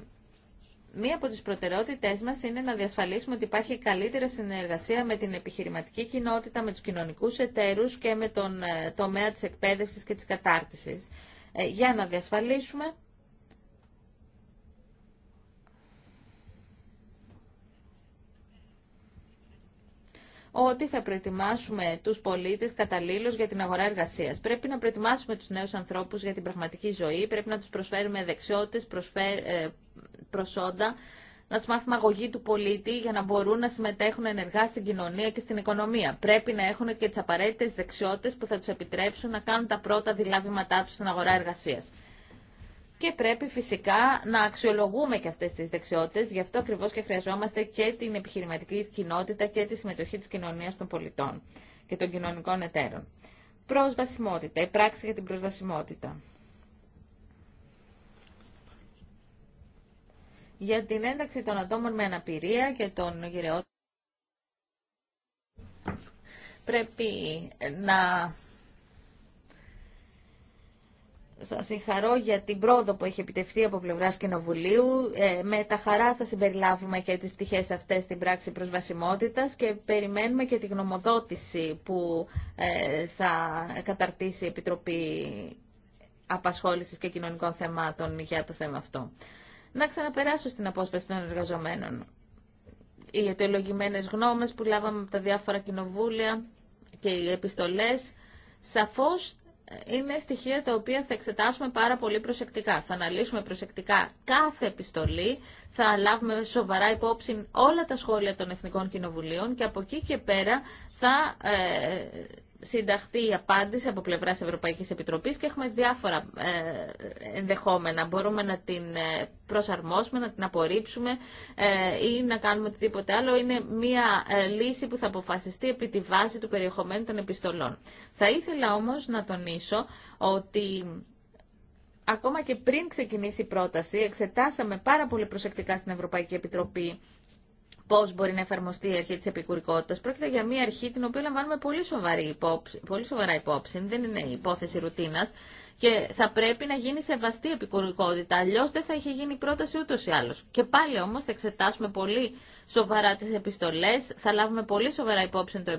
Μία από τι προτεραιότητές μα είναι να διασφαλίσουμε ότι υπάρχει καλύτερη συνεργασία με την επιχειρηματική κοινότητα, με τους κοινωνικούς εταίρους και με τον ε, τομέα της εκπαίδευσης και της κατάρτισης ε, για να διασφαλίσουμε ότι θα προετοιμάσουμε τους πολίτες καταλήλως για την αγορά εργασίας. Πρέπει να προετοιμάσουμε τους νέους ανθρώπους για την πραγματική ζωή, πρέπει να τους προσφέρουμε δεξιότητες, προσφέρ, ε, προσόντα, να τους μάθουμε αγωγή του πολίτη για να μπορούν να συμμετέχουν ενεργά στην κοινωνία και στην οικονομία. Πρέπει να έχουν και τις απαραίτητες δεξιότητες που θα τους επιτρέψουν να κάνουν τα πρώτα δηλάβηματά του στην αγορά εργασία και πρέπει φυσικά να αξιολογούμε και αυτές τις δεξιότητες, γι' αυτό ακριβώς και χρειαζόμαστε και την επιχειρηματική κοινότητα και τη συμμετοχή της κοινωνίας των πολιτών και των κοινωνικών εταίρων. Προσβασιμότητα, η πράξη για την προσβασιμότητα. Για την ένταξη των ατόμων με αναπηρία και των γυρεότητων πρέπει να σας συγχαρώ για την πρόοδο που έχει επιτευχθεί από πλευρά Κοινοβουλίου. Ε, με τα χαρά θα συμπεριλάβουμε και τις πτυχέ αυτές στην πράξη προσβασιμότητας και περιμένουμε και τη γνωμοδότηση που ε, θα καταρτήσει η Επιτροπή Απασχόλησης και Κοινωνικών Θεμάτων για το θέμα αυτό. Να ξαναπεράσω στην απόσπαση των εργαζομένων. Οι αιτιολογημένε γνώμε που λάβαμε από τα διάφορα κοινοβούλια και οι επιστολέ σαφώς είναι στοιχεία τα οποία θα εξετάσουμε πάρα πολύ προσεκτικά. Θα αναλύσουμε προσεκτικά κάθε επιστολή, θα λάβουμε σοβαρά υπόψη όλα τα σχόλια των Εθνικών Κοινοβουλίων και από εκεί και πέρα θα ε, συνταχθεί η απάντηση από πλευρά Ευρωπαϊκή Επιτροπής και έχουμε διάφορα ε, ενδεχόμενα. Μπορούμε να την ε, προσαρμόσουμε, να την απορρίψουμε ε, ή να κάνουμε οτιδήποτε άλλο. Είναι μία λύση που θα αποφασιστεί επί τη βάση του περιεχομένου των επιστολών. Θα ήθελα όμως να τονίσω ότι ακόμα και πριν ξεκινήσει η πρόταση, εξετάσαμε πάρα πολύ προσεκτικά στην Ευρωπαϊκή Επιτροπή πώ μπορεί να εφαρμοστεί η αρχή τη επικουρικότητα. Πρόκειται για μια αρχή την οποία λαμβάνουμε πολύ, σοβαρή υπόψη, πολύ σοβαρά υπόψη. Δεν είναι η υπόθεση ρουτίνα και θα πρέπει να γίνει σεβαστή επικουρικότητα. Αλλιώ δεν θα είχε γίνει πρόταση ούτω ή άλλω. Και πάλι όμω θα εξετάσουμε πολύ σοβαρά τι επιστολέ, θα λάβουμε πολύ σοβαρά υπόψη το ε,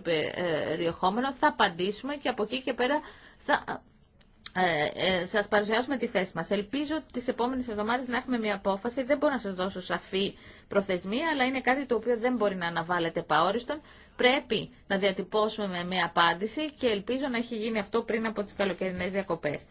περιεχόμενο, θα απαντήσουμε και από εκεί και πέρα θα ε, ε, σας παρουσιάσουμε τη θέση μας. Ελπίζω τις επόμενες εβδομάδες να έχουμε μια απόφαση. Δεν μπορώ να σας δώσω σαφή προθεσμία, αλλά είναι κάτι το οποίο δεν μπορεί να αναβάλλεται παόριστον. Πρέπει να διατυπώσουμε με μια απάντηση και ελπίζω να έχει γίνει αυτό πριν από τις καλοκαιρινές διακοπές.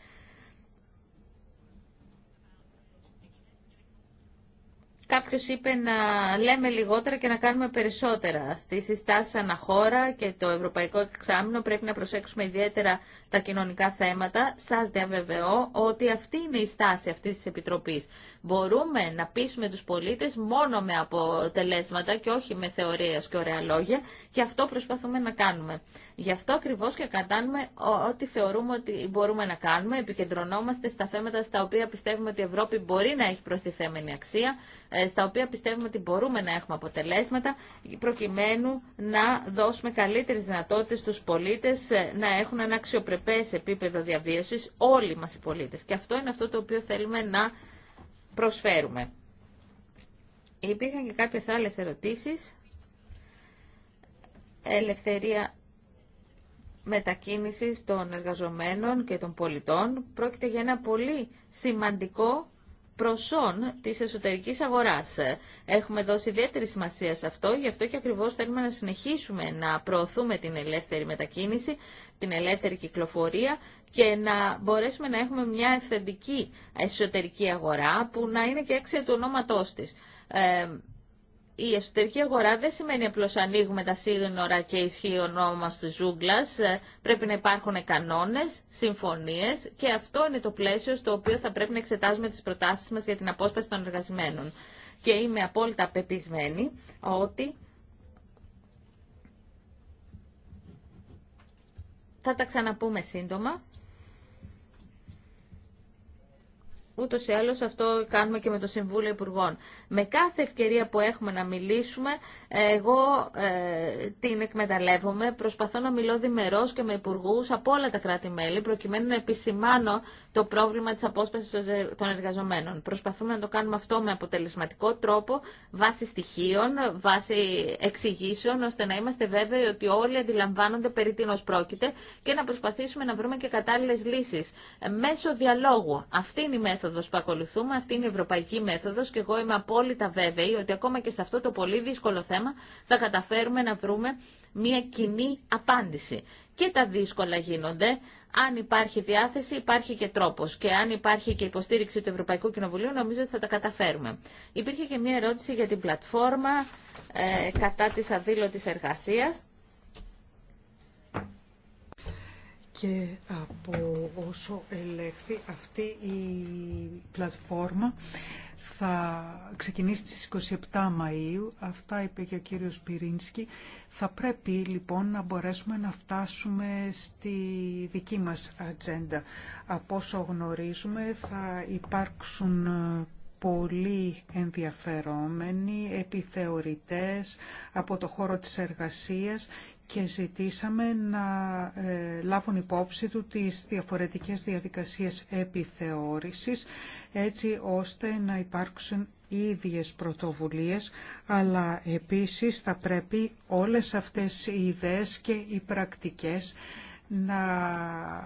Κάποιο είπε να λέμε λιγότερα και να κάνουμε περισσότερα. στι συστάσει αναχώρα και το Ευρωπαϊκό Εξάμεινο πρέπει να προσέξουμε ιδιαίτερα τα κοινωνικά θέματα. Σας διαβεβαιώ ότι αυτή είναι η στάση αυτή της Επιτροπής. Μπορούμε να πείσουμε τους πολίτες μόνο με αποτελέσματα και όχι με θεωρίες και ωραία λόγια και αυτό προσπαθούμε να κάνουμε. Γι' αυτό ακριβώς και κατάνουμε ό,τι θεωρούμε ότι μπορούμε να κάνουμε. Επικεντρωνόμαστε στα θέματα στα οποία πιστεύουμε ότι η Ευρώπη μπορεί να έχει προστιθέμενη αξία ε, στα οποία πιστεύουμε ότι μπορούμε να έχουμε αποτελέσματα προκειμένου να δώσουμε καλύτερες δυνατότητε στους πολίτες ε, να έχουν ένα αξιοπρεπές επίπεδο διαβίωσης όλοι μα οι πολίτες. Και αυτό είναι αυτό το οποίο θέλουμε να προσφέρουμε. Υπήρχαν και κάποιες άλλες ερωτήσεις. Ελευθερία μετακίνησης των εργαζομένων και των πολιτών. Πρόκειται για ένα πολύ σημαντικό προσών της εσωτερικής αγοράς. Έχουμε δώσει ιδιαίτερη σημασία σε αυτό, γι' αυτό και ακριβώς θέλουμε να συνεχίσουμε να προωθούμε την ελεύθερη μετακίνηση, την ελεύθερη κυκλοφορία και να μπορέσουμε να έχουμε μια ευθεντική εσωτερική αγορά που να είναι και έξι του ονόματός της. Ε, η εσωτερική αγορά δεν σημαίνει απλώς ανοίγουμε τα σύνορα και ισχύει ο νόμος της ζούγκλας. Ε, πρέπει να υπάρχουν κανόνες, συμφωνίες και αυτό είναι το πλαίσιο στο οποίο θα πρέπει να εξετάζουμε τις προτάσεις μας για την απόσπαση των εργαζομένων. Και είμαι απόλυτα πεπισμένη ότι θα τα ξαναπούμε σύντομα Ούτω ή άλλω αυτό κάνουμε και με το Συμβούλιο Υπουργών. Με κάθε ευκαιρία που έχουμε να μιλήσουμε, εγώ ε, την εκμεταλλεύομαι. Προσπαθώ να μιλώ διμερό και με υπουργού από όλα τα κράτη-μέλη, προκειμένου να επισημάνω το πρόβλημα τη απόσπαση των εργαζομένων. Προσπαθούμε να το κάνουμε αυτό με αποτελεσματικό τρόπο, βάσει στοιχείων, βάσει εξηγήσεων, ώστε να είμαστε βέβαιοι ότι όλοι αντιλαμβάνονται περί τίνο πρόκειται και να προσπαθήσουμε να βρούμε και κατάλληλε λύσει ε, μέσω διαλόγου. Αυτή είναι η μέθοδο μέθοδος που ακολουθούμε, αυτή είναι η ευρωπαϊκή μέθοδος και εγώ είμαι απόλυτα βέβαιη ότι ακόμα και σε αυτό το πολύ δύσκολο θέμα θα καταφέρουμε να βρούμε μια κοινή απάντηση. Και τα δύσκολα γίνονται. Αν υπάρχει διάθεση, υπάρχει και τρόπος. Και αν υπάρχει και υποστήριξη του Ευρωπαϊκού Κοινοβουλίου, νομίζω ότι θα τα καταφέρουμε. Υπήρχε και μια ερώτηση για την πλατφόρμα ε, κατά της αδήλωτης εργασίας. και από όσο ελέγχθη αυτή η πλατφόρμα θα ξεκινήσει στις 27 Μαΐου, αυτά είπε και ο κύριος Πυρίνσκι. Θα πρέπει λοιπόν να μπορέσουμε να φτάσουμε στη δική μας ατζέντα. Από όσο γνωρίζουμε θα υπάρξουν ε, πολύ ενδιαφερόμενοι επιθεωρητές από το χώρο της εργασίας και ζητήσαμε να ε, λάβουν υπόψη του τις διαφορετικές διαδικασίες επιθεώρησης έτσι ώστε να υπάρξουν ίδιες πρωτοβουλίες αλλά επίσης θα πρέπει όλες αυτές οι ιδέες και οι πρακτικές να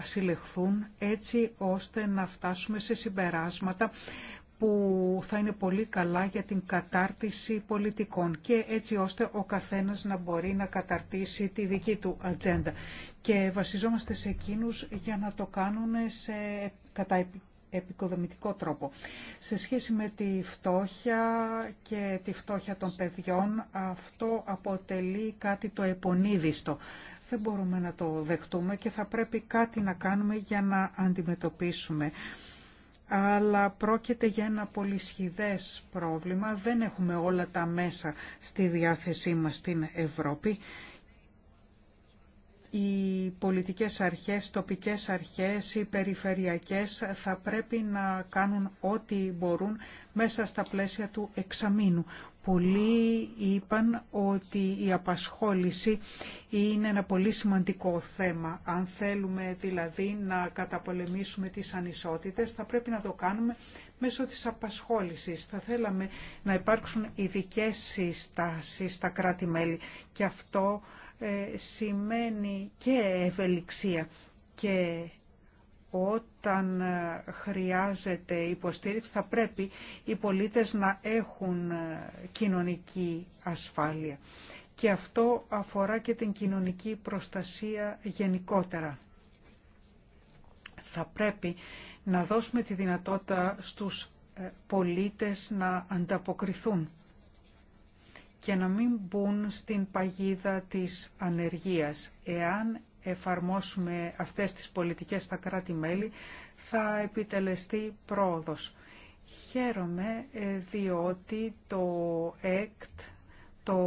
συλλεχθούν έτσι ώστε να φτάσουμε σε συμπεράσματα που θα είναι πολύ καλά για την κατάρτιση πολιτικών και έτσι ώστε ο καθένας να μπορεί να καταρτήσει τη δική του ατζέντα. Και βασιζόμαστε σε εκείνους για να το κάνουν σε, κατά επικοδομητικό τρόπο. Σε σχέση με τη φτώχεια και τη φτώχεια των παιδιών, αυτό αποτελεί κάτι το επονίδιστο. Δεν μπορούμε να το δεχτούμε και θα πρέπει κάτι να κάνουμε για να αντιμετωπίσουμε αλλά πρόκειται για ένα πολυσχηδές πρόβλημα. Δεν έχουμε όλα τα μέσα στη διάθεσή μας στην Ευρώπη. Οι πολιτικές αρχές, τοπικές αρχές, οι περιφερειακές θα πρέπει να κάνουν ό,τι μπορούν μέσα στα πλαίσια του εξαμήνου Πολλοί είπαν ότι η απασχόληση είναι ένα πολύ σημαντικό θέμα. Αν θέλουμε δηλαδή να καταπολεμήσουμε τις ανισότητες θα πρέπει να το κάνουμε μέσω της απασχόλησης. Θα θέλαμε να υπάρξουν ειδικέ συστάσεις στα κράτη-μέλη και αυτό ε, σημαίνει και ευελιξία και όταν ε, χρειάζεται υποστήριξη θα πρέπει οι πολίτες να έχουν ε, κοινωνική ασφάλεια. Και αυτό αφορά και την κοινωνική προστασία γενικότερα. Θα πρέπει να δώσουμε τη δυνατότητα στους ε, πολίτες να ανταποκριθούν και να μην μπουν στην παγίδα της ανεργίας. Εάν εφαρμόσουμε αυτές τις πολιτικές στα κράτη-μέλη θα επιτελεστεί πρόοδος. Χαίρομαι ε, διότι το ΕΚΤ, το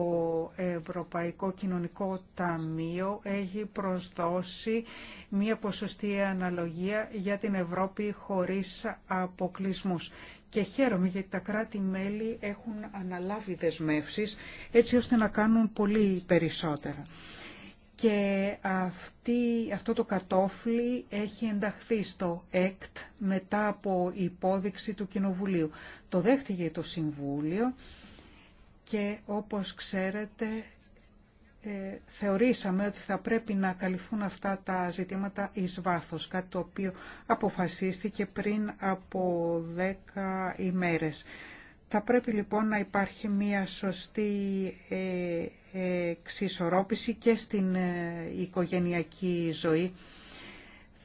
Ευρωπαϊκό Κοινωνικό Ταμείο, έχει προσδώσει μία ποσοστή αναλογία για την Ευρώπη χωρίς αποκλεισμούς. Και χαίρομαι γιατί τα κράτη-μέλη έχουν αναλάβει δεσμεύσεις έτσι ώστε να κάνουν πολύ περισσότερα και αυτό το κατόφλι έχει ενταχθεί στο ΕΚΤ μετά από υπόδειξη του Κοινοβουλίου. Το δέχτηκε το Συμβούλιο και όπως ξέρετε ε, θεωρήσαμε ότι θα πρέπει να καλυφθούν αυτά τα ζητήματα εις βάθος, κάτι το οποίο αποφασίστηκε πριν από δέκα ημέρες. Θα πρέπει λοιπόν να υπάρχει μια σωστή ε, εξισορρόπηση και στην ε, οικογενειακή ζωή.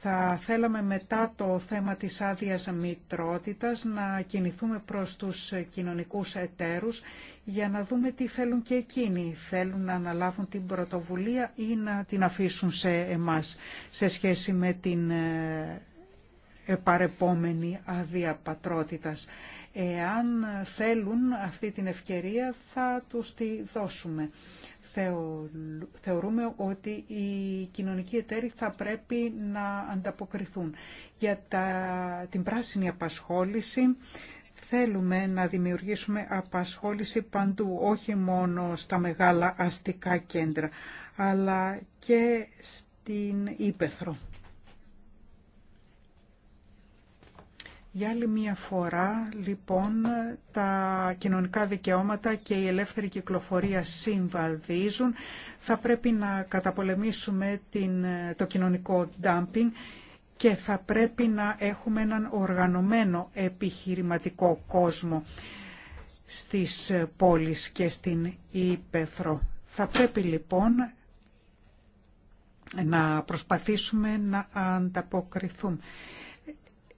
Θα θέλαμε μετά το θέμα της άδεια μητρότητας να κινηθούμε προς τους κοινωνικούς εταίρους για να δούμε τι θέλουν και εκείνοι. Θέλουν να αναλάβουν την πρωτοβουλία ή να την αφήσουν σε εμάς σε σχέση με την ε, παρεπόμενη αδιαπατρότητας. Εάν θέλουν αυτή την ευκαιρία θα τους τη δώσουμε. Θεωρούμε ότι οι κοινωνικοί εταίροι θα πρέπει να ανταποκριθούν. Για τα, την πράσινη απασχόληση θέλουμε να δημιουργήσουμε απασχόληση παντού, όχι μόνο στα μεγάλα αστικά κέντρα, αλλά και στην Ήπεθρο. Για άλλη μία φορά, λοιπόν, τα κοινωνικά δικαιώματα και η ελεύθερη κυκλοφορία συμβαδίζουν. Θα πρέπει να καταπολεμήσουμε την, το κοινωνικό dumping και θα πρέπει να έχουμε έναν οργανωμένο επιχειρηματικό κόσμο στις πόλεις και στην Ήπεθρο. Θα πρέπει λοιπόν να προσπαθήσουμε να ανταποκριθούμε.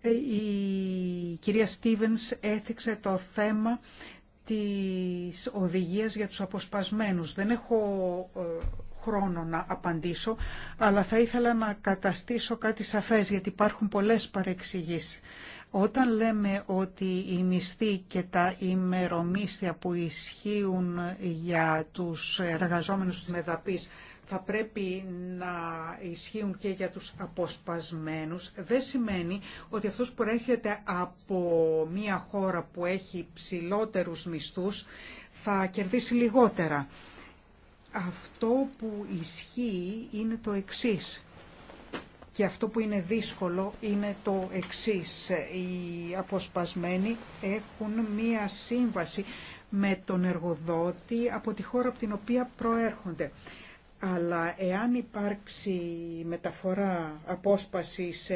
Ε, η κυρία Στίβενς έθιξε το θέμα της οδηγίας για τους αποσπασμένους. Δεν έχω ε, χρόνο να απαντήσω, αλλά θα ήθελα να καταστήσω κάτι σαφές, γιατί υπάρχουν πολλές παρεξηγήσεις. Όταν λέμε ότι οι μισθοί και τα ημερομίσθια που ισχύουν για τους εργαζόμενους της Μεδαπής θα πρέπει να ισχύουν και για τους αποσπασμένους, δεν σημαίνει ότι αυτός που έρχεται από μια χώρα που έχει ψηλότερους μισθούς θα κερδίσει λιγότερα. Αυτό που ισχύει είναι το εξής. Και αυτό που είναι δύσκολο είναι το εξής. Οι αποσπασμένοι έχουν μία σύμβαση με τον εργοδότη από τη χώρα από την οποία προέρχονται. Αλλά εάν υπάρξει μεταφορά απόσπαση σε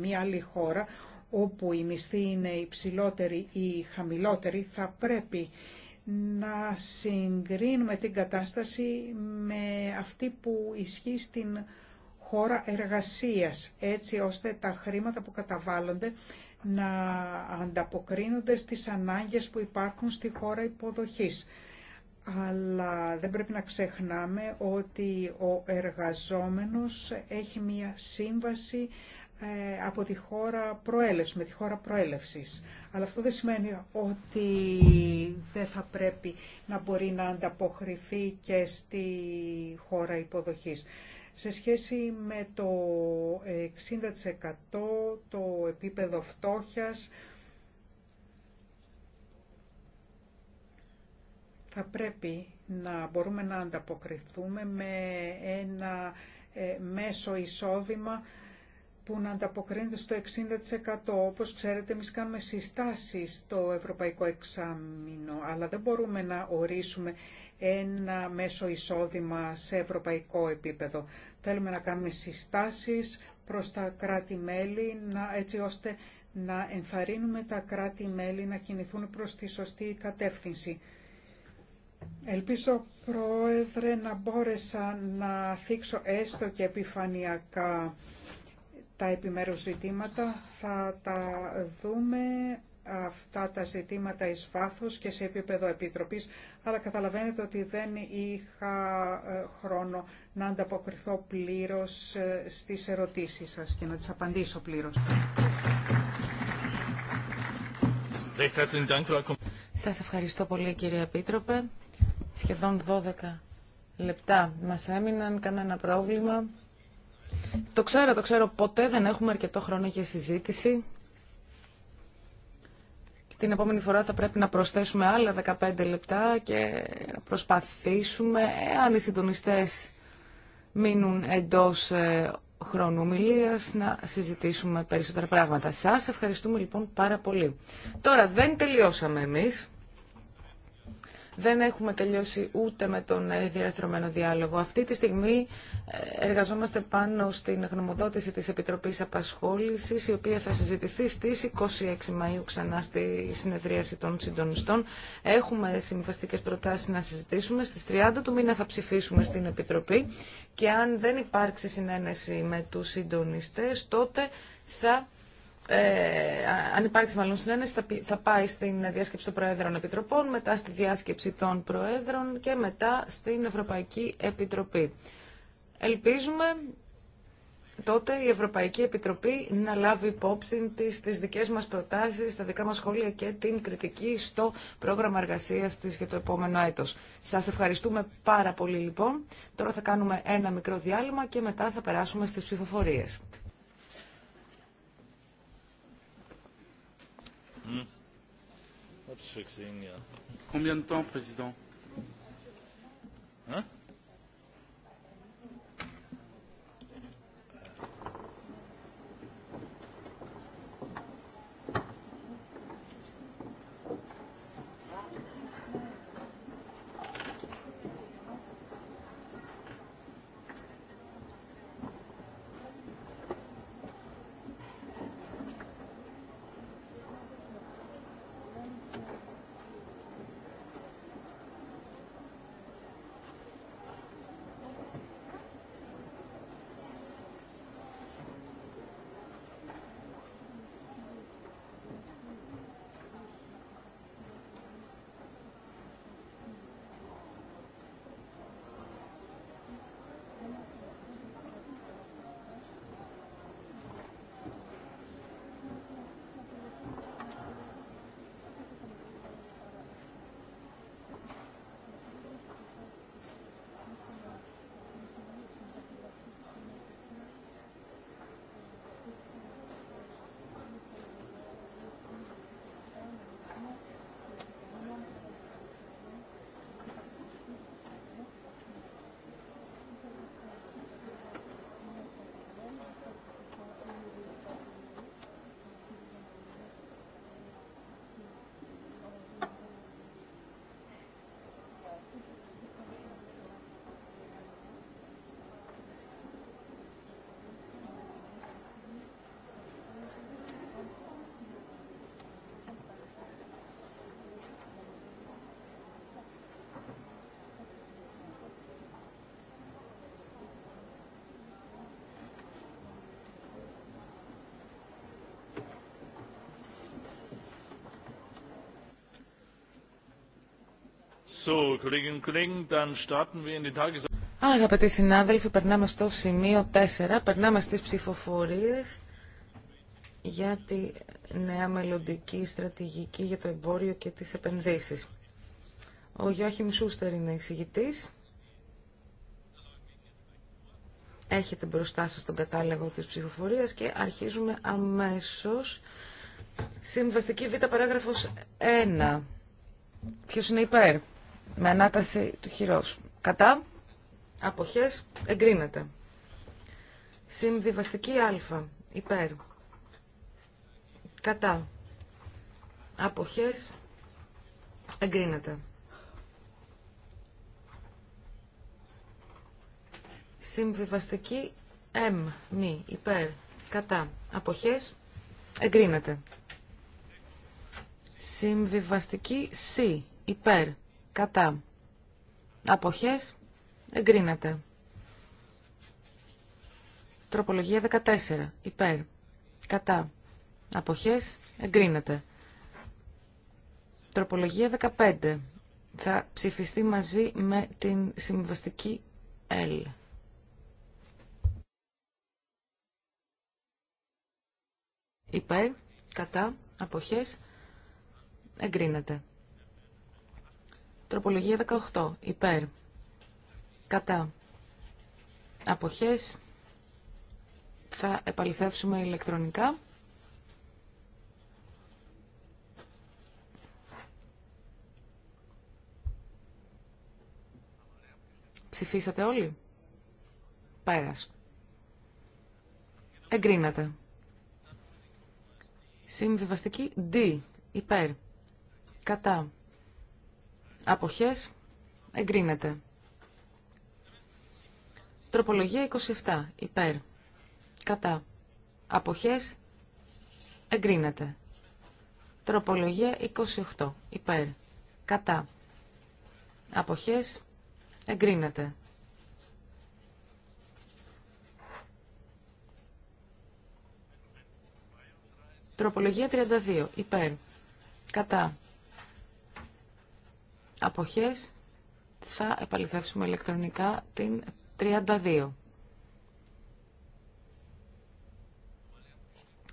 μία άλλη χώρα, όπου η μισθή είναι υψηλότερη ή χαμηλότερη, θα πρέπει να συγκρίνουμε την κατάσταση με αυτή που ισχύει στην χώρα εργασίας, έτσι ώστε τα χρήματα που καταβάλλονται να ανταποκρίνονται στις ανάγκες που υπάρχουν στη χώρα υποδοχής αλλά δεν πρέπει να ξεχνάμε ότι ο εργαζόμενος έχει μία σύμβαση ε, από τη χώρα προέλευσης, με τη χώρα προέλευσης. Αλλά αυτό δεν σημαίνει ότι δεν θα πρέπει να μπορεί να ανταποκριθεί και στη χώρα υποδοχής. Σε σχέση με το 60% το επίπεδο φτώχειας, θα πρέπει να μπορούμε να ανταποκριθούμε με ένα ε, μέσο εισόδημα που να ανταποκρίνεται στο 60%. Όπως ξέρετε, εμεί κάνουμε συστάσεις στο Ευρωπαϊκό Εξάμεινο, αλλά δεν μπορούμε να ορίσουμε ένα μέσο εισόδημα σε ευρωπαϊκό επίπεδο. Θέλουμε να κάνουμε συστάσεις προς τα κράτη-μέλη, έτσι ώστε να ενθαρρύνουμε τα κράτη-μέλη να κινηθούν προς τη σωστή κατεύθυνση. Ελπίζω, Πρόεδρε, να μπόρεσα να θίξω έστω και επιφανειακά τα επιμέρους ζητήματα. Θα τα δούμε αυτά τα ζητήματα εις βάθος και σε επίπεδο Επιτροπής, αλλά καταλαβαίνετε ότι δεν είχα ε, χρόνο να ανταποκριθώ πλήρως ε, στις ερωτήσεις σας και να τις απαντήσω πλήρως. Σας ευχαριστώ πολύ κύριε Επίτροπε σχεδόν 12 λεπτά. Μας έμειναν κανένα πρόβλημα. Το ξέρω, το ξέρω, ποτέ δεν έχουμε αρκετό χρόνο για συζήτηση. Και την επόμενη φορά θα πρέπει να προσθέσουμε άλλα 15 λεπτά και να προσπαθήσουμε, εάν οι συντονιστές μείνουν εντός ε, χρόνου ομιλίας, να συζητήσουμε περισσότερα πράγματα. Σας ευχαριστούμε λοιπόν πάρα πολύ. Τώρα δεν τελειώσαμε εμείς δεν έχουμε τελειώσει ούτε με τον ε, διαρθρωμένο διάλογο. Αυτή τη στιγμή ε, εργαζόμαστε πάνω στην γνωμοδότηση της Επιτροπής Απασχόλησης, η οποία θα συζητηθεί στις 26 Μαΐου ξανά στη συνεδρίαση των συντονιστών. Έχουμε συμβαστικές προτάσεις να συζητήσουμε. Στις 30 του μήνα θα ψηφίσουμε στην Επιτροπή και αν δεν υπάρξει συνένεση με τους συντονιστές, τότε θα ε, αν υπάρξει μάλλον συνένεση, θα, θα πάει στην διάσκεψη των Προέδρων Επιτροπών, μετά στη διάσκεψη των Προέδρων και μετά στην Ευρωπαϊκή Επιτροπή. Ελπίζουμε τότε η Ευρωπαϊκή Επιτροπή να λάβει υπόψη της τις δικές μας προτάσεις, τα δικά μας σχόλια και την κριτική στο πρόγραμμα εργασίας της για το επόμενο έτος. Σας ευχαριστούμε πάρα πολύ λοιπόν. Τώρα θα κάνουμε ένα μικρό διάλειμμα και μετά θα περάσουμε στις ψηφοφορίες. Combien de temps, Président Hein Αγαπητοί συνάδελφοι, περνάμε στο σημείο 4, περνάμε στις ψηφοφορίες για τη νέα μελλοντική στρατηγική για το εμπόριο και τις επενδύσεις. Ο Γιώχημ Σούστερ είναι εισηγητής. Έχετε μπροστά σας τον κατάλογο της ψηφοφορίας και αρχίζουμε αμέσως. Συμβαστική Β παράγραφος 1. Ποιος είναι υπέρ? με ανάταση του χειρός. Κατά αποχές εγκρίνεται. Συμβιβαστική α υπέρ. Κατά αποχές εγκρίνεται. Συμβιβαστική Μ μη, υπέρ, κατά, αποχές, εγκρίνεται. Συμβιβαστική Σ υπέρ, Κατά. Αποχές. Εγκρίνεται. Τροπολογία 14. Υπέρ. Κατά. Αποχές. Εγκρίνεται. Τροπολογία 15. Θα ψηφιστεί μαζί με την συμβαστική L. Υπέρ. Κατά. Αποχές. Εγκρίνεται. Τροπολογία 18. Υπέρ. Κατά. Αποχές. Θα επαληθεύσουμε ηλεκτρονικά. Ψηφίσατε όλοι. Πέρας. Εγκρίνατε. Συμβιβαστική D. Υπέρ. Κατά. Αποχές. Εγκρίνεται. Τροπολογία 27. Υπέρ. Κατά. Αποχές. Εγκρίνεται. Τροπολογία 28. Υπέρ. Κατά. Αποχές. Εγκρίνεται. Τροπολογία 32. Υπέρ. Κατά αποχές θα επαληθεύσουμε ηλεκτρονικά την 32.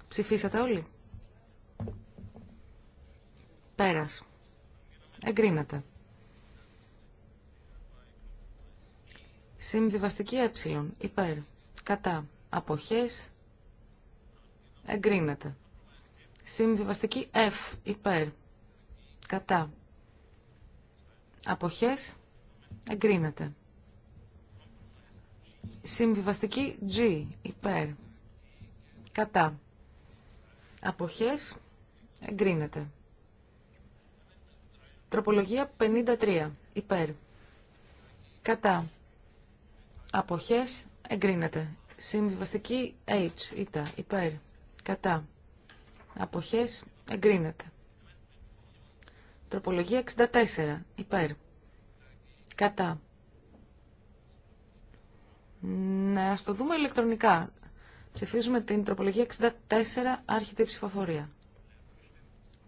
Ψηφίσατε όλοι. Πέρας. Εγκρίνατε. Συμβιβαστική ε, υπέρ, κατά, αποχές, εγκρίνεται. Συμβιβαστική F, υπέρ, κατά, Αποχές. Εγκρίνεται. Συμβιβαστική G. Υπέρ. Κατά. Αποχές. Εγκρίνεται. Τροπολογία 53. Υπέρ. Κατά. Αποχές. Εγκρίνεται. Συμβιβαστική H. Υπέρ. Κατά. Αποχές. Εγκρίνεται. Τροπολογία 64. Υπέρ. Κατά. Να στο το δούμε ηλεκτρονικά. Ψηφίζουμε την τροπολογία 64, άρχεται η ψηφοφορία.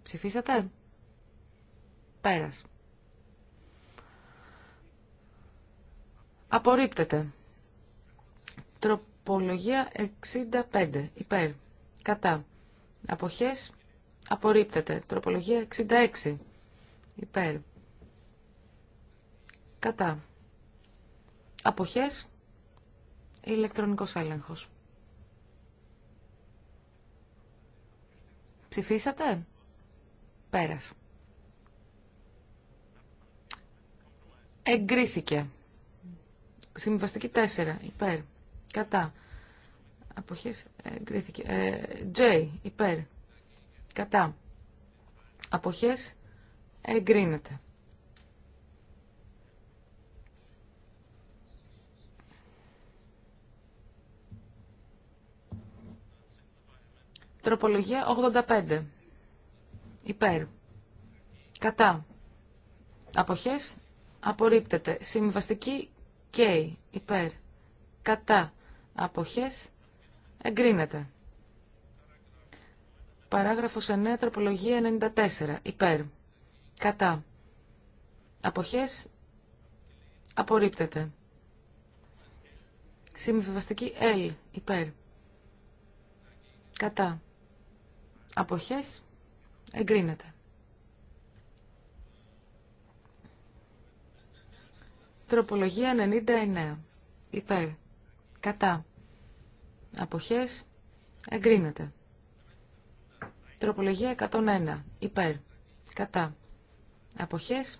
Ψηφίσατε. Πέρας. Απορρίπτεται. Τροπολογία 65. Υπέρ. Κατά. Αποχές. Απορρίπτεται. Τροπολογία 66 υπέρ, κατά, αποχές, ηλεκτρονικός έλεγχος. Ψηφίσατε, πέρας. Εγκρίθηκε. Συμβαστική 4, υπέρ, κατά. Αποχές, εγκρίθηκε. Ε, J, υπέρ, κατά. Αποχές, Εγκρίνεται. Τροπολογία 85. Υπέρ. Κατά. Αποχές. Απορρίπτεται. Συμβαστική K. Υπέρ. Κατά. Αποχές. Εγκρίνεται. Παράγραφος 9. Τροπολογία 94. Υπέρ. Κατά. Αποχές. Απορρίπτεται. Συμβιβαστική L. Υπέρ. Κατά. Αποχές. Εγκρίνεται. Τροπολογία 99. Υπέρ. Κατά. Αποχές. Εγκρίνεται. Τροπολογία 101. Υπέρ. Κατά. Αποχές.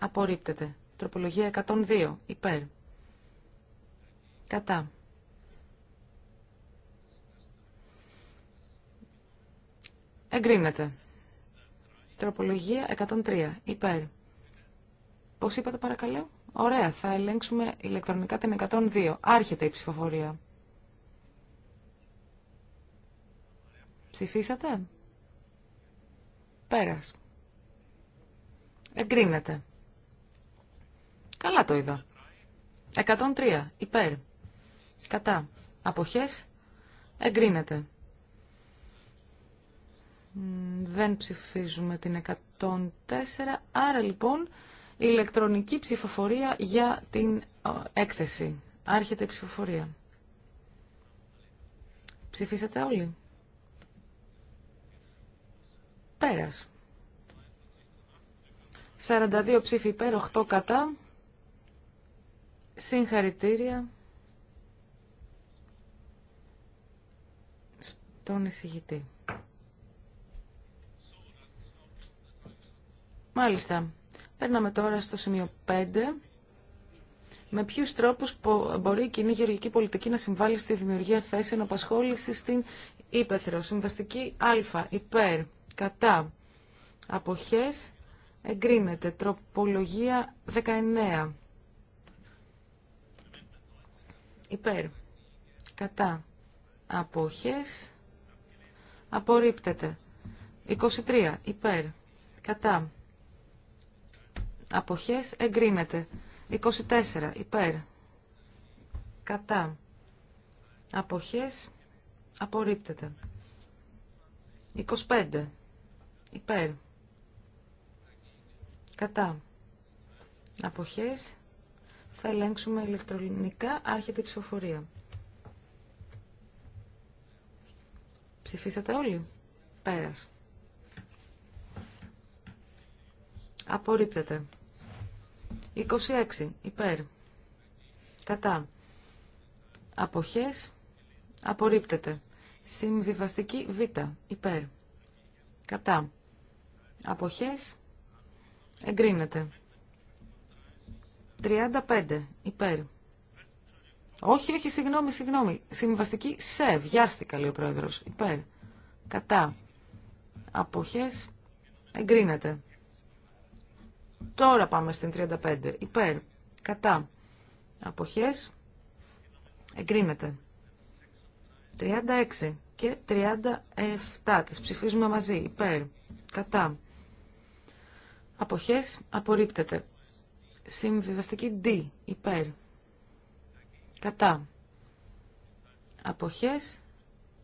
Απορρίπτεται. Τροπολογία 102. Υπέρ. Κατά. Εγκρίνεται. Τροπολογία 103. Υπέρ. Πώς είπατε παρακαλώ. Ωραία. Θα ελέγξουμε ηλεκτρονικά την 102. Άρχεται η ψηφοφορία. Ψηφίσατε. Πέρας. Εγκρίνεται. Καλά το είδα. 103. Υπέρ. Κατά. Αποχές. Εγκρίνεται. Δεν ψηφίζουμε την 104. Άρα λοιπόν η ηλεκτρονική ψηφοφορία για την έκθεση. Άρχεται η ψηφοφορία. Ψηφίσατε όλοι. Πέρας. 42 ψήφοι υπέρ, 8 κατά. Συγχαρητήρια στον εισηγητή. Μάλιστα. Παίρναμε τώρα στο σημείο 5. Με ποιου τρόπου μπορεί η κοινή γεωργική πολιτική να συμβάλλει στη δημιουργία θέσεων απασχόληση στην Ήπεθρο. Συμβαστική Α. Υπέρ. Κατά. Αποχές. Εγκρίνεται. Τροπολογία 19. Υπέρ. Κατά. Αποχές. Απορρίπτεται. 23. Υπέρ. Κατά. Αποχές. Εγκρίνεται. 24. Υπέρ. Κατά. Αποχές. Απορρίπτεται. 25. Υπέρ. Κατά. Αποχές. Θα ελέγξουμε ηλεκτρονικά. Άρχεται η ψηφοφορία. Ψηφίσατε όλοι. Πέρας. Απορρίπτεται. 26. Υπέρ. Κατά. Αποχές. Απορρίπτεται. Συμβιβαστική Β. Υπέρ. Κατά. Αποχές. Εγκρίνεται. 35. Υπέρ. Όχι, όχι, συγγνώμη, συγγνώμη. Συμβαστική σε. Βιάστηκα, λέει ο πρόεδρο. Υπέρ. Κατά. Αποχές. Εγκρίνεται. Τώρα πάμε στην 35. Υπέρ. Κατά. Αποχές. Εγκρίνεται. 36 και 37. Τις ψηφίζουμε μαζί. Υπέρ. Κατά. Αποχές απορρίπτεται. Συμβιβαστική D. Υπέρ. Κατά. Αποχές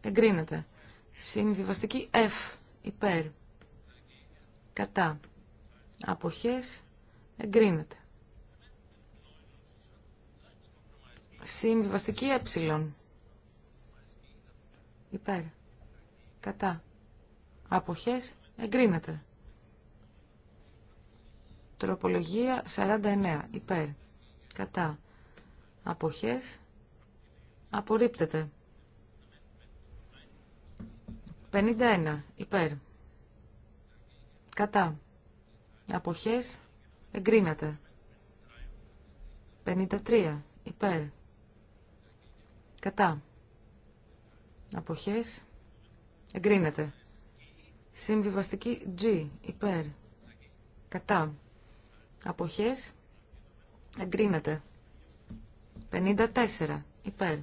εγκρίνεται. Συμβιβαστική F. Υπέρ. Κατά. Αποχές εγκρίνεται. Συμβιβαστική ε. Υπέρ. Κατά. Αποχές εγκρίνεται. Τροπολογία 49. Υπέρ. Κατά. Αποχές. Απορρίπτεται. 51. Υπέρ. Κατά. Αποχές. Εγκρίνεται. 53. Υπέρ. Κατά. Αποχές. Εγκρίνεται. Συμβιβαστική G. Υπέρ. Κατά. Αποχές. Εγκρίνεται. 54. Υπέρ.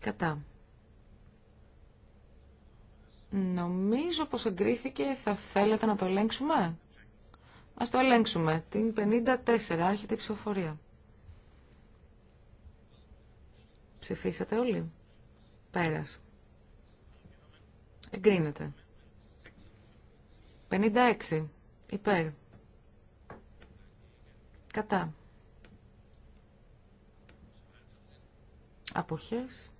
Κατά. Νομίζω πως εγκρίθηκε. Θα θέλετε να το ελέγξουμε. Ας το ελέγξουμε. Την 54. Άρχεται η ψηφοφορία. Ψηφίσατε όλοι. Πέρας. Εγκρίνεται. 56. Υπέρ. Κατά. Αποχές.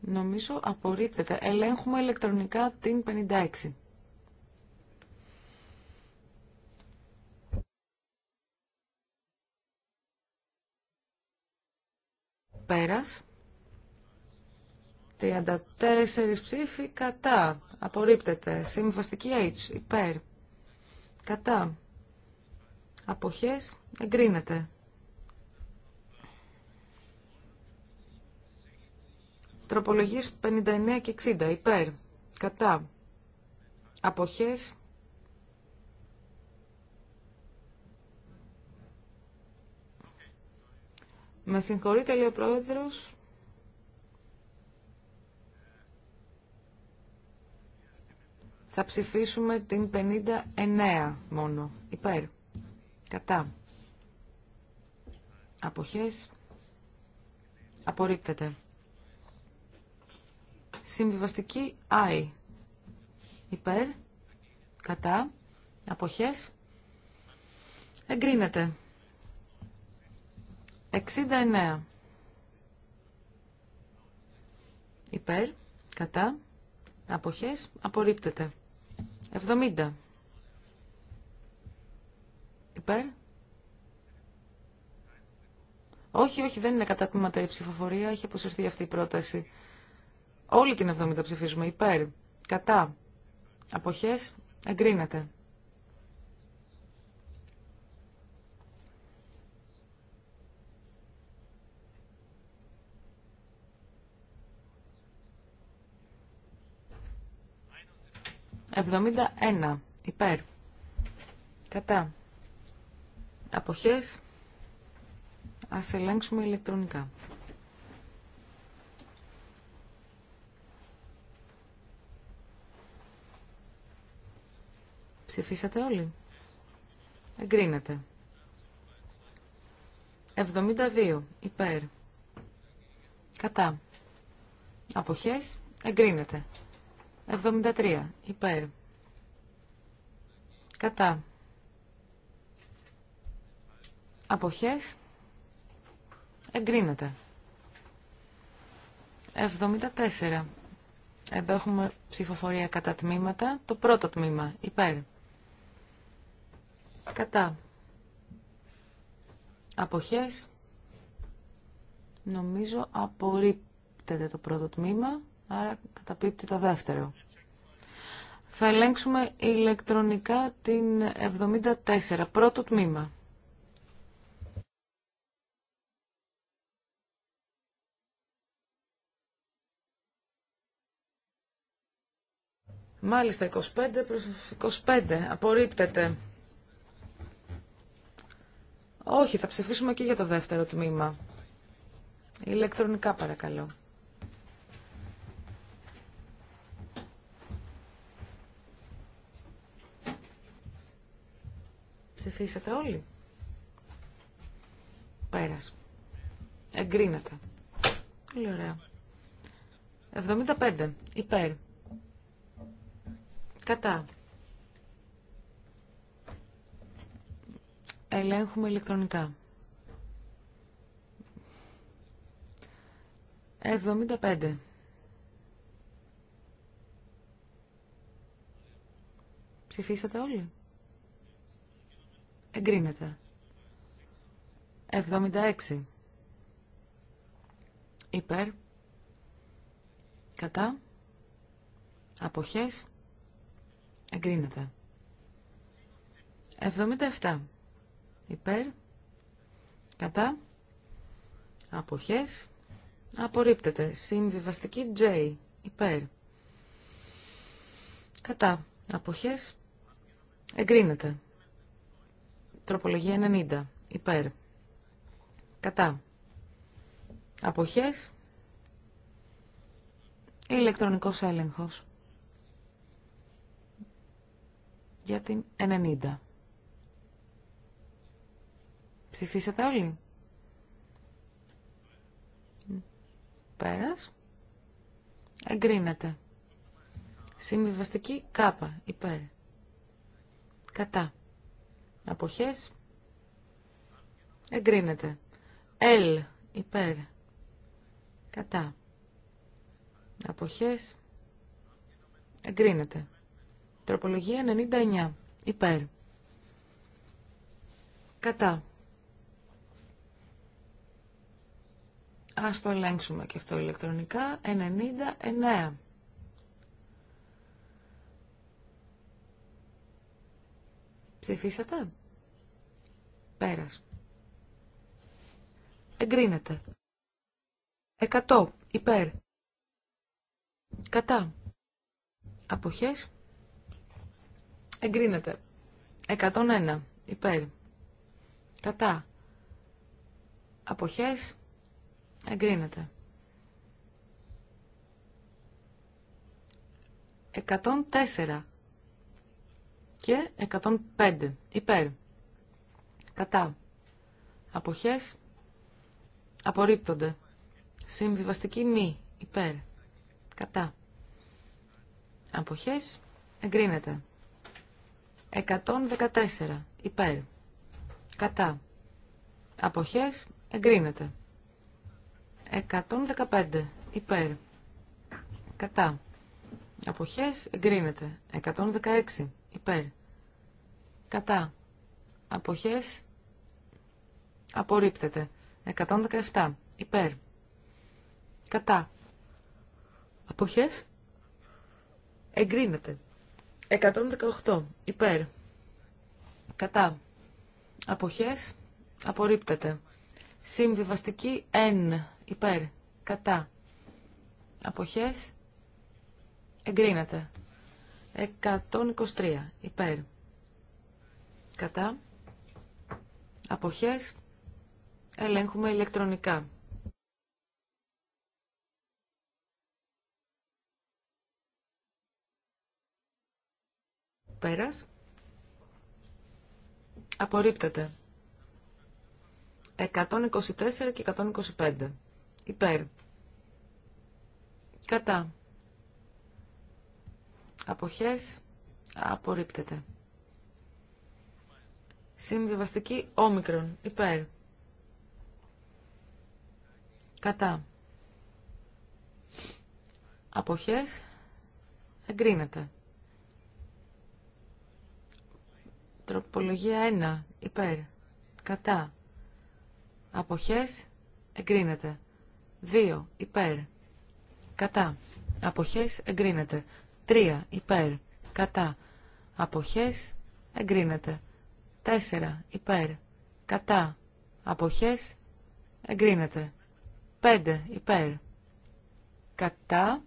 Νομίζω απορρίπτεται. Ελέγχουμε ηλεκτρονικά την 56. Πέρας. 34 ψήφοι κατά. Απορρίπτεται. Συμβαστική H. Υπέρ. Κατά αποχές εγκρίνεται. Τροπολογής 59 και 60 υπέρ, κατά, αποχές Με συγχωρείτε, λέει ο Πρόεδρος. Θα ψηφίσουμε την 59 μόνο. Υπέρ. Κατά. Αποχές. Απορρίπτεται. Συμβιβαστική I. Υπέρ. Κατά. Αποχές. Εγκρίνεται. 69. Υπέρ. Κατά. Αποχές. Απορρίπτεται. 70. Υπέρ. Όχι, όχι, δεν είναι κατά τμήματα η ψηφοφορία. Έχει αποσυρθεί αυτή η πρόταση. Όλη την 70 ψηφίζουμε. Υπέρ. Κατά. Αποχές. Εγκρίνεται. Εβδομήντα ένα. Υπέρ. Κατά αποχές ας ελέγξουμε ηλεκτρονικά. Ψηφίσατε όλοι. Εγκρίνεται. 72. Υπέρ. Κατά. Αποχές. Εγκρίνεται. 73. Υπέρ. Κατά. Αποχές. Εγκρίνεται. 74. Εδώ έχουμε ψηφοφορία κατά τμήματα. Το πρώτο τμήμα. Υπέρ. Κατά. Αποχές. Νομίζω απορρίπτεται το πρώτο τμήμα, άρα καταπίπτει το δεύτερο. Θα ελέγξουμε ηλεκτρονικά την 74, πρώτο τμήμα. Μάλιστα, 25 προς 25. Απορρίπτεται. Όχι, θα ψηφίσουμε και για το δεύτερο τμήμα. Ηλεκτρονικά παρακαλώ. Ψηφίσατε όλοι. Πέρας. Εγκρίνατε. Πολύ ωραία. 75. Υπέρ. Κατά. Ελέγχουμε ηλεκτρονικά. 75. Ψηφίσατε όλοι. Εγκρίνεται. 76. Υπέρ. Κατά. Αποχές. Εγκρίνεται. 77. Υπέρ. Κατά. Αποχές. Απορρίπτεται. Συμβιβαστική J. Υπέρ. Κατά. Αποχές. Εγκρίνεται. Τροπολογία 90. Υπέρ. Κατά. Αποχές. Ηλεκτρονικός έλεγχος. για την 90. Ψηφίσατε όλοι. Πέρας. Εγκρίνεται. Συμβιβαστική κάπα. Υπέρ. Κατά. Αποχές. Εγκρίνεται. Ελ Υπέρ. Κατά. Αποχές. Εγκρίνεται. Τροπολογία 99. Υπέρ. Κατά. Ας το ελέγξουμε και αυτό ηλεκτρονικά. 99. Ψηφίσατε. Πέρας. Εγκρίνεται. 100. Υπέρ. Κατά. Αποχές. Εγκρίνεται. 101. Υπέρ. Κατά. Αποχές. Εγκρίνεται. 104 και 105. Υπέρ. Κατά. Αποχές. Απορρίπτονται. Συμβιβαστική μη. Υπέρ. Κατά. Αποχές. Εγκρίνεται. 114. Υπέρ. Κατά. Αποχές. Εγκρίνεται. 115. Υπέρ. Κατά. Αποχές. Εγκρίνεται. 116. Υπέρ. Κατά. Αποχές. Απορρίπτεται. 117. Υπέρ. Κατά. Αποχές. Εγκρίνεται. 118. Υπέρ. Κατά. Αποχές. Απορρίπτεται. Συμβιβαστική εν, Υπέρ. Κατά. Αποχές. Εγκρίνεται. 123. Υπέρ. Κατά. Αποχές. Ελέγχουμε ηλεκτρονικά. Πέρας. Απορρίπτεται. 124 και 125. Υπέρ. Κατά. Αποχές. Απορρίπτεται. Συμβιβαστική όμικρον. Υπέρ. Κατά. Αποχές. Εγκρίνεται. Τροπολογία 1. Υπέρ. Κατά. Αποχές. Εγκρίνεται. 2. Υπέρ. Κατά. Αποχές. Εγκρίνεται. 3. Υπέρ. Κατά. Αποχές. Εγκρίνεται. 4. Υπέρ. Κατά. Αποχές. Εγκρίνεται. 5. Υπέρ. Κατά.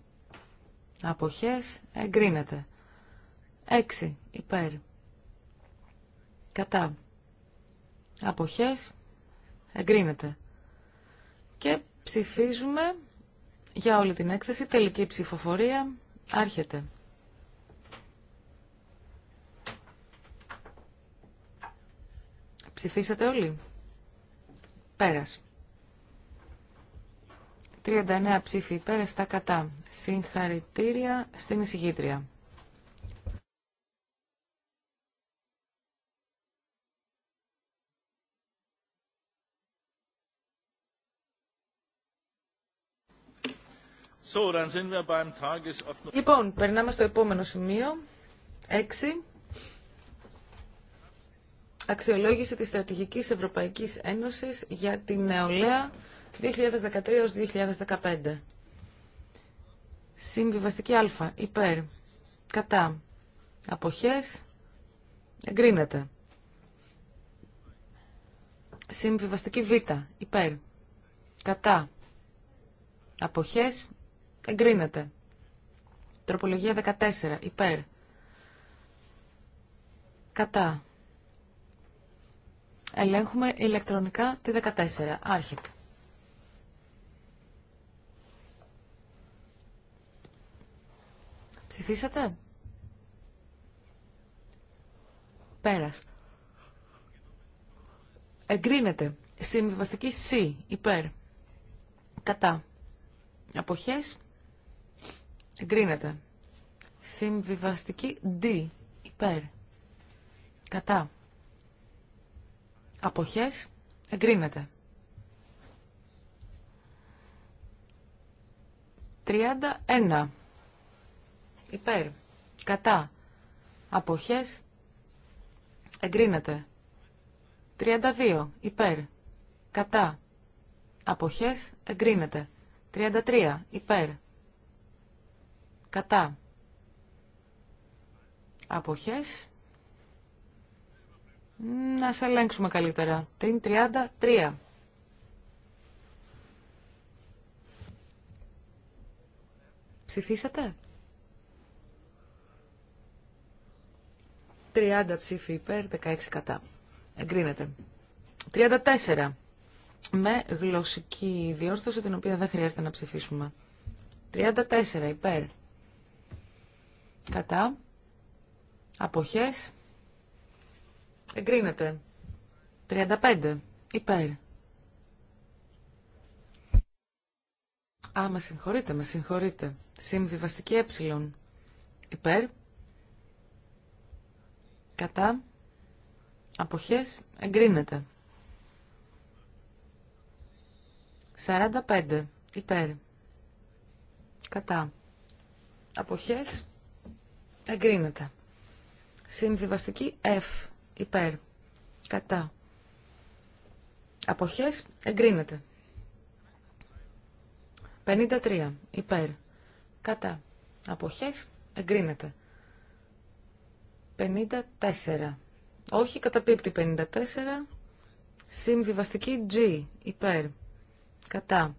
Αποχές. Εγκρίνεται. 6. Υπέρ. Κατά. Αποχές. Εγκρίνεται. Και ψηφίζουμε για όλη την έκθεση. Τελική ψηφοφορία. Άρχεται. Ψηφίσατε όλοι. Πέρας. 39 ψήφοι υπέρ, 7 κατά. Συγχαρητήρια στην εισηγήτρια. Λοιπόν, περνάμε στο επόμενο σημείο. 6. Αξιολόγηση της Στρατηγικής Ευρωπαϊκής Ένωσης για την νεολαία 2013-2015. Συμβιβαστική Α. Υπέρ. Κατά. Αποχές. Εγκρίνεται. Συμβιβαστική Β. Υπέρ. Κατά. Αποχές. Εγκρίνεται. Τροπολογία 14. Υπέρ. Κατά. Ελέγχουμε ηλεκτρονικά τη 14. Άρχεται. Ψηφίσατε. Πέρας. Εγκρίνεται. Συμβιβαστική C. Υπέρ. Κατά. Αποχές. Εγκρίνεται. Συμβιβαστική D. Υπέρ. Κατά. Αποχές. Εγκρίνεται. 31. Υπέρ. Κατά. Αποχές. Εγκρίνεται. 32. Υπέρ. Κατά. Αποχές. Εγκρίνεται. 33. Υπέρ. Κατά. Αποχές. Να σε ελέγξουμε καλύτερα. Την 33. Ψηφίσατε. 30 ψήφοι υπέρ, 16 κατά. Εγκρίνεται. 34. Με γλωσσική διόρθωση, την οποία δεν χρειάζεται να ψηφίσουμε. 34 υπέρ κατά, αποχές, εγκρίνεται. 35, υπέρ. Α, με συγχωρείτε, με συγχωρείτε. Συμβιβαστική ε, υπέρ, κατά, αποχές, εγκρίνεται. 45, υπέρ, κατά, αποχές, Εγκρίνεται. Συμβιβαστική F. Υπέρ. Κατά. Αποχές. Εγκρίνεται. 53. Υπέρ. Κατά. Αποχές. Εγκρίνεται. 54. Όχι καταπίπτει 54. Συμβιβαστική G. Υπέρ. Κατά.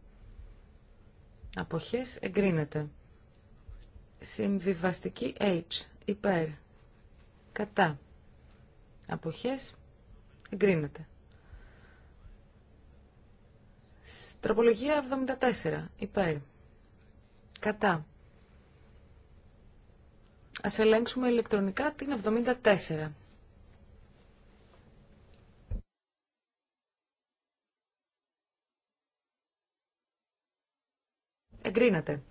Αποχές εγκρίνεται. Συμβιβαστική H. Υπέρ. Κατά. Αποχές. Εγκρίνεται. Τροπολογία 74. Υπέρ. Κατά. Ας ελέγξουμε ηλεκτρονικά την 74. Εγκρίνεται.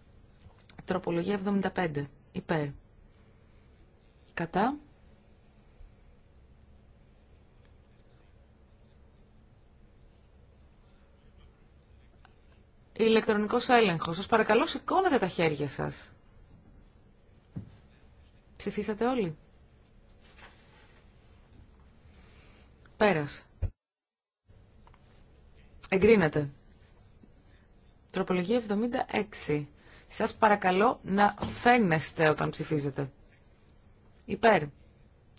Τροπολογία 75. Υπέρ. Κατά. Ηλεκτρονικός έλεγχος. Σας παρακαλώ σηκώνετε τα χέρια σας. Ψηφίσατε όλοι. Πέρας. Εγκρίνατε. Τροπολογία 76. Σας παρακαλώ να φαίνεστε όταν ψηφίζετε. Υπέρ.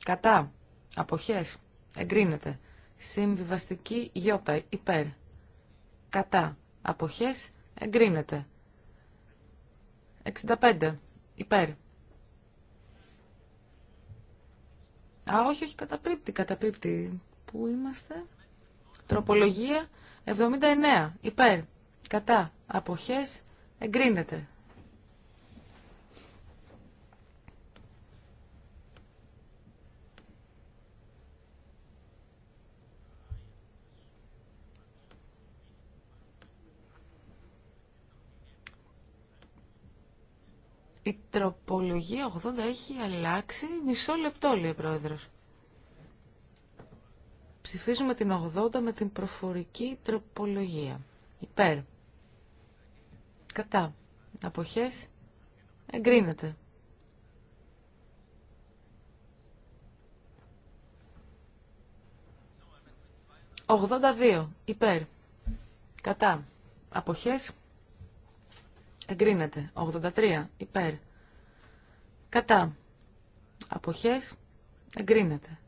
Κατά. Αποχές. Εγκρίνεται. Συμβιβαστική γιώτα. Υπέρ. Κατά. Αποχές. Εγκρίνεται. 65. Υπέρ. Α, όχι, όχι, καταπίπτει, καταπίπτει. Πού είμαστε. Τροπολογία 79. Υπέρ. Κατά. Αποχές. Εγκρίνεται. τροπολογία 80 έχει αλλάξει μισό λεπτό, λέει ο Πρόεδρος. Ψηφίζουμε την 80 με την προφορική τροπολογία. Υπέρ. Κατά. Αποχές. Εγκρίνεται. «82. Υπέρ. Κατά. Αποχές. Εγκρίνεται. 83. Υπέρ. Κατά. Αποχές. Εγκρίνεται.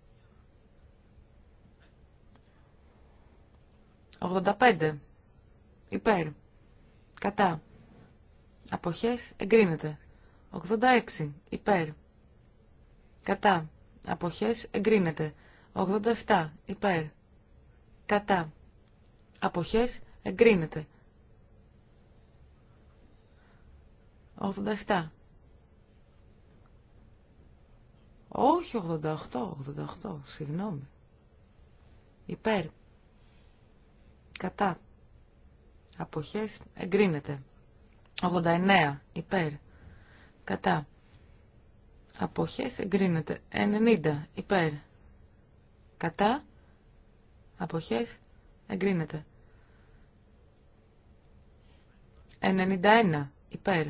85. Υπέρ. Κατά. Αποχές. Εγκρίνεται. 86. Υπέρ. Κατά. Αποχές. Εγκρίνεται. 87. Υπέρ. Κατά. Αποχές. Εγκρίνεται. 87. Όχι 88, 88, συγγνώμη. Υπέρ. Κατά. Αποχές εγκρίνεται. 89. Υπέρ. Κατά. Αποχές εγκρίνεται. 90. Υπέρ. Κατά. Αποχές εγκρίνεται. 91. Υπέρ.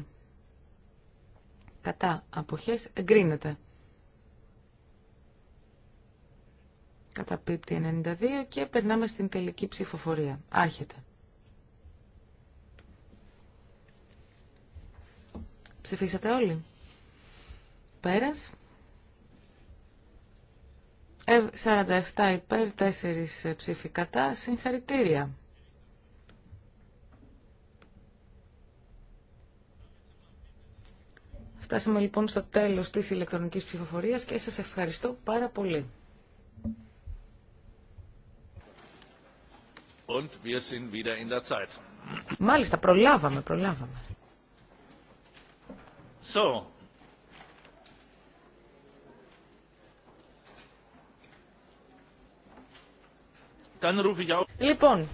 Κατά. Αποχές εγκρίνεται. Καταπίπτει 92 και περνάμε στην τελική ψηφοφορία. Άρχεται. Ψηφίσατε όλοι. Πέρας. 47 ε, υπέρ, 4 ψήφοι κατά. Συγχαρητήρια. Φτάσαμε λοιπόν στο τέλος της ηλεκτρονικής ψηφοφορίας και σας ευχαριστώ πάρα πολύ. Und wir sind wieder in der Zeit. Μάλιστα, προλάβαμε, προλάβαμε. Λοιπόν,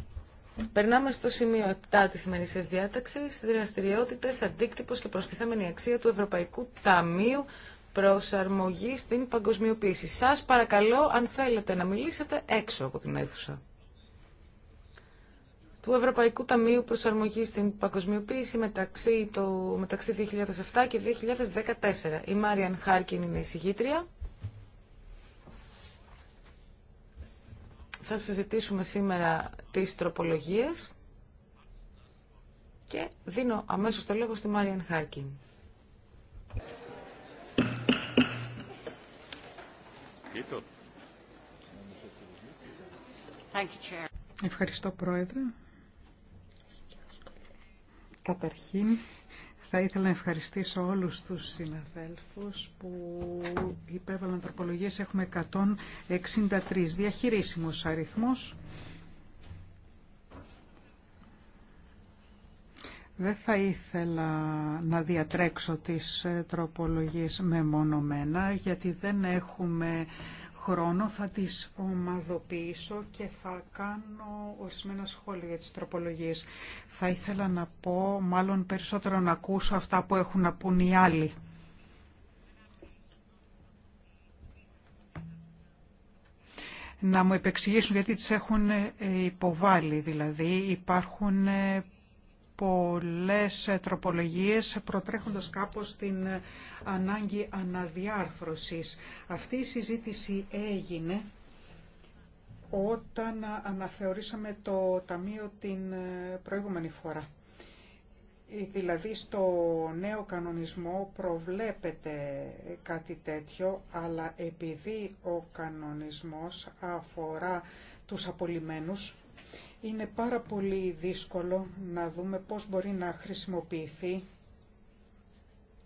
περνάμε στο σημείο 7 της ημερησίας διάταξης, δραστηριότητες, αντίκτυπος και προστιθέμενη αξία του Ευρωπαϊκού Ταμείου προσαρμογή στην παγκοσμιοποίηση. Σας παρακαλώ, αν θέλετε να μιλήσετε, έξω από την αίθουσα του Ευρωπαϊκού Ταμείου Προσαρμογή στην Παγκοσμιοποίηση μεταξύ, το, 2007 και 2014. Η Μάριαν Χάρκιν είναι η συγγήτρια. Θα συζητήσουμε σήμερα τις τροπολογίες και δίνω αμέσως το λόγο στη Μάριαν Χάρκιν. Ευχαριστώ, Πρόεδρε. Καταρχήν, θα ήθελα να ευχαριστήσω όλους τους συναδέλφους που υπέβαλαν τροπολογίες. Έχουμε 163 διαχειρίσιμους αριθμούς. Δεν θα ήθελα να διατρέξω τις τροπολογίες μεμονωμένα, γιατί δεν έχουμε χρόνο θα τις ομαδοποιήσω και θα κάνω ορισμένα σχόλια για τις τροπολογίες. Θα ήθελα να πω, μάλλον περισσότερο να ακούσω αυτά που έχουν να πούν οι άλλοι. να μου επεξηγήσουν γιατί τις έχουν ε, υποβάλει. Δηλαδή υπάρχουν ε, πολλές τροπολογίες προτρέχοντας κάπως την ανάγκη αναδιάρθρωσης. Αυτή η συζήτηση έγινε όταν αναθεωρήσαμε το Ταμείο την προηγούμενη φορά. Ε, δηλαδή στο νέο κανονισμό προβλέπεται κάτι τέτοιο, αλλά επειδή ο κανονισμός αφορά τους απολυμένους, είναι πάρα πολύ δύσκολο να δούμε πώς μπορεί να χρησιμοποιηθεί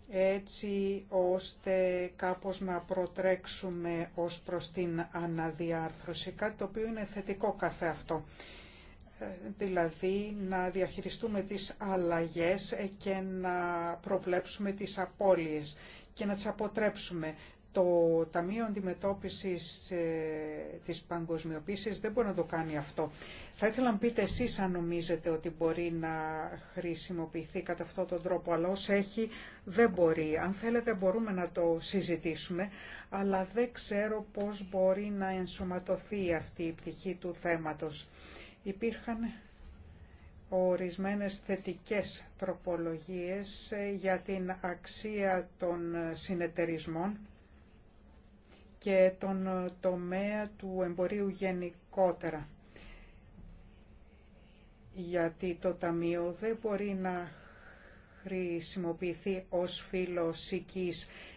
έτσι ώστε κάπως να προτρέξουμε ως προς την αναδιάρθρωση, κάτι το οποίο είναι θετικό αυτό. Ε, δηλαδή να διαχειριστούμε τις αλλαγές και να προβλέψουμε τις απώλειες και να τις αποτρέψουμε, το Ταμείο Αντιμετώπισης ε, της Παγκοσμιοποίησης δεν μπορεί να το κάνει αυτό. Θα ήθελα να πείτε εσείς αν νομίζετε ότι μπορεί να χρησιμοποιηθεί κατά αυτόν τον τρόπο, αλλά όσο έχει δεν μπορεί. Αν θέλετε μπορούμε να το συζητήσουμε, αλλά δεν ξέρω πώς μπορεί να ενσωματωθεί αυτή η πτυχή του θέματος. Υπήρχαν ορισμένες θετικές τροπολογίες ε, για την αξία των ε, συνεταιρισμών και τον ε, τομέα του εμπορίου γενικότερα. Γιατί το Ταμείο δεν μπορεί να χρησιμοποιηθεί ως φύλλο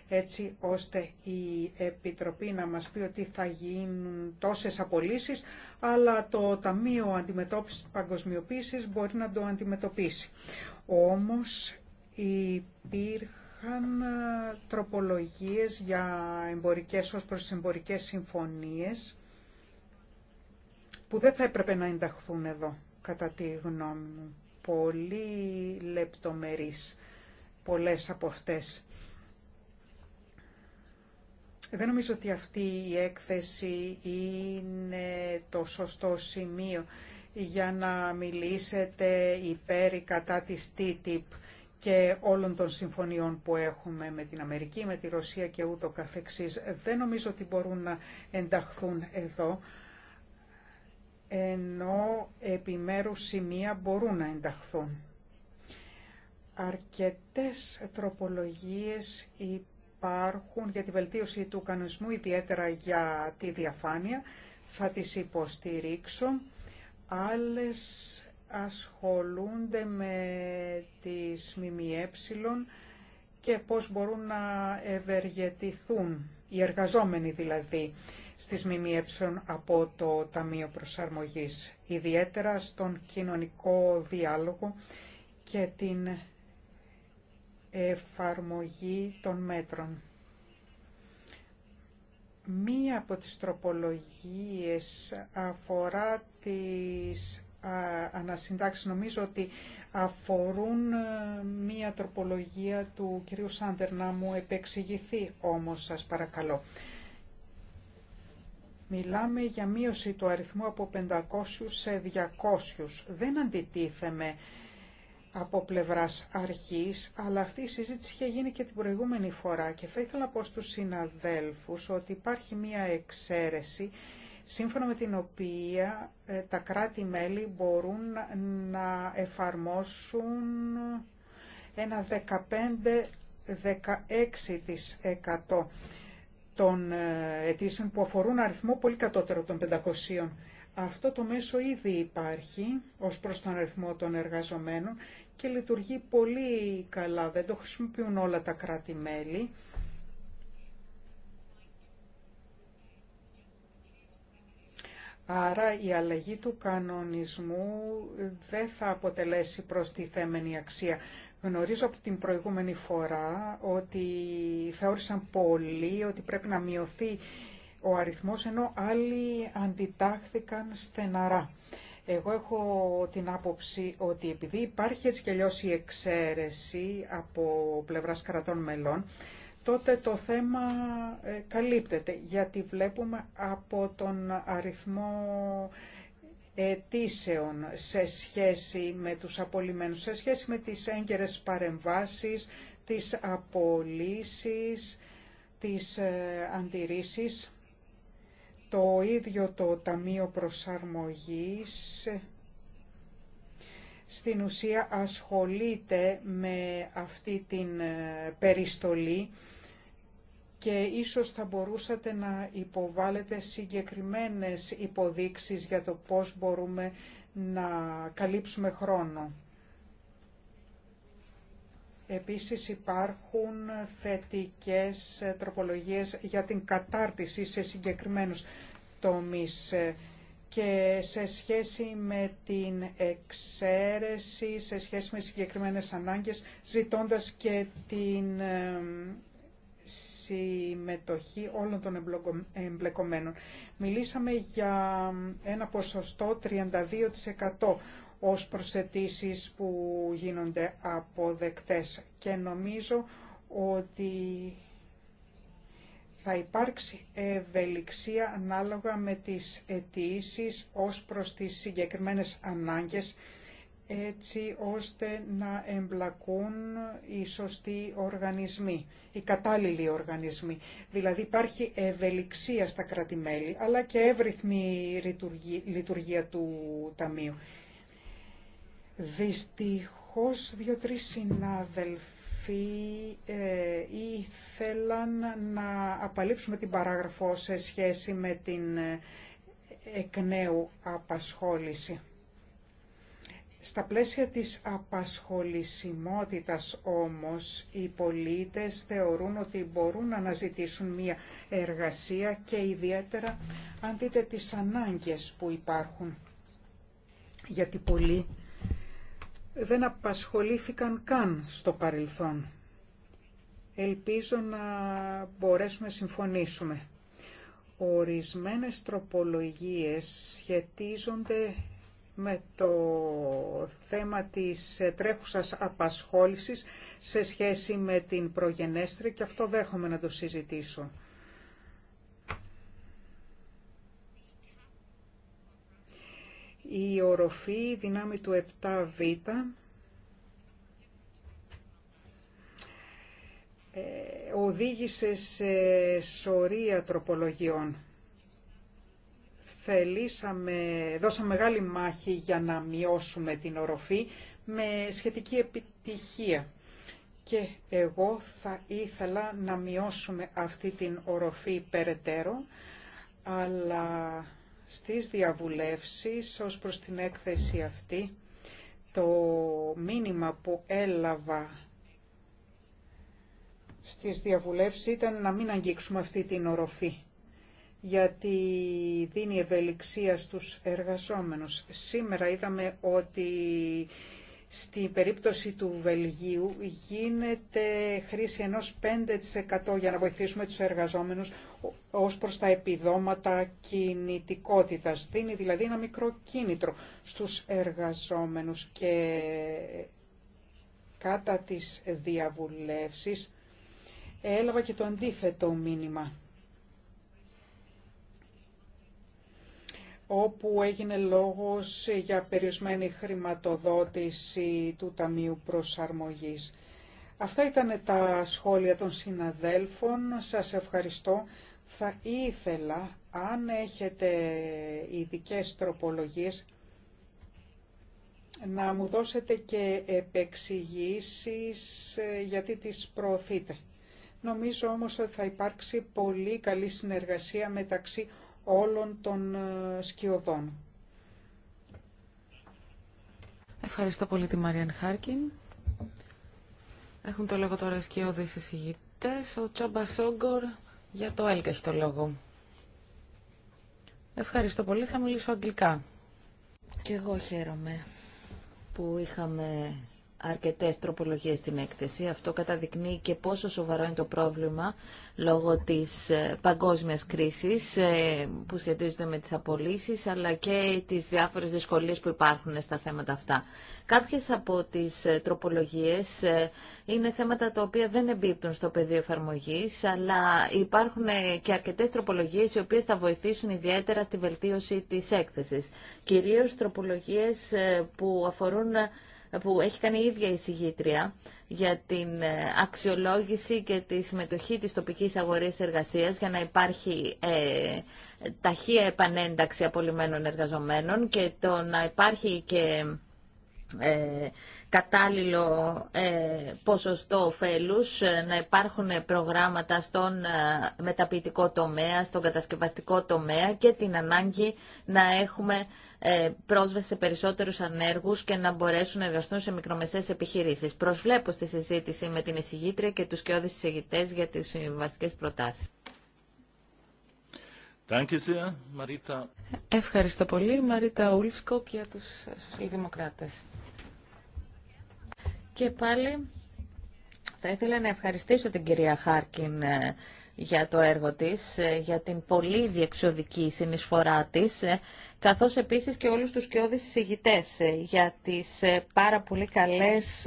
έτσι ώστε η Επιτροπή να μας πει ότι θα γίνουν τόσες απολύσεις, αλλά το Ταμείο Αντιμετώπισης Παγκοσμιοποίησης μπορεί να το αντιμετωπίσει. Όμως υπήρχε Υπήρχαν ε, τροπολογίες για εμπορικές ως προς εμπορικές συμφωνίες που δεν θα έπρεπε να ενταχθούν εδώ, κατά τη γνώμη μου. Πολύ λεπτομερείς πολλές από αυτές. Δεν νομίζω ότι αυτή η έκθεση είναι το σωστό σημείο για να μιλήσετε υπέρ ή κατά της TTIP και όλων των συμφωνιών που έχουμε με την Αμερική, με τη Ρωσία και ούτω καθεξής. Δεν νομίζω ότι μπορούν να ενταχθούν εδώ, ενώ επιμέρους σημεία μπορούν να ενταχθούν. Αρκετές τροπολογίες υπάρχουν για τη βελτίωση του κανονισμού, ιδιαίτερα για τη διαφάνεια. Θα τις υποστηρίξω. Άλλες ασχολούνται με τις ΜΜΕ και πώς μπορούν να ευεργετηθούν οι εργαζόμενοι δηλαδή στις ΜΜΕ από το Ταμείο Προσαρμογής, ιδιαίτερα στον κοινωνικό διάλογο και την εφαρμογή των μέτρων. Μία από τις τροπολογίες αφορά τις ανασυντάξει νομίζω ότι αφορούν ε, μία τροπολογία του κυρίου Σάντερ να μου επεξηγηθεί όμως σας παρακαλώ. Μιλάμε για μείωση του αριθμού από 500 σε 200. Δεν αντιτίθεμε από πλευράς αρχής, αλλά αυτή η συζήτηση είχε γίνει και την προηγούμενη φορά και θα ήθελα να πω στους συναδέλφους ότι υπάρχει μία εξαίρεση σύμφωνα με την οποία ε, τα κράτη-μέλη μπορούν να εφαρμόσουν ένα 15-16% των ε, αιτήσεων που αφορούν αριθμό πολύ κατώτερο των 500. Αυτό το μέσο ήδη υπάρχει ως προς τον αριθμό των εργαζομένων και λειτουργεί πολύ καλά. Δεν το χρησιμοποιούν όλα τα κράτη-μέλη Άρα η αλλαγή του κανονισμού δεν θα αποτελέσει τη θέμενη αξία. Γνωρίζω από την προηγούμενη φορά ότι θεώρησαν πολλοί ότι πρέπει να μειωθεί ο αριθμός, ενώ άλλοι αντιτάχθηκαν στεναρά. Εγώ έχω την άποψη ότι επειδή υπάρχει έτσι και αλλιώς η εξαίρεση από πλευράς κρατών μελών, τότε το θέμα ε, καλύπτεται, γιατί βλέπουμε από τον αριθμό αιτήσεων σε σχέση με τους απολυμμένους, σε σχέση με τις έγκαιρες παρεμβάσεις, τις απολύσεις, τις ε, αντιρρήσεις. Το ίδιο το Ταμείο Προσαρμογής στην ουσία ασχολείται με αυτή την ε, περιστολή και ίσως θα μπορούσατε να υποβάλλετε συγκεκριμένες υποδείξεις για το πώς μπορούμε να καλύψουμε χρόνο. Επίσης υπάρχουν θετικές τροπολογίες για την κατάρτιση σε συγκεκριμένους τομείς και σε σχέση με την εξαίρεση, σε σχέση με συγκεκριμένες ανάγκες, ζητώντας και την ε, συμμετοχή όλων των εμπλεκομένων. Μιλήσαμε για ένα ποσοστό 32% ως προσετήσεις που γίνονται αποδεκτές και νομίζω ότι θα υπάρξει ευελιξία ανάλογα με τις αιτήσει ως προς τις συγκεκριμένες ανάγκες έτσι ώστε να εμπλακούν οι σωστοί οργανισμοί, οι κατάλληλοι οργανισμοί. Δηλαδή υπάρχει ευελιξία στα κρατημέλη, αλλά και εύρυθμη λειτουργία του Ταμείου. Δυστυχώς δύο-τρεις συνάδελφοι ε, ήθελαν να απαλείψουμε την παράγραφο σε σχέση με την ε, εκ νέου απασχόληση. Στα πλαίσια της απασχολησιμότητας όμως, οι πολίτες θεωρούν ότι μπορούν να αναζητήσουν μία εργασία και ιδιαίτερα αν δείτε τις ανάγκες που υπάρχουν. Γιατί πολλοί δεν απασχολήθηκαν καν στο παρελθόν. Ελπίζω να μπορέσουμε να συμφωνήσουμε. Ορισμένες τροπολογίες σχετίζονται με το θέμα της τρέχουσας απασχόλησης σε σχέση με την προγενέστρη και αυτό δέχομαι να το συζητήσω. Η οροφή, η δυνάμη του 7β, ε, οδήγησε σε σωρία τροπολογιών θελήσαμε, δώσαμε μεγάλη μάχη για να μειώσουμε την οροφή με σχετική επιτυχία. Και εγώ θα ήθελα να μειώσουμε αυτή την οροφή περαιτέρω, αλλά στις διαβουλεύσεις ως προς την έκθεση αυτή, το μήνυμα που έλαβα στις διαβουλεύσεις ήταν να μην αγγίξουμε αυτή την οροφή γιατί δίνει ευελιξία στους εργαζόμενους. Σήμερα είδαμε ότι στην περίπτωση του Βελγίου γίνεται χρήση ενός 5% για να βοηθήσουμε τους εργαζόμενους ως προς τα επιδόματα κινητικότητας. Δίνει δηλαδή ένα μικρό κίνητρο στους εργαζόμενους και κατά τις διαβουλεύσεις έλαβα και το αντίθετο μήνυμα όπου έγινε λόγος για περιορισμένη χρηματοδότηση του Ταμείου Προσαρμογής. Αυτά ήταν τα σχόλια των συναδέλφων. Σας ευχαριστώ. Θα ήθελα, αν έχετε ειδικέ τροπολογίες, να μου δώσετε και επεξηγήσεις ε, γιατί τις προωθείτε. Νομίζω όμως ότι θα υπάρξει πολύ καλή συνεργασία μεταξύ όλων των ε, σκιωδών. Ευχαριστώ πολύ τη Μαρία Χάρκιν. Έχουν το λόγο τώρα οι σκιώδεις εισηγητές. Ο Τσάμπα Σόγκορ για το ΕΛΚ έχει το λόγο. Ευχαριστώ πολύ. Θα μιλήσω αγγλικά. Και εγώ χαίρομαι που είχαμε αρκετές τροπολογίες στην έκθεση. Αυτό καταδεικνύει και πόσο σοβαρό είναι το πρόβλημα λόγω της ε, παγκόσμιας κρίσης ε, που σχετίζεται με τις απολύσεις αλλά και τις διάφορες δυσκολίες που υπάρχουν στα θέματα αυτά. Κάποιες από τις ε, τροπολογίες είναι θέματα τα οποία δεν εμπίπτουν στο πεδίο εφαρμογή, αλλά υπάρχουν και αρκετές τροπολογίες οι οποίες θα βοηθήσουν ιδιαίτερα στη βελτίωση της έκθεσης. Κυρίως τροπολογίες που αφορούν που έχει κάνει η ίδια η συγγήτρια για την ε, αξιολόγηση και τη συμμετοχή της τοπικής αγορής εργασίας για να υπάρχει ε, ταχεία επανένταξη απολυμένων εργαζομένων και το να υπάρχει και ε, κατάλληλο ε, ποσοστό ωφέλους, ε, να υπάρχουν προγράμματα στον ε, μεταποιητικό τομέα, στον κατασκευαστικό τομέα και την ανάγκη να έχουμε ε, πρόσβαση σε περισσότερους ανέργους και να μπορέσουν να εργαστούν σε μικρομεσαίες επιχειρήσεις. Προσβλέπω στη συζήτηση με την εισηγήτρια και τους κοιόδης εισηγητές για τις συμβαστικές προτάσεις. Ευχαριστώ πολύ, Μαρίτα Ούλφσκοκ για τους σοσιαλδημοκράτες. Και πάλι θα ήθελα να ευχαριστήσω την κυρία Χάρκιν ε, για το έργο της, ε, για την πολύ διεξοδική συνεισφορά της, ε, καθώς επίσης και όλους τους κοιόδης συγητές για τις πάρα πολύ καλές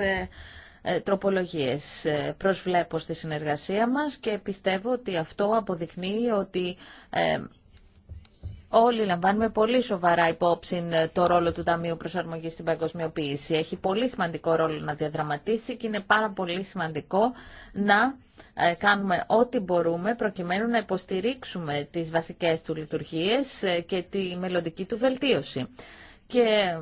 τροπολογίες. Προσβλέπω στη συνεργασία μας και πιστεύω ότι αυτό αποδεικνύει ότι όλοι λαμβάνουμε πολύ σοβαρά υπόψη ε, το ρόλο του Ταμείου Προσαρμογής στην Παγκοσμιοποίηση. Έχει πολύ σημαντικό ρόλο να διαδραματίσει και είναι πάρα πολύ σημαντικό να ε, κάνουμε ό,τι μπορούμε προκειμένου να υποστηρίξουμε τις βασικές του λειτουργίες ε, και τη μελλοντική του βελτίωση. Και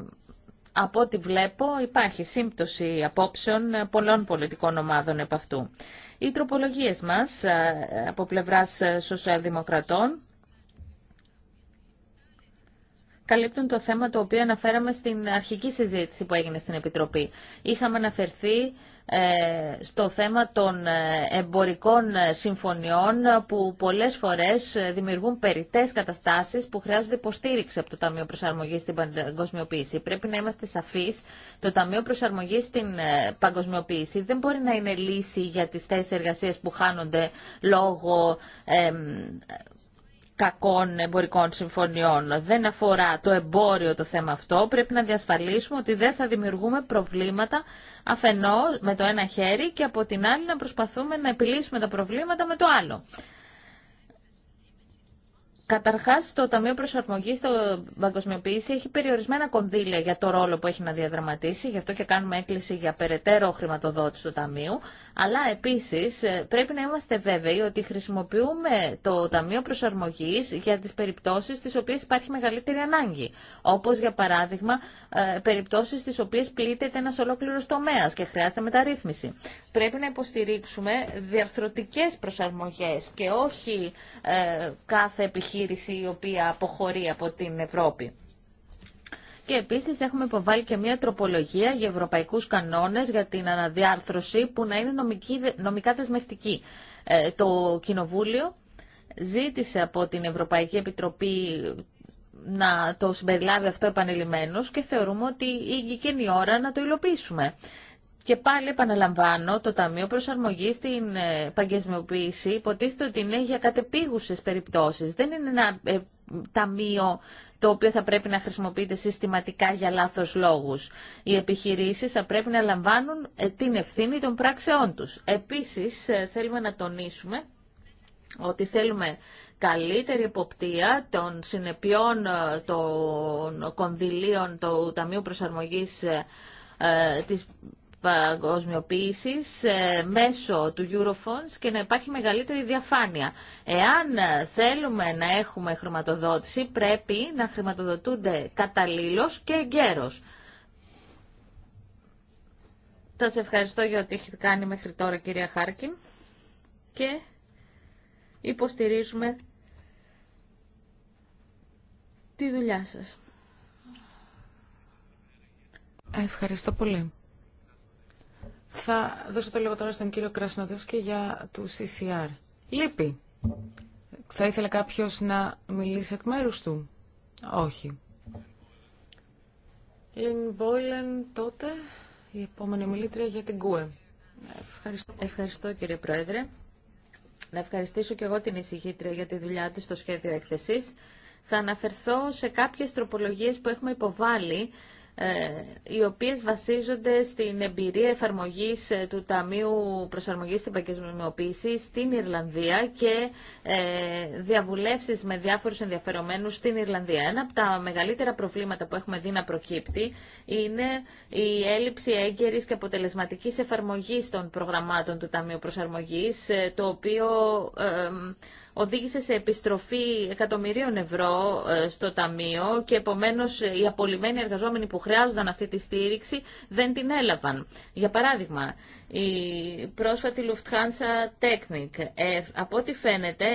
από ό,τι βλέπω υπάρχει σύμπτωση απόψεων πολλών πολιτικών ομάδων επ' αυτού. Οι τροπολογίες μας από πλευράς σοσιαλδημοκρατών καλύπτουν το θέμα το οποίο αναφέραμε στην αρχική συζήτηση που έγινε στην Επιτροπή. Είχαμε αναφερθεί ε, στο θέμα των ε, εμπορικών ε, συμφωνιών που πολλές φορές δημιουργούν περιττές καταστάσεις που χρειάζονται υποστήριξη από το Ταμείο Προσαρμογής στην Παγκοσμιοποίηση. Πρέπει να είμαστε σαφείς. Το Ταμείο Προσαρμογής στην Παγκοσμιοποίηση δεν μπορεί να είναι λύση για τις θέσεις εργασίας που χάνονται λόγω κακών εμπορικών συμφωνιών. Δεν αφορά το εμπόριο το θέμα αυτό. Πρέπει να διασφαλίσουμε ότι δεν θα δημιουργούμε προβλήματα αφενός με το ένα χέρι και από την άλλη να προσπαθούμε να επιλύσουμε τα προβλήματα με το άλλο. Καταρχά, το Ταμείο Προσαρμογή στο Παγκοσμιοποίηση έχει περιορισμένα κονδύλια για το ρόλο που έχει να διαδραματίσει, γι' αυτό και κάνουμε έκκληση για περαιτέρω χρηματοδότηση του Ταμείου. Αλλά επίσης ε, πρέπει να είμαστε βέβαιοι ότι χρησιμοποιούμε το Ταμείο Προσαρμογής για τις περιπτώσεις στις οποίες υπάρχει μεγαλύτερη ανάγκη. Όπως για παράδειγμα ε, περιπτώσεις στις οποίες πλήττεται ένας ολόκληρος τομέας και χρειάζεται μεταρρύθμιση. Πρέπει να υποστηρίξουμε διαρθρωτικές προσαρμογές και όχι ε, κάθε επιχείρηση η οποία αποχωρεί από την Ευρώπη. Και επίση έχουμε υποβάλει και μια τροπολογία για Ευρωπαϊκού κανόνες για την αναδιάρθρωση που να είναι νομική, νομικά δεσμευτική. Ε, το Κοινοβούλιο ζήτησε από την Ευρωπαϊκή Επιτροπή να το συμπεριλάβει αυτό επανειλημμένος και θεωρούμε ότι ήγηκε η ώρα να το υλοποιήσουμε. Και πάλι επαναλαμβάνω, το Ταμείο Προσαρμογή στην ε, Παγκοσμιοποίηση υποτίθεται ότι είναι για κατεπίγουσε περιπτώσει. Δεν είναι ένα ε, ταμείο το οποίο θα πρέπει να χρησιμοποιείται συστηματικά για λάθος λόγους. Οι επιχειρήσεις θα πρέπει να λαμβάνουν ε, την ευθύνη των πράξεών τους. Επίσης, ε, θέλουμε να τονίσουμε ότι θέλουμε καλύτερη εποπτεία των συνεπειών ε, των κονδυλίων του Ταμείου Προσαρμογής της παγκοσμιοποίησης ε, μέσω του Eurofonds και να υπάρχει μεγαλύτερη διαφάνεια. Εάν θέλουμε να έχουμε χρηματοδότηση, πρέπει να χρηματοδοτούνται καταλήλως και εγκαίρως. Σας ευχαριστώ για ό,τι έχετε κάνει μέχρι τώρα, κυρία Χάρκιν. Και υποστηρίζουμε τη δουλειά σας. Ευχαριστώ πολύ. Θα δώσω το λόγο τώρα στον κύριο Κρασνοδεύσκη για του CCR. Λείπει. Θα ήθελε κάποιο να μιλήσει εκ μέρου του. Όχι. Λιν Μπόιλεν τότε, η επόμενη μιλήτρια για την ΚΟΕ. Ευχαριστώ. Ευχαριστώ κύριε Πρόεδρε. Να ευχαριστήσω και εγώ την εισηγήτρια για τη δουλειά της στο σχέδιο έκθεσης. Θα αναφερθώ σε κάποιες τροπολογίες που έχουμε υποβάλει ε, οι οποίες βασίζονται στην εμπειρία εφαρμογής ε, του Ταμείου Προσαρμογής στην Παγκοσμιοποίηση στην Ιρλανδία και ε, διαβουλεύσεις με διάφορους ενδιαφερομένους στην Ιρλανδία. Ένα από τα μεγαλύτερα προβλήματα που έχουμε δει να προκύπτει είναι η έλλειψη έγκαιρης και αποτελεσματικής εφαρμογής των προγραμμάτων του Ταμείου Προσαρμογής, το οποίο οδήγησε σε επιστροφή εκατομμυρίων ευρώ ε, στο Ταμείο και επομένως ε, οι απολυμμένοι εργαζόμενοι που χρειάζονταν αυτή τη στήριξη δεν την έλαβαν. Για παράδειγμα, η πρόσφατη Lufthansa Technic. Ε, από ό,τι φαίνεται,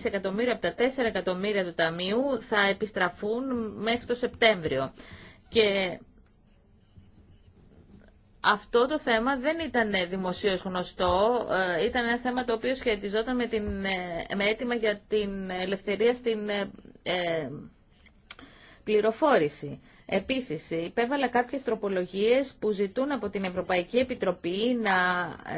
1,5 εκατομμύρια από τα 4 εκατομμύρια του Ταμείου θα επιστραφούν μέχρι το Σεπτέμβριο. Και αυτό το θέμα δεν ήταν δημοσίως γνωστό, ε, ήταν ένα θέμα το οποίο σχετιζόταν με, την, ε, με αίτημα για την ελευθερία στην ε, πληροφόρηση. Επίσης, υπέβαλα κάποιες τροπολογίες που ζητούν από την Ευρωπαϊκή Επιτροπή να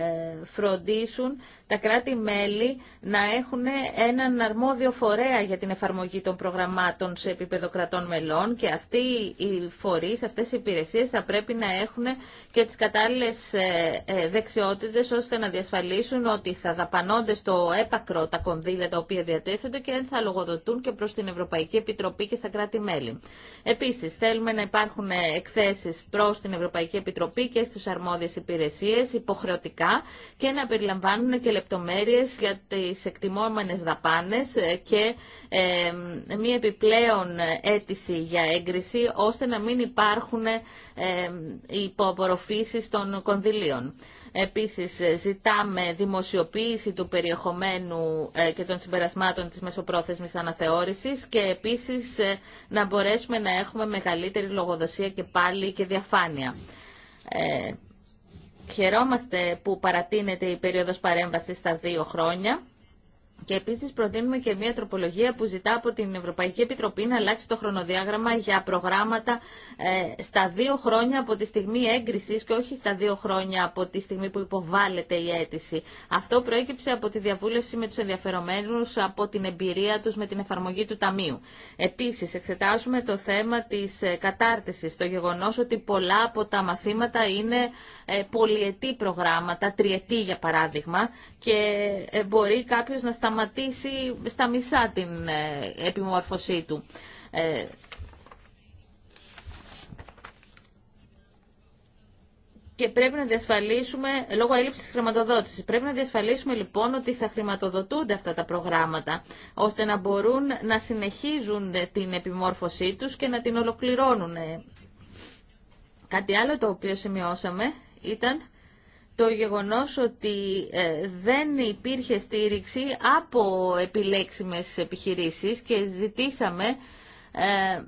ε, φροντίσουν τα κράτη-μέλη να έχουν έναν αρμόδιο φορέα για την εφαρμογή των προγραμμάτων σε επίπεδο κρατών μελών και αυτοί οι φορείς, αυτές οι υπηρεσίες θα πρέπει να έχουν και τις κατάλληλες ε, ε, δεξιότητες ώστε να διασφαλίσουν ότι θα δαπανώνται στο έπακρο τα κονδύλια τα οποία διατέθονται και θα λογοδοτούν και προς την Ευρωπαϊκή Επιτροπή και στα κράτη-μέλη θέλουμε να υπάρχουν εκθέσεις προς την Ευρωπαϊκή Επιτροπή και στις αρμόδιες υπηρεσίες υποχρεωτικά και να περιλαμβάνουν και λεπτομέρειες για τις εκτιμόμενες δαπάνες και μία επιπλέον αίτηση για έγκριση ώστε να μην υπάρχουν ε, των κονδυλίων. Επίσης, ζητάμε δημοσιοποίηση του περιεχομένου ε, και των συμπερασμάτων της μεσοπρόθεσμης αναθεώρησης και επίσης ε, να μπορέσουμε να έχουμε μεγαλύτερη λογοδοσία και πάλι και διαφάνεια. Ε, χαιρόμαστε που παρατείνεται η περίοδος παρέμβασης στα δύο χρόνια και επίση προτείνουμε και μια τροπολογία που ζητά από την Ευρωπαϊκή Επιτροπή να αλλάξει το χρονοδιάγραμμα για προγράμματα ε, στα δύο χρόνια από τη στιγμή έγκριση και όχι στα δύο χρόνια από τη στιγμή που υποβάλλεται η αίτηση. Αυτό προέκυψε από τη διαβούλευση με του ενδιαφερομένου, από την εμπειρία του με την εφαρμογή του Ταμείου. Επίση, εξετάζουμε το θέμα τη ε, κατάρτιση. Το γεγονό ότι πολλά από τα μαθήματα είναι ε, πολυετή προγράμματα, τριετή για παράδειγμα, και μπορεί κάποιο να σταματήσει στα μισά την ε, επιμορφωσή του. Ε, και πρέπει να διασφαλίσουμε, λόγω έλλειψη χρηματοδότηση, πρέπει να διασφαλίσουμε λοιπόν ότι θα χρηματοδοτούνται αυτά τα προγράμματα, ώστε να μπορούν να συνεχίζουν την επιμόρφωσή τους και να την ολοκληρώνουν. Ε, κάτι άλλο το οποίο σημειώσαμε ήταν το γεγονός ότι ε, δεν υπήρχε στήριξη από επιλέξιμες επιχειρήσεις και ζητήσαμε ε,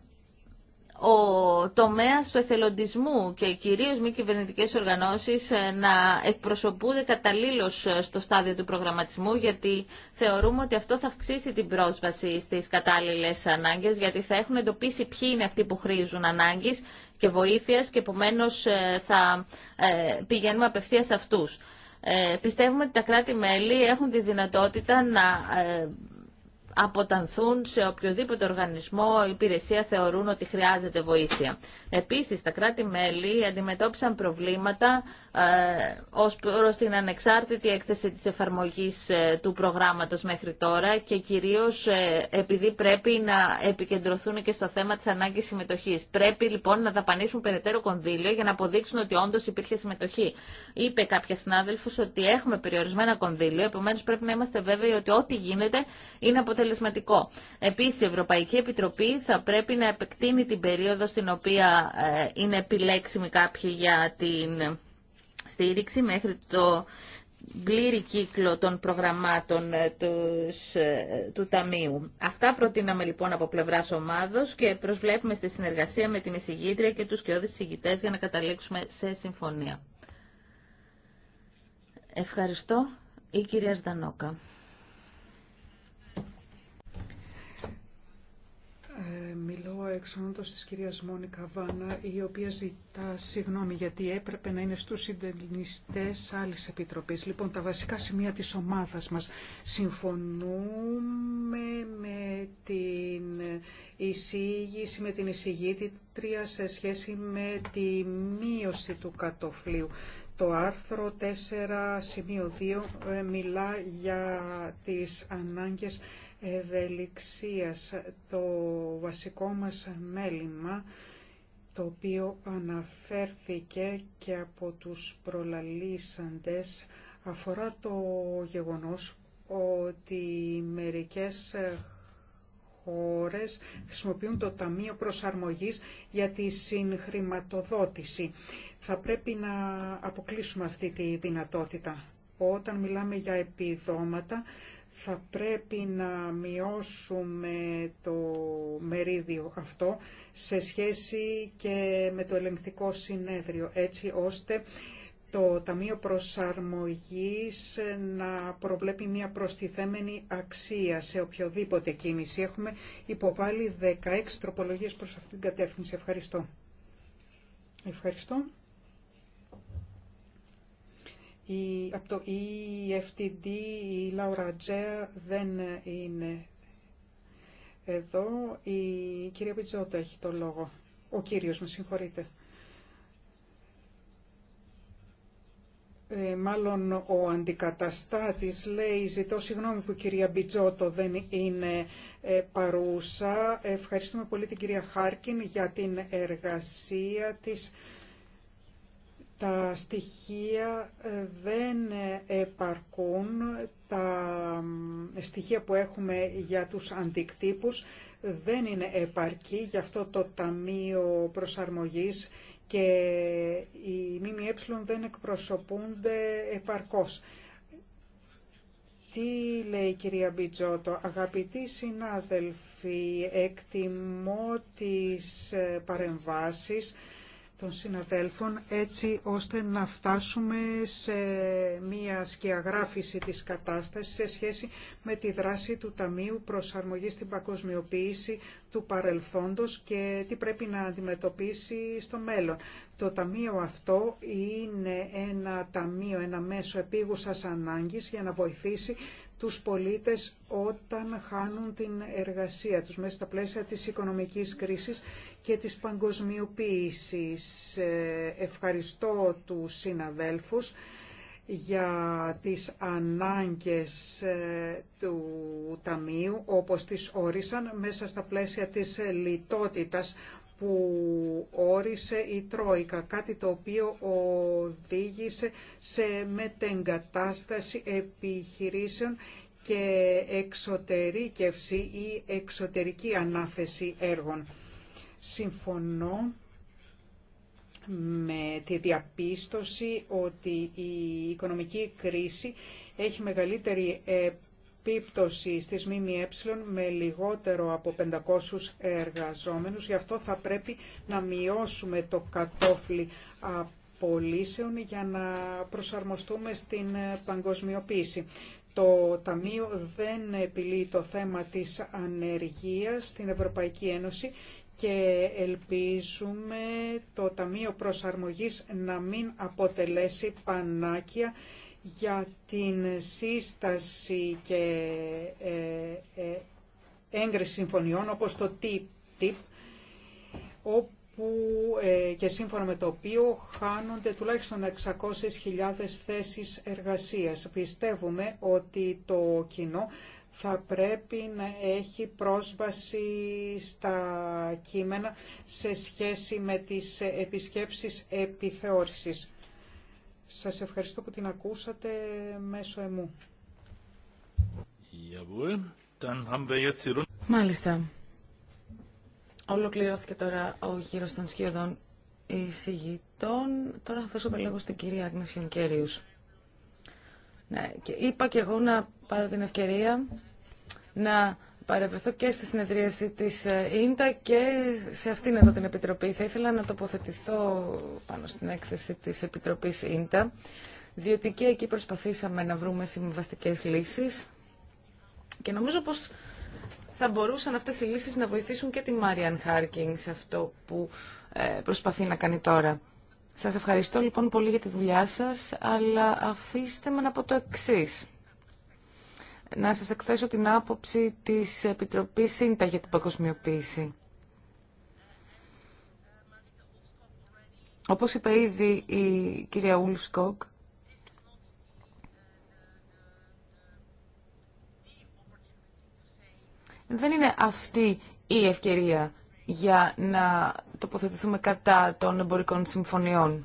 ο τομέας του εθελοντισμού και κυρίως μη κυβερνητικέ οργανώσεις ε, να εκπροσωπούνται καταλήλως στο στάδιο του προγραμματισμού γιατί θεωρούμε ότι αυτό θα αυξήσει την πρόσβαση στις κατάλληλες ανάγκες γιατί θα έχουν εντοπίσει ποιοι είναι αυτοί που χρήζουν ανάγκης και βοήθειας και επομένως ε, θα ε, πηγαίνουμε απευθείας σε αυτούς. Ε, πιστεύουμε ότι τα κράτη-μέλη έχουν τη δυνατότητα να αποτανθούν σε οποιοδήποτε οργανισμό ή υπηρεσία θεωρούν ότι χρειάζεται βοήθεια. Επίσης, τα κράτη-μέλη αντιμετώπισαν προβλήματα ε, ως προς την ανεξάρτητη έκθεση της εφαρμογής ε, του προγράμματος μέχρι τώρα και κυρίως ε, επειδή πρέπει να επικεντρωθούν και στο θέμα της ανάγκης συμμετοχής. Πρέπει λοιπόν να δαπανίσουν περαιτέρω κονδύλια για να αποδείξουν ότι όντως υπήρχε συμμετοχή. Είπε κάποια συνάδελφος ότι έχουμε περιορισμένα κονδύλια, επομένως πρέπει να είμαστε βέβαιοι ότι ό,τι γίνεται είναι αποτελεσματικό αποτελεσματικό. Επίσης, η Ευρωπαϊκή Επιτροπή θα πρέπει να επεκτείνει την περίοδο στην οποία ε, είναι επιλέξιμη κάποιοι για την στήριξη μέχρι το πλήρη κύκλο των προγραμμάτων ε, ε, του Ταμείου. Αυτά προτείναμε λοιπόν από πλευράς ομάδος και προσβλέπουμε στη συνεργασία με την εισηγήτρια και τους κοιόδης εισηγητές για να καταλήξουμε σε συμφωνία. Ευχαριστώ. Η κυρία Στανόκα. Ε, μιλώ εξ ονόντος της κυρίας Μόνικα Βάνα, η οποία ζητά συγγνώμη γιατί έπρεπε να είναι στους συντελνιστές άλλης επιτροπής. Λοιπόν, τα βασικά σημεία της ομάδας μας. Συμφωνούμε με την εισήγηση, με την εισηγήτητρια σε σχέση με τη μείωση του κατοφλίου. Το άρθρο 4 σημείο 2 ε, μιλά για τις ανάγκες ευελιξίας. Το βασικό μας μέλημα, το οποίο αναφέρθηκε και από τους προλαλήσαντες, αφορά το γεγονός ότι μερικές χώρες χρησιμοποιούν το Ταμείο Προσαρμογής για τη συγχρηματοδότηση. Θα πρέπει να αποκλείσουμε αυτή τη δυνατότητα. Όταν μιλάμε για επιδόματα, θα πρέπει να μειώσουμε το μερίδιο αυτό σε σχέση και με το ελεγκτικό συνέδριο, έτσι ώστε το Ταμείο Προσαρμογής να προβλέπει μια προστιθέμενη αξία σε οποιοδήποτε κίνηση. Έχουμε υποβάλει 16 τροπολογίες προς αυτήν την κατεύθυνση. Ευχαριστώ. Ευχαριστώ. Η, από το EFTD η Λαουρα Τζέα δεν είναι εδώ. Η κυρία Πιτζότα έχει το λόγο. Ο κύριος, με συγχωρείτε. Ε, μάλλον ο αντικαταστάτης λέει «Ζητώ συγγνώμη που η κυρία Μπιτζότο δεν είναι ε, παρούσα. Ευχαριστούμε πολύ την κυρία Χάρκιν για την εργασία της τα στοιχεία ε, δεν ε, επαρκούν, τα ε, στοιχεία που έχουμε για τους αντικτύπους δεν είναι επαρκή, για αυτό το Ταμείο Προσαρμογής και οι ΜΜΕ δεν εκπροσωπούνται επαρκώς. Τι λέει η κυρία Μπιτζότο, αγαπητοί συνάδελφοι, εκτιμώ τις παρεμβάσεις των συναδέλφων έτσι ώστε να φτάσουμε σε μία σκιαγράφηση της κατάστασης σε σχέση με τη δράση του Ταμείου προσαρμογή στην παγκοσμιοποίηση του παρελθόντος και τι πρέπει να αντιμετωπίσει στο μέλλον. Το Ταμείο αυτό είναι ένα ταμείο, ένα μέσο επίγουσας ανάγκης για να βοηθήσει τους πολίτες όταν χάνουν την εργασία τους μέσα στα πλαίσια της οικονομικής κρίσης και της παγκοσμιοποίησης. Ε, ευχαριστώ του συναδέλφους για τις ανάγκες ε, του Ταμείου, όπως τις όρισαν, μέσα στα πλαίσια της λιτότητας που όρισε η Τρόικα, κάτι το οποίο οδήγησε σε μετεγκατάσταση επιχειρήσεων και εξωτερήκευση ή εξωτερική ανάθεση έργων. Συμφωνώ με τη διαπίστωση ότι η οικονομική κρίση έχει μεγαλύτερη επίπτωση στις ΜΜΕ με λιγότερο από 500 εργαζόμενους, γι' αυτό θα πρέπει να μειώσουμε το κατόφλι απολύσεων για να προσαρμοστούμε στην παγκοσμιοποίηση. Το Ταμείο δεν επιλύει το θέμα της ανεργίας στην Ευρωπαϊκή Ένωση και ελπίζουμε το Ταμείο Προσαρμογής να μην αποτελέσει πανάκια για την σύσταση και ε, ε, έγκριση συμφωνιών όπως το TIP, όπου ε, και σύμφωνα με το οποίο χάνονται τουλάχιστον 600.000 θέσεις εργασίας. Πιστεύουμε ότι το κοινό θα πρέπει να έχει πρόσβαση στα κείμενα σε σχέση με τις επισκέψεις επιθεώρησης. Σας ευχαριστώ που την ακούσατε μέσω εμού. Μάλιστα. Ολοκληρώθηκε τώρα ο γύρος των σχεδόν εισηγητών. Τώρα θα θέσω το λόγο στην κυρία Άγνες Ιονκέριους. Ναι, και είπα και εγώ να πάρω την ευκαιρία να παρευρεθώ και στη συνεδρίαση της ε, ΙΝΤΑ και σε αυτήν εδώ την Επιτροπή. Θα ήθελα να τοποθετηθώ πάνω στην έκθεση της Επιτροπής ΙΝΤΑ, διότι και εκεί προσπαθήσαμε να βρούμε συμβαστικές λύσεις και νομίζω πως θα μπορούσαν αυτές οι λύσεις να βοηθήσουν και τη Μάριαν Χάρκινγκ σε αυτό που ε, προσπαθεί να κάνει τώρα. Σας ευχαριστώ λοιπόν πολύ για τη δουλειά σας, αλλά αφήστε με να πω το εξής να σας εκθέσω την άποψη της Επιτροπής ΣΥΝΤΑ για την παγκοσμιοποίηση. Όπως είπε ήδη η κυρία Ουλσκοκ, δεν είναι αυτή η ευκαιρία για να τοποθετηθούμε κατά των εμπορικών συμφωνιών.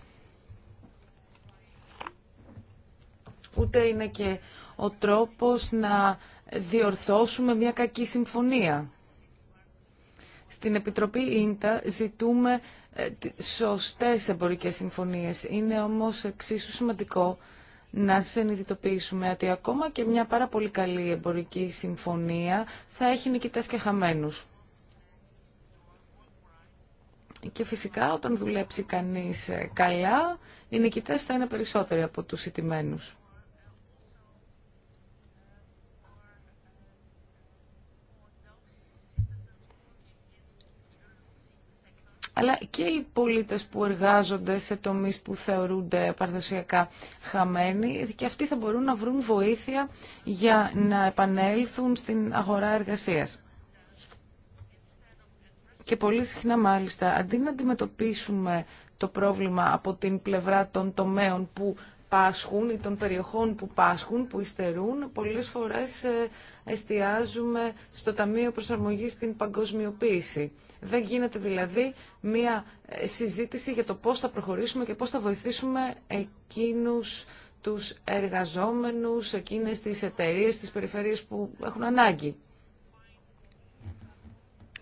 Ούτε είναι και ο τρόπος να διορθώσουμε μια κακή συμφωνία. Στην Επιτροπή Ίντα ζητούμε ε, σωστές εμπορικές συμφωνίες. Είναι όμως εξίσου σημαντικό να συνειδητοποιήσουμε ότι ακόμα και μια πάρα πολύ καλή εμπορική συμφωνία θα έχει νικητές και χαμένους. Και φυσικά όταν δουλέψει κανείς ε, καλά, οι νικητές θα είναι περισσότεροι από τους ιτημένους. αλλά και οι πολίτες που εργάζονται σε τομείς που θεωρούνται παραδοσιακά χαμένοι και αυτοί θα μπορούν να βρουν βοήθεια για να επανέλθουν στην αγορά εργασίας. Και πολύ συχνά μάλιστα, αντί να αντιμετωπίσουμε το πρόβλημα από την πλευρά των τομέων που πάσχουν ή των περιοχών που πάσχουν, που υστερούν, πολλές φορές ε, εστιάζουμε στο Ταμείο Προσαρμογής στην Παγκοσμιοποίηση. Δεν γίνεται δηλαδή μία ε, συζήτηση για το πώς θα προχωρήσουμε και πώς θα βοηθήσουμε εκείνους τους εργαζόμενους, εκείνες τις εταιρείες, τις περιφερειές που έχουν ανάγκη.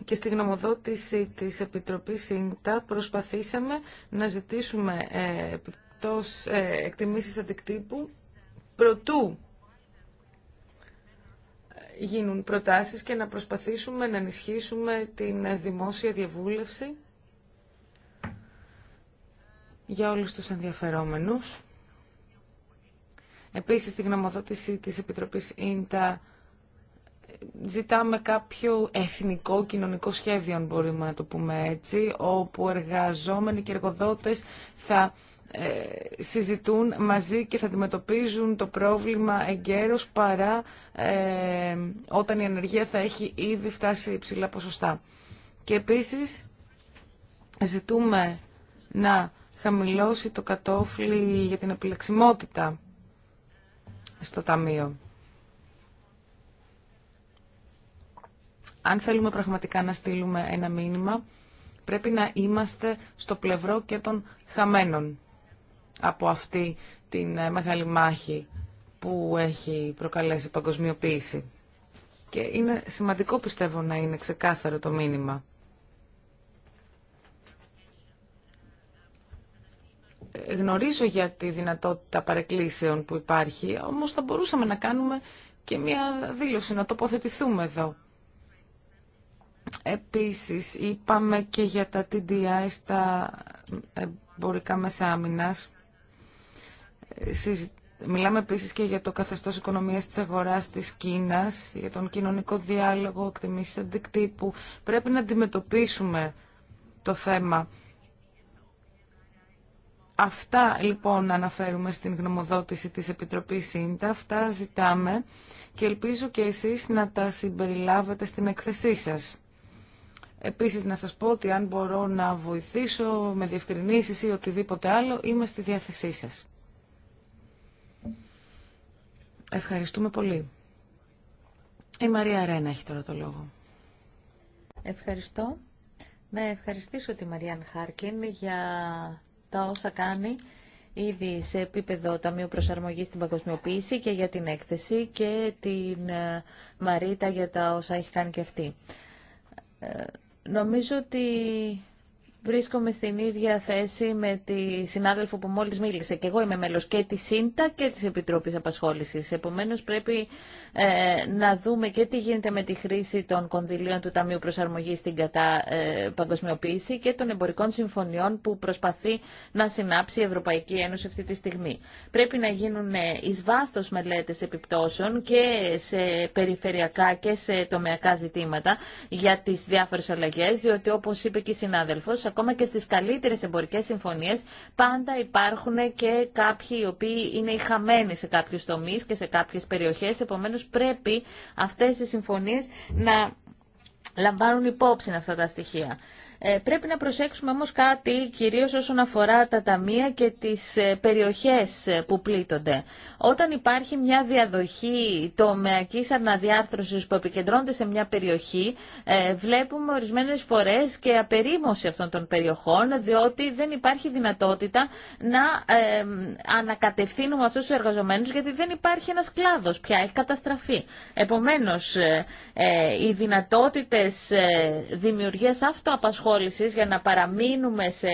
Και στη γνωμοδότηση της Επιτροπής ΣΥΝΤΑ προσπαθήσαμε να ζητήσουμε ε, εκτός, ε, εκτιμήσεις αντικτύπου προτού γίνουν προτάσεις και να προσπαθήσουμε να ενισχύσουμε την δημόσια διαβούλευση για όλους τους ενδιαφερόμενους. Επίσης, στη γνωμοδότηση της Επιτροπής ΙΝΤΑ ζητάμε κάποιο εθνικό κοινωνικό σχέδιο, αν μπορούμε να το πούμε έτσι, όπου εργαζόμενοι και εργοδότες θα ε, συζητούν μαζί και θα αντιμετωπίζουν το πρόβλημα εγκαίρως παρά ε, όταν η ανεργία θα έχει ήδη φτάσει υψηλά ποσοστά. Και επίσης ζητούμε να χαμηλώσει το κατόφλι για την επιλεξιμότητα στο Ταμείο. Αν θέλουμε πραγματικά να στείλουμε ένα μήνυμα, πρέπει να είμαστε στο πλευρό και των χαμένων από αυτή την ε, μεγάλη μάχη που έχει προκαλέσει η παγκοσμιοποίηση. Και είναι σημαντικό πιστεύω να είναι ξεκάθαρο το μήνυμα. Γνωρίζω για τη δυνατότητα παρεκκλήσεων που υπάρχει, όμως θα μπορούσαμε να κάνουμε και μία δήλωση, να τοποθετηθούμε εδώ. Επίσης, είπαμε και για τα TDI στα εμπορικά μέσα άμυνας. Μιλάμε επίσης και για το καθεστώς οικονομίας της αγοράς της Κίνας, για τον κοινωνικό διάλογο, εκτιμήσεις αντικτύπου. Πρέπει να αντιμετωπίσουμε το θέμα. Αυτά λοιπόν αναφέρουμε στην γνωμοδότηση της Επιτροπής ΣΥΝΤΑ, αυτά ζητάμε και ελπίζω και εσείς να τα συμπεριλάβετε στην εκθεσή σας. Επίσης να σας πω ότι αν μπορώ να βοηθήσω με διευκρινήσεις ή οτιδήποτε άλλο, είμαι στη διάθεσή σας. Ευχαριστούμε πολύ. Η Μαρία Ρένα έχει τώρα το λόγο. Ευχαριστώ. Να ευχαριστήσω τη Μαριάν Χάρκιν για τα όσα κάνει ήδη σε επίπεδο Ταμείου Προσαρμογής στην Παγκοσμιοποίηση και για την έκθεση και την ε, Μαρίτα για τα όσα έχει κάνει και αυτή. Ε, νομίζω ότι βρίσκομαι στην ίδια θέση με τη συνάδελφο που μόλις μίλησε. Και εγώ είμαι μέλος και της ΣΥΝΤΑ και της Επιτροπής Απασχόλησης. Επομένως πρέπει ε, να δούμε και τι γίνεται με τη χρήση των κονδυλίων του Ταμείου Προσαρμογής στην κατά ε, παγκοσμιοποίηση και των εμπορικών συμφωνιών που προσπαθεί να συνάψει η Ευρωπαϊκή Ένωση αυτή τη στιγμή. Πρέπει να γίνουν ε, εις βάθος μελέτες επιπτώσεων και σε περιφερειακά και σε τομεακά ζητήματα για τις διάφορες αλλαγές, διότι όπως είπε και η συνάδελφος, ακόμα και στις καλύτερες εμπορικές συμφωνίες, πάντα υπάρχουν και κάποιοι οι οποίοι είναι οι σε κάποιους τομείς και σε κάποιες περιοχές, επομένως πρέπει αυτές οι συμφωνίες να λαμβάνουν υπόψη αυτά τα στοιχεία. Ε, πρέπει να προσέξουμε όμως κάτι κυρίως όσον αφορά τα ταμεία και τις ε, περιοχές ε, που πλήττονται. Όταν υπάρχει μια διαδοχή τομεακής αναδιάρθρωσης που επικεντρώνεται σε μια περιοχή, βλέπουμε ορισμένες φορές και απερίμωση αυτών των περιοχών, διότι δεν υπάρχει δυνατότητα να ανακατευθύνουμε αυτούς τους εργαζομένους, γιατί δεν υπάρχει ένας κλάδος πια, έχει καταστραφεί. Επομένως, οι δυνατότητες δημιουργίας αυτοαπασχόλησης για να παραμείνουμε σε,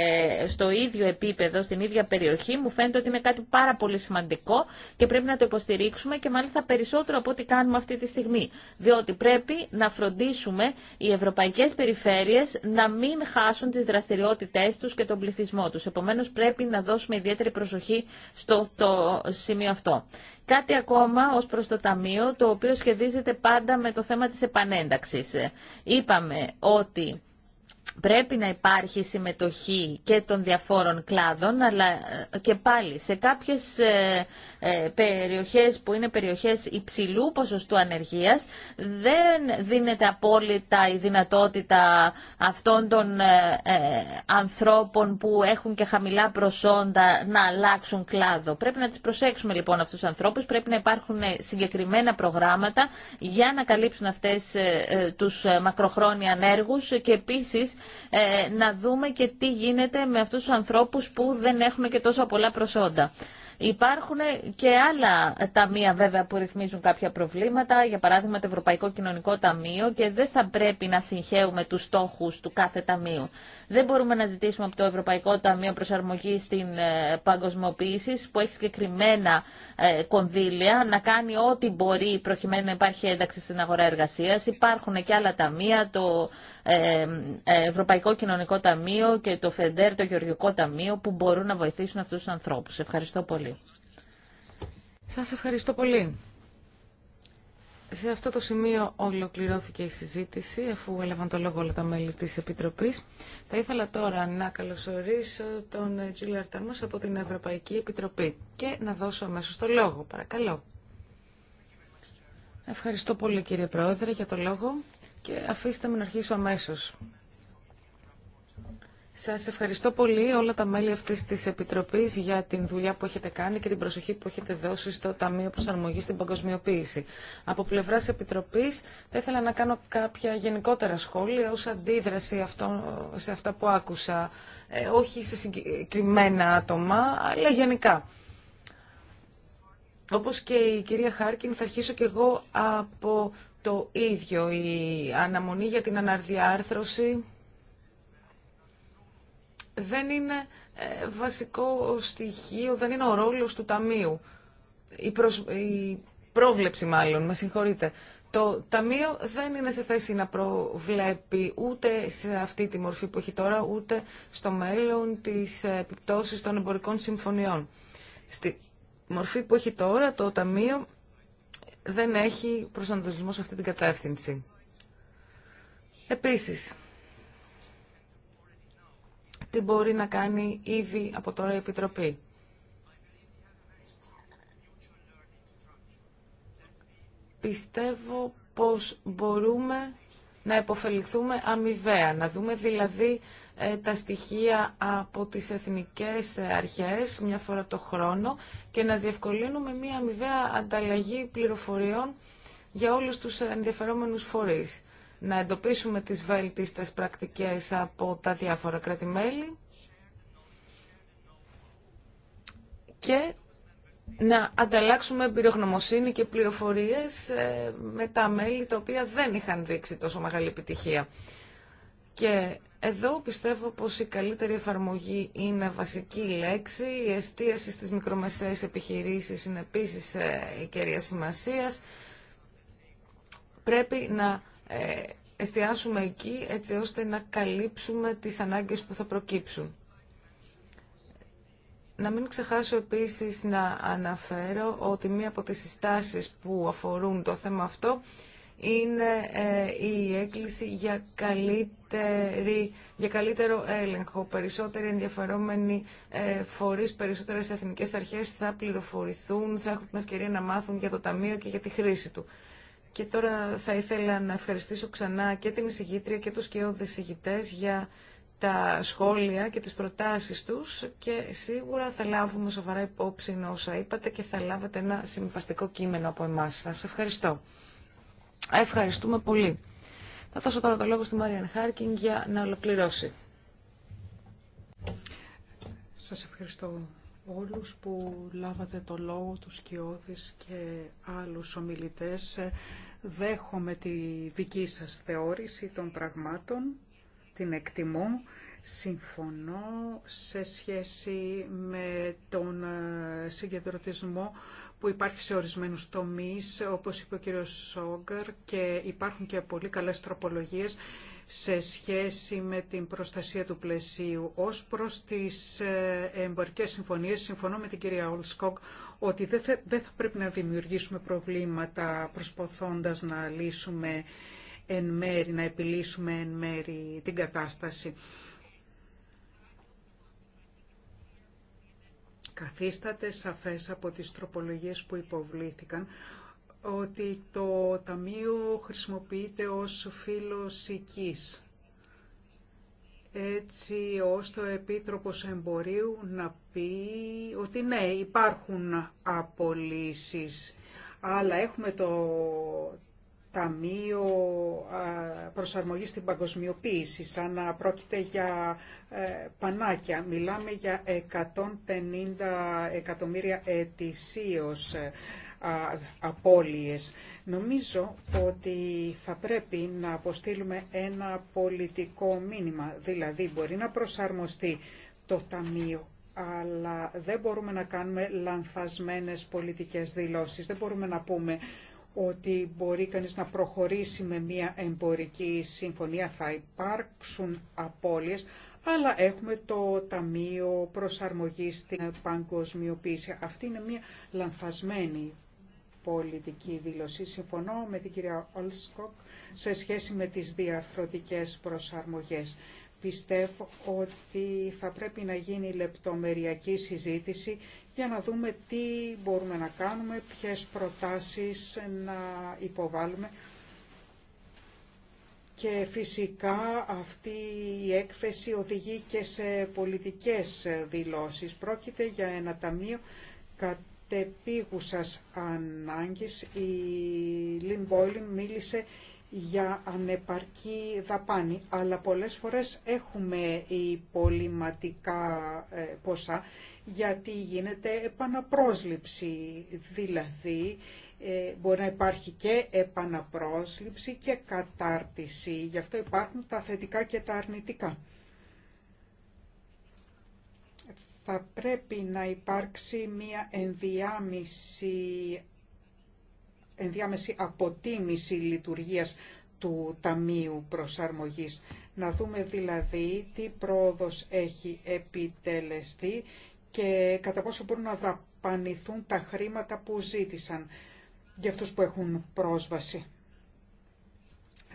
στο ίδιο επίπεδο, στην ίδια περιοχή, μου φαίνεται ότι είναι κάτι πάρα πολύ σημαντικό και πρέπει να το υποστηρίξουμε και μάλιστα περισσότερο από ό,τι κάνουμε αυτή τη στιγμή. Διότι πρέπει να φροντίσουμε οι ευρωπαϊκές περιφέρειες να μην χάσουν τις δραστηριότητές τους και τον πληθυσμό τους. Επομένως πρέπει να δώσουμε ιδιαίτερη προσοχή στο το σημείο αυτό. Κάτι ακόμα ως προς το Ταμείο, το οποίο σχεδίζεται πάντα με το θέμα της επανένταξης. Είπαμε ότι Πρέπει να υπάρχει συμμετοχή και των διαφόρων κλάδων, αλλά ε, και πάλι σε κάποιες ε, ε, περιοχές που είναι περιοχές υψηλού ποσοστού ανεργίας δεν δίνεται απόλυτα η δυνατότητα αυτών των ε, ε, ανθρώπων που έχουν και χαμηλά προσόντα να αλλάξουν κλάδο. Πρέπει να τις προσέξουμε λοιπόν αυτούς τους ανθρώπους, πρέπει να υπάρχουν συγκεκριμένα προγράμματα για να καλύψουν αυτές τους μακροχρόνια ανέργους και επίσης να δούμε και τι γίνεται με αυτούς τους ανθρώπους που δεν έχουν και τόσο πολλά προσόντα. Υπάρχουν και άλλα ταμεία βέβαια που ρυθμίζουν κάποια προβλήματα, για παράδειγμα το Ευρωπαϊκό Κοινωνικό Ταμείο και δεν θα πρέπει να συγχαίουμε τους στόχους του κάθε ταμείου. Δεν μπορούμε να ζητήσουμε από το Ευρωπαϊκό Ταμείο Προσαρμογή στην ε, Παγκοσμιοποίηση, που έχει συγκεκριμένα ε, κονδύλια, να κάνει ό,τι μπορεί προκειμένου να υπάρχει ένταξη στην αγορά εργασία. Υπάρχουν και άλλα ταμεία, το ε, Ευρωπαϊκό Κοινωνικό Ταμείο και το ΦΕΝΤΕΡ, το Γεωργικό Ταμείο, που μπορούν να βοηθήσουν αυτού του ανθρώπου. Ευχαριστώ πολύ. Σας ευχαριστώ πολύ. Σε αυτό το σημείο ολοκληρώθηκε η συζήτηση, αφού έλαβαν το λόγο όλα τα μέλη της Επιτροπής. Θα ήθελα τώρα να καλωσορίσω τον Τζίλ από την Ευρωπαϊκή Επιτροπή και να δώσω αμέσως το λόγο. Παρακαλώ. Ευχαριστώ πολύ κύριε Πρόεδρε για το λόγο και αφήστε με να αρχίσω αμέσως. Σας ευχαριστώ πολύ όλα τα μέλη αυτής της Επιτροπής για την δουλειά που έχετε κάνει και την προσοχή που έχετε δώσει στο Ταμείο Προσαρμογής στην Παγκοσμιοποίηση. Από πλευράς Επιτροπής θα ήθελα να κάνω κάποια γενικότερα σχόλια ως αντίδραση αυτό, σε αυτά που άκουσα, ε, όχι σε συγκεκριμένα άτομα, αλλά γενικά. Όπως και η κυρία Χάρκιν, θα αρχίσω και εγώ από το ίδιο, η αναμονή για την αναρδιάρθρωση δεν είναι ε, βασικό στοιχείο, δεν είναι ο ρόλος του Ταμείου. Η, προσ... η πρόβλεψη μάλλον, με συγχωρείτε. Το Ταμείο δεν είναι σε θέση να προβλέπει ούτε σε αυτή τη μορφή που έχει τώρα, ούτε στο μέλλον της επιπτώσεις των εμπορικών συμφωνιών. Στη μορφή που έχει τώρα, το Ταμείο δεν έχει προσανατολισμό σε αυτή την κατεύθυνση. Επίσης, τι μπορεί να κάνει ήδη από τώρα η Επιτροπή. Πιστεύω πως μπορούμε να επωφεληθούμε αμοιβαία, να δούμε δηλαδή ε, τα στοιχεία από τις εθνικές ε, αρχές μια φορά το χρόνο και να διευκολύνουμε μια αμοιβαία ανταλλαγή πληροφοριών για όλους τους ε, ενδιαφερόμενους φορείς να εντοπίσουμε τις βέλτιστες πρακτικές από τα διάφορα κράτη-μέλη και να ανταλλάξουμε εμπειρογνωμοσύνη και πληροφορίες ε, με τα μέλη τα οποία δεν είχαν δείξει τόσο μεγάλη επιτυχία. Και εδώ πιστεύω πως η καλύτερη εφαρμογή είναι βασική λέξη. Η εστίαση στις μικρομεσαίες επιχειρήσεις είναι επίσης ε, η κερία σημασίας. Πρέπει να ε, εστιάσουμε εκεί έτσι ώστε να καλύψουμε τις ανάγκες που θα προκύψουν. Να μην ξεχάσω επίσης να αναφέρω ότι μία από τις συστάσεις που αφορούν το θέμα αυτό είναι ε, η έκκληση για, καλύτερη, για καλύτερο έλεγχο. Περισσότεροι ενδιαφερόμενοι ε, φορείς, περισσότερες εθνικές αρχές θα πληροφορηθούν, θα έχουν την ευκαιρία να μάθουν για το Ταμείο και για τη χρήση του. Και τώρα θα ήθελα να ευχαριστήσω ξανά και την εισηγήτρια και τους και οδησηγητές για τα σχόλια και τις προτάσεις τους και σίγουρα θα λάβουμε σοβαρά υπόψη όσα είπατε και θα λάβετε ένα συμφαστικό κείμενο από εμάς. Σας ευχαριστώ. Ευχαριστούμε πολύ. Θα δώσω τώρα το λόγο στη Μαριαν Χάρκινγκ για να ολοκληρώσει. Σας ευχαριστώ όλους που λάβατε το λόγο, τους Σκιώδης και άλλους ομιλητές. Ε, δέχομαι τη δική σας θεώρηση των πραγμάτων, την εκτιμώ. Συμφωνώ σε σχέση με τον ε, συγκεντρωτισμό που υπάρχει σε ορισμένους τομείς, όπως είπε ο κύριος Σόγκαρ, και υπάρχουν και πολύ καλές τροπολογίες σε σχέση με την προστασία του πλαισίου. Ως προς τις ε, εμπορικές συμφωνίες, συμφωνώ με την κυρία Ολσκοκ ότι δεν θα, πρέπει να δημιουργήσουμε προβλήματα προσπαθώντας να λύσουμε εν μέρη, να επιλύσουμε εν μέρη την κατάσταση. Καθίσταται σαφές από τις τροπολογίες που υποβλήθηκαν ότι το Ταμείο χρησιμοποιείται ως φίλος οικής, έτσι ώστε ο Επίτροπος Εμπορίου να πει ότι ναι, υπάρχουν απολύσεις, αλλά έχουμε το Ταμείο Προσαρμογής στην Παγκοσμιοποίηση, σαν να πρόκειται για ε, πανάκια. Μιλάμε για 150 εκατομμύρια ετησίως απώλειες. Νομίζω ότι θα πρέπει να αποστείλουμε ένα πολιτικό μήνυμα, δηλαδή μπορεί να προσαρμοστεί το Ταμείο αλλά δεν μπορούμε να κάνουμε λανθασμένες πολιτικές δηλώσεις. Δεν μπορούμε να πούμε ότι μπορεί κανείς να προχωρήσει με μια εμπορική συμφωνία, θα υπάρξουν απώλειες, αλλά έχουμε το Ταμείο Προσαρμογής στην Παγκοσμιοποίηση. Αυτή είναι μια λανθασμένη πολιτική δήλωση. Συμφωνώ με την κυρία Ολσκοκ σε σχέση με τις διαρθρωτικές προσαρμογές. Πιστεύω ότι θα πρέπει να γίνει λεπτομεριακή συζήτηση για να δούμε τι μπορούμε να κάνουμε, ποιες προτάσεις να υποβάλουμε. Και φυσικά αυτή η έκθεση οδηγεί και σε πολιτικές δηλώσεις. Πρόκειται για ένα ταμείο Τεπίγουσας ανάγκης. Η Λιν μίλησε για ανεπαρκή δαπάνη, αλλά πολλές φορές έχουμε υπολοιματικά ε, ποσά, γιατί γίνεται επαναπρόσληψη, δηλαδή ε, μπορεί να υπάρχει και επαναπρόσληψη και κατάρτιση, γι' αυτό υπάρχουν τα θετικά και τα αρνητικά. θα πρέπει να υπάρξει μία ενδιάμεση, ενδιάμεση αποτίμηση λειτουργίας του Ταμείου Προσαρμογής. Να δούμε δηλαδή τι πρόοδος έχει επιτελεστεί και κατά πόσο μπορούν να δαπανηθούν τα χρήματα που ζήτησαν για αυτούς που έχουν πρόσβαση.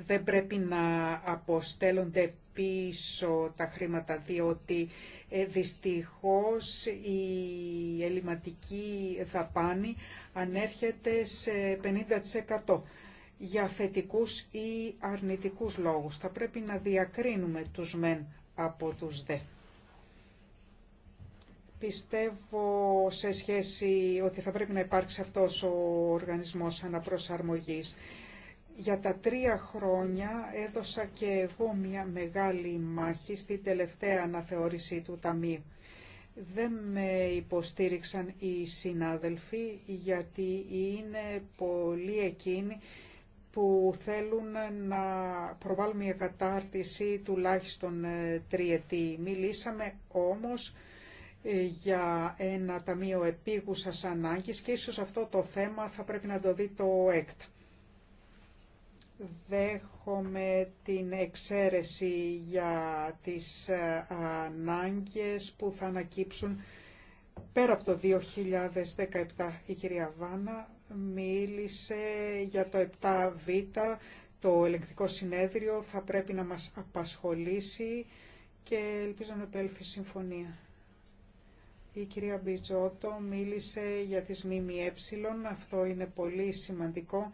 Δεν πρέπει να αποστέλλονται πίσω τα χρήματα, διότι ε, δυστυχώς η ελληματική δαπάνη ανέρχεται σε 50% για θετικούς ή αρνητικούς λόγους. Θα πρέπει να διακρίνουμε τους μεν από τους δε. Πιστεύω σε σχέση ότι θα πρέπει να υπάρξει αυτός ο οργανισμός αναπροσαρμογής για τα τρία χρόνια έδωσα και εγώ μια μεγάλη μάχη στη τελευταία αναθεώρηση του Ταμείου. Δεν με υποστήριξαν οι συνάδελφοι γιατί είναι πολλοί εκείνοι που θέλουν να προβάλλουν μια κατάρτιση τουλάχιστον ε, τριετή. Μιλήσαμε όμως ε, για ένα ταμείο επίγουσας ανάγκης και ίσως αυτό το θέμα θα πρέπει να το δει το ΕΚΤΑ δέχομαι την εξαίρεση για τις ε, ανάγκες που θα ανακύψουν πέρα από το 2017. Η κυρία Βάνα μίλησε για το 7β, το ελεγκτικό συνέδριο θα πρέπει να μας απασχολήσει και ελπίζω να επέλθει συμφωνία. Η κυρία Μπιτζότο μίλησε για τις ΜΜΕ, αυτό είναι πολύ σημαντικό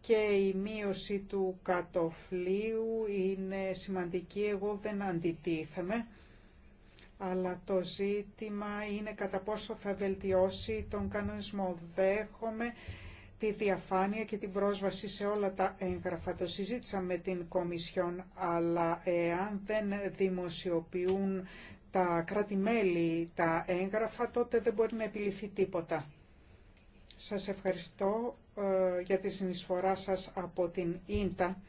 και η μείωση του κατοφλίου είναι σημαντική. Εγώ δεν αντιτίθεμαι, αλλά το ζήτημα είναι κατά πόσο θα βελτιώσει τον κανονισμό. Δέχομαι τη διαφάνεια και την πρόσβαση σε όλα τα έγγραφα. Το συζήτησα με την Κομισιόν, αλλά εάν δεν δημοσιοποιούν τα κράτη-μέλη τα έγγραφα, τότε δεν μπορεί να επιληθεί τίποτα. Σας ευχαριστώ ε, για τη συνεισφορά σας από την ίντα.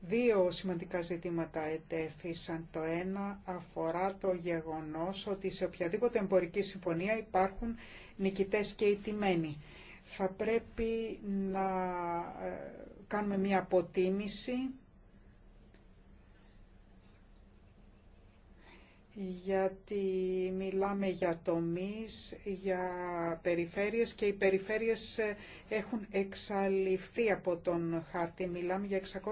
Δύο σημαντικά ζητήματα ετέθησαν. Το ένα αφορά το γεγονός ότι σε οποιαδήποτε εμπορική συμφωνία υπάρχουν νικητές και ηττημένοι. Θα πρέπει να ε, κάνουμε μια αποτίμηση γιατί μιλάμε για τομείς, για περιφέρειες και οι περιφέρειες ε, έχουν εξαλειφθεί από τον χάρτη. Μιλάμε για 600.000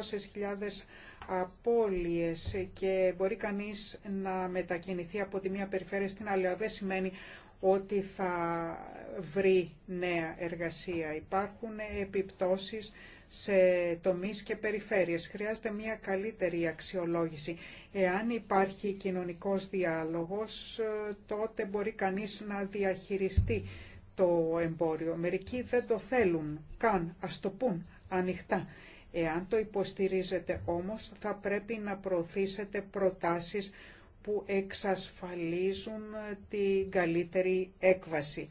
απώλειες και μπορεί κανείς να μετακινηθεί από τη μία περιφέρεια στην άλλη. Δεν σημαίνει ότι θα βρει νέα εργασία. Υπάρχουν επιπτώσεις σε τομείς και περιφέρειες. Χρειάζεται μια καλύτερη αξιολόγηση. Εάν υπάρχει κοινωνικός διάλογος, ε, τότε μπορεί κανείς να διαχειριστεί το εμπόριο. Μερικοί δεν το θέλουν καν, ας το πούν ανοιχτά. Εάν το υποστηρίζετε όμως, θα πρέπει να προωθήσετε προτάσεις που εξασφαλίζουν ε, την καλύτερη έκβαση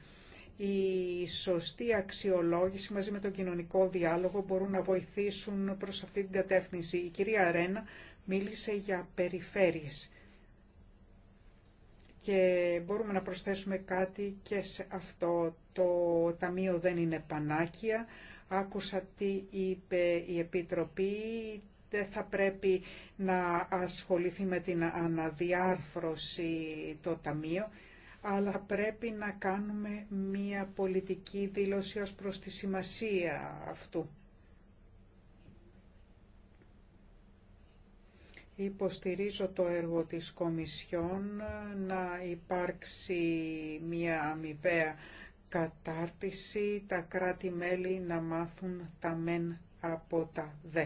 η σωστή αξιολόγηση μαζί με τον κοινωνικό διάλογο μπορούν να βοηθήσουν προς αυτή την κατεύθυνση. Η κυρία Ρένα μίλησε για περιφέρειες και μπορούμε να προσθέσουμε κάτι και σε αυτό. Το Ταμείο δεν είναι πανάκια. Άκουσα τι είπε η Επιτροπή. Δεν θα πρέπει να ασχοληθεί με την αναδιάρθρωση το Ταμείο αλλά πρέπει να κάνουμε μία πολιτική δήλωση ως προς τη σημασία αυτού. Υποστηρίζω το έργο της Κομισιόν να υπάρξει μία αμοιβαία κατάρτιση, τα κράτη-μέλη να μάθουν τα μεν από τα δε.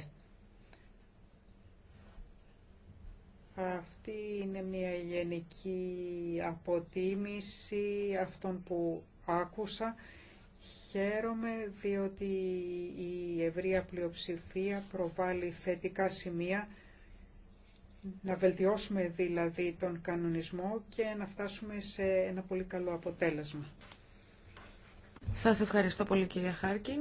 Αυτή είναι μια γενική αποτίμηση αυτών που άκουσα. Χαίρομαι διότι η ευρεία πλειοψηφία προβάλλει θετικά σημεία να βελτιώσουμε δηλαδή τον κανονισμό και να φτάσουμε σε ένα πολύ καλό αποτέλεσμα. Σας ευχαριστώ πολύ κυρία Χάρκιν.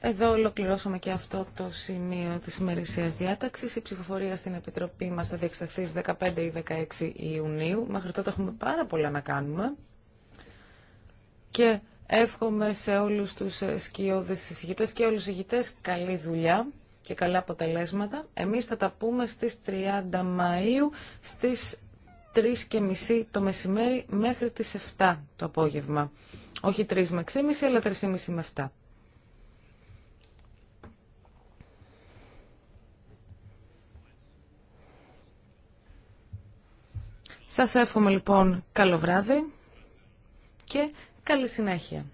Εδώ ολοκληρώσαμε και αυτό το σημείο της ημερησίας διάταξης. Η ψηφοφορία στην Επιτροπή μας θα διεξαχθεί στις 15 ή 16 Ιουνίου. Μέχρι τότε έχουμε πάρα πολλά να κάνουμε. Και εύχομαι σε όλους τους σκιώδες συζητητές και όλους τους καλή δουλειά και καλά αποτελέσματα. Εμείς θα τα πούμε στις 30 Μαΐου στις 3.30 το μεσημέρι μέχρι τις 7 το απόγευμα. Όχι 3 με 6.30 αλλά 3,5 με 7. Σας εύχομαι λοιπόν καλό βράδυ και καλή συνέχεια.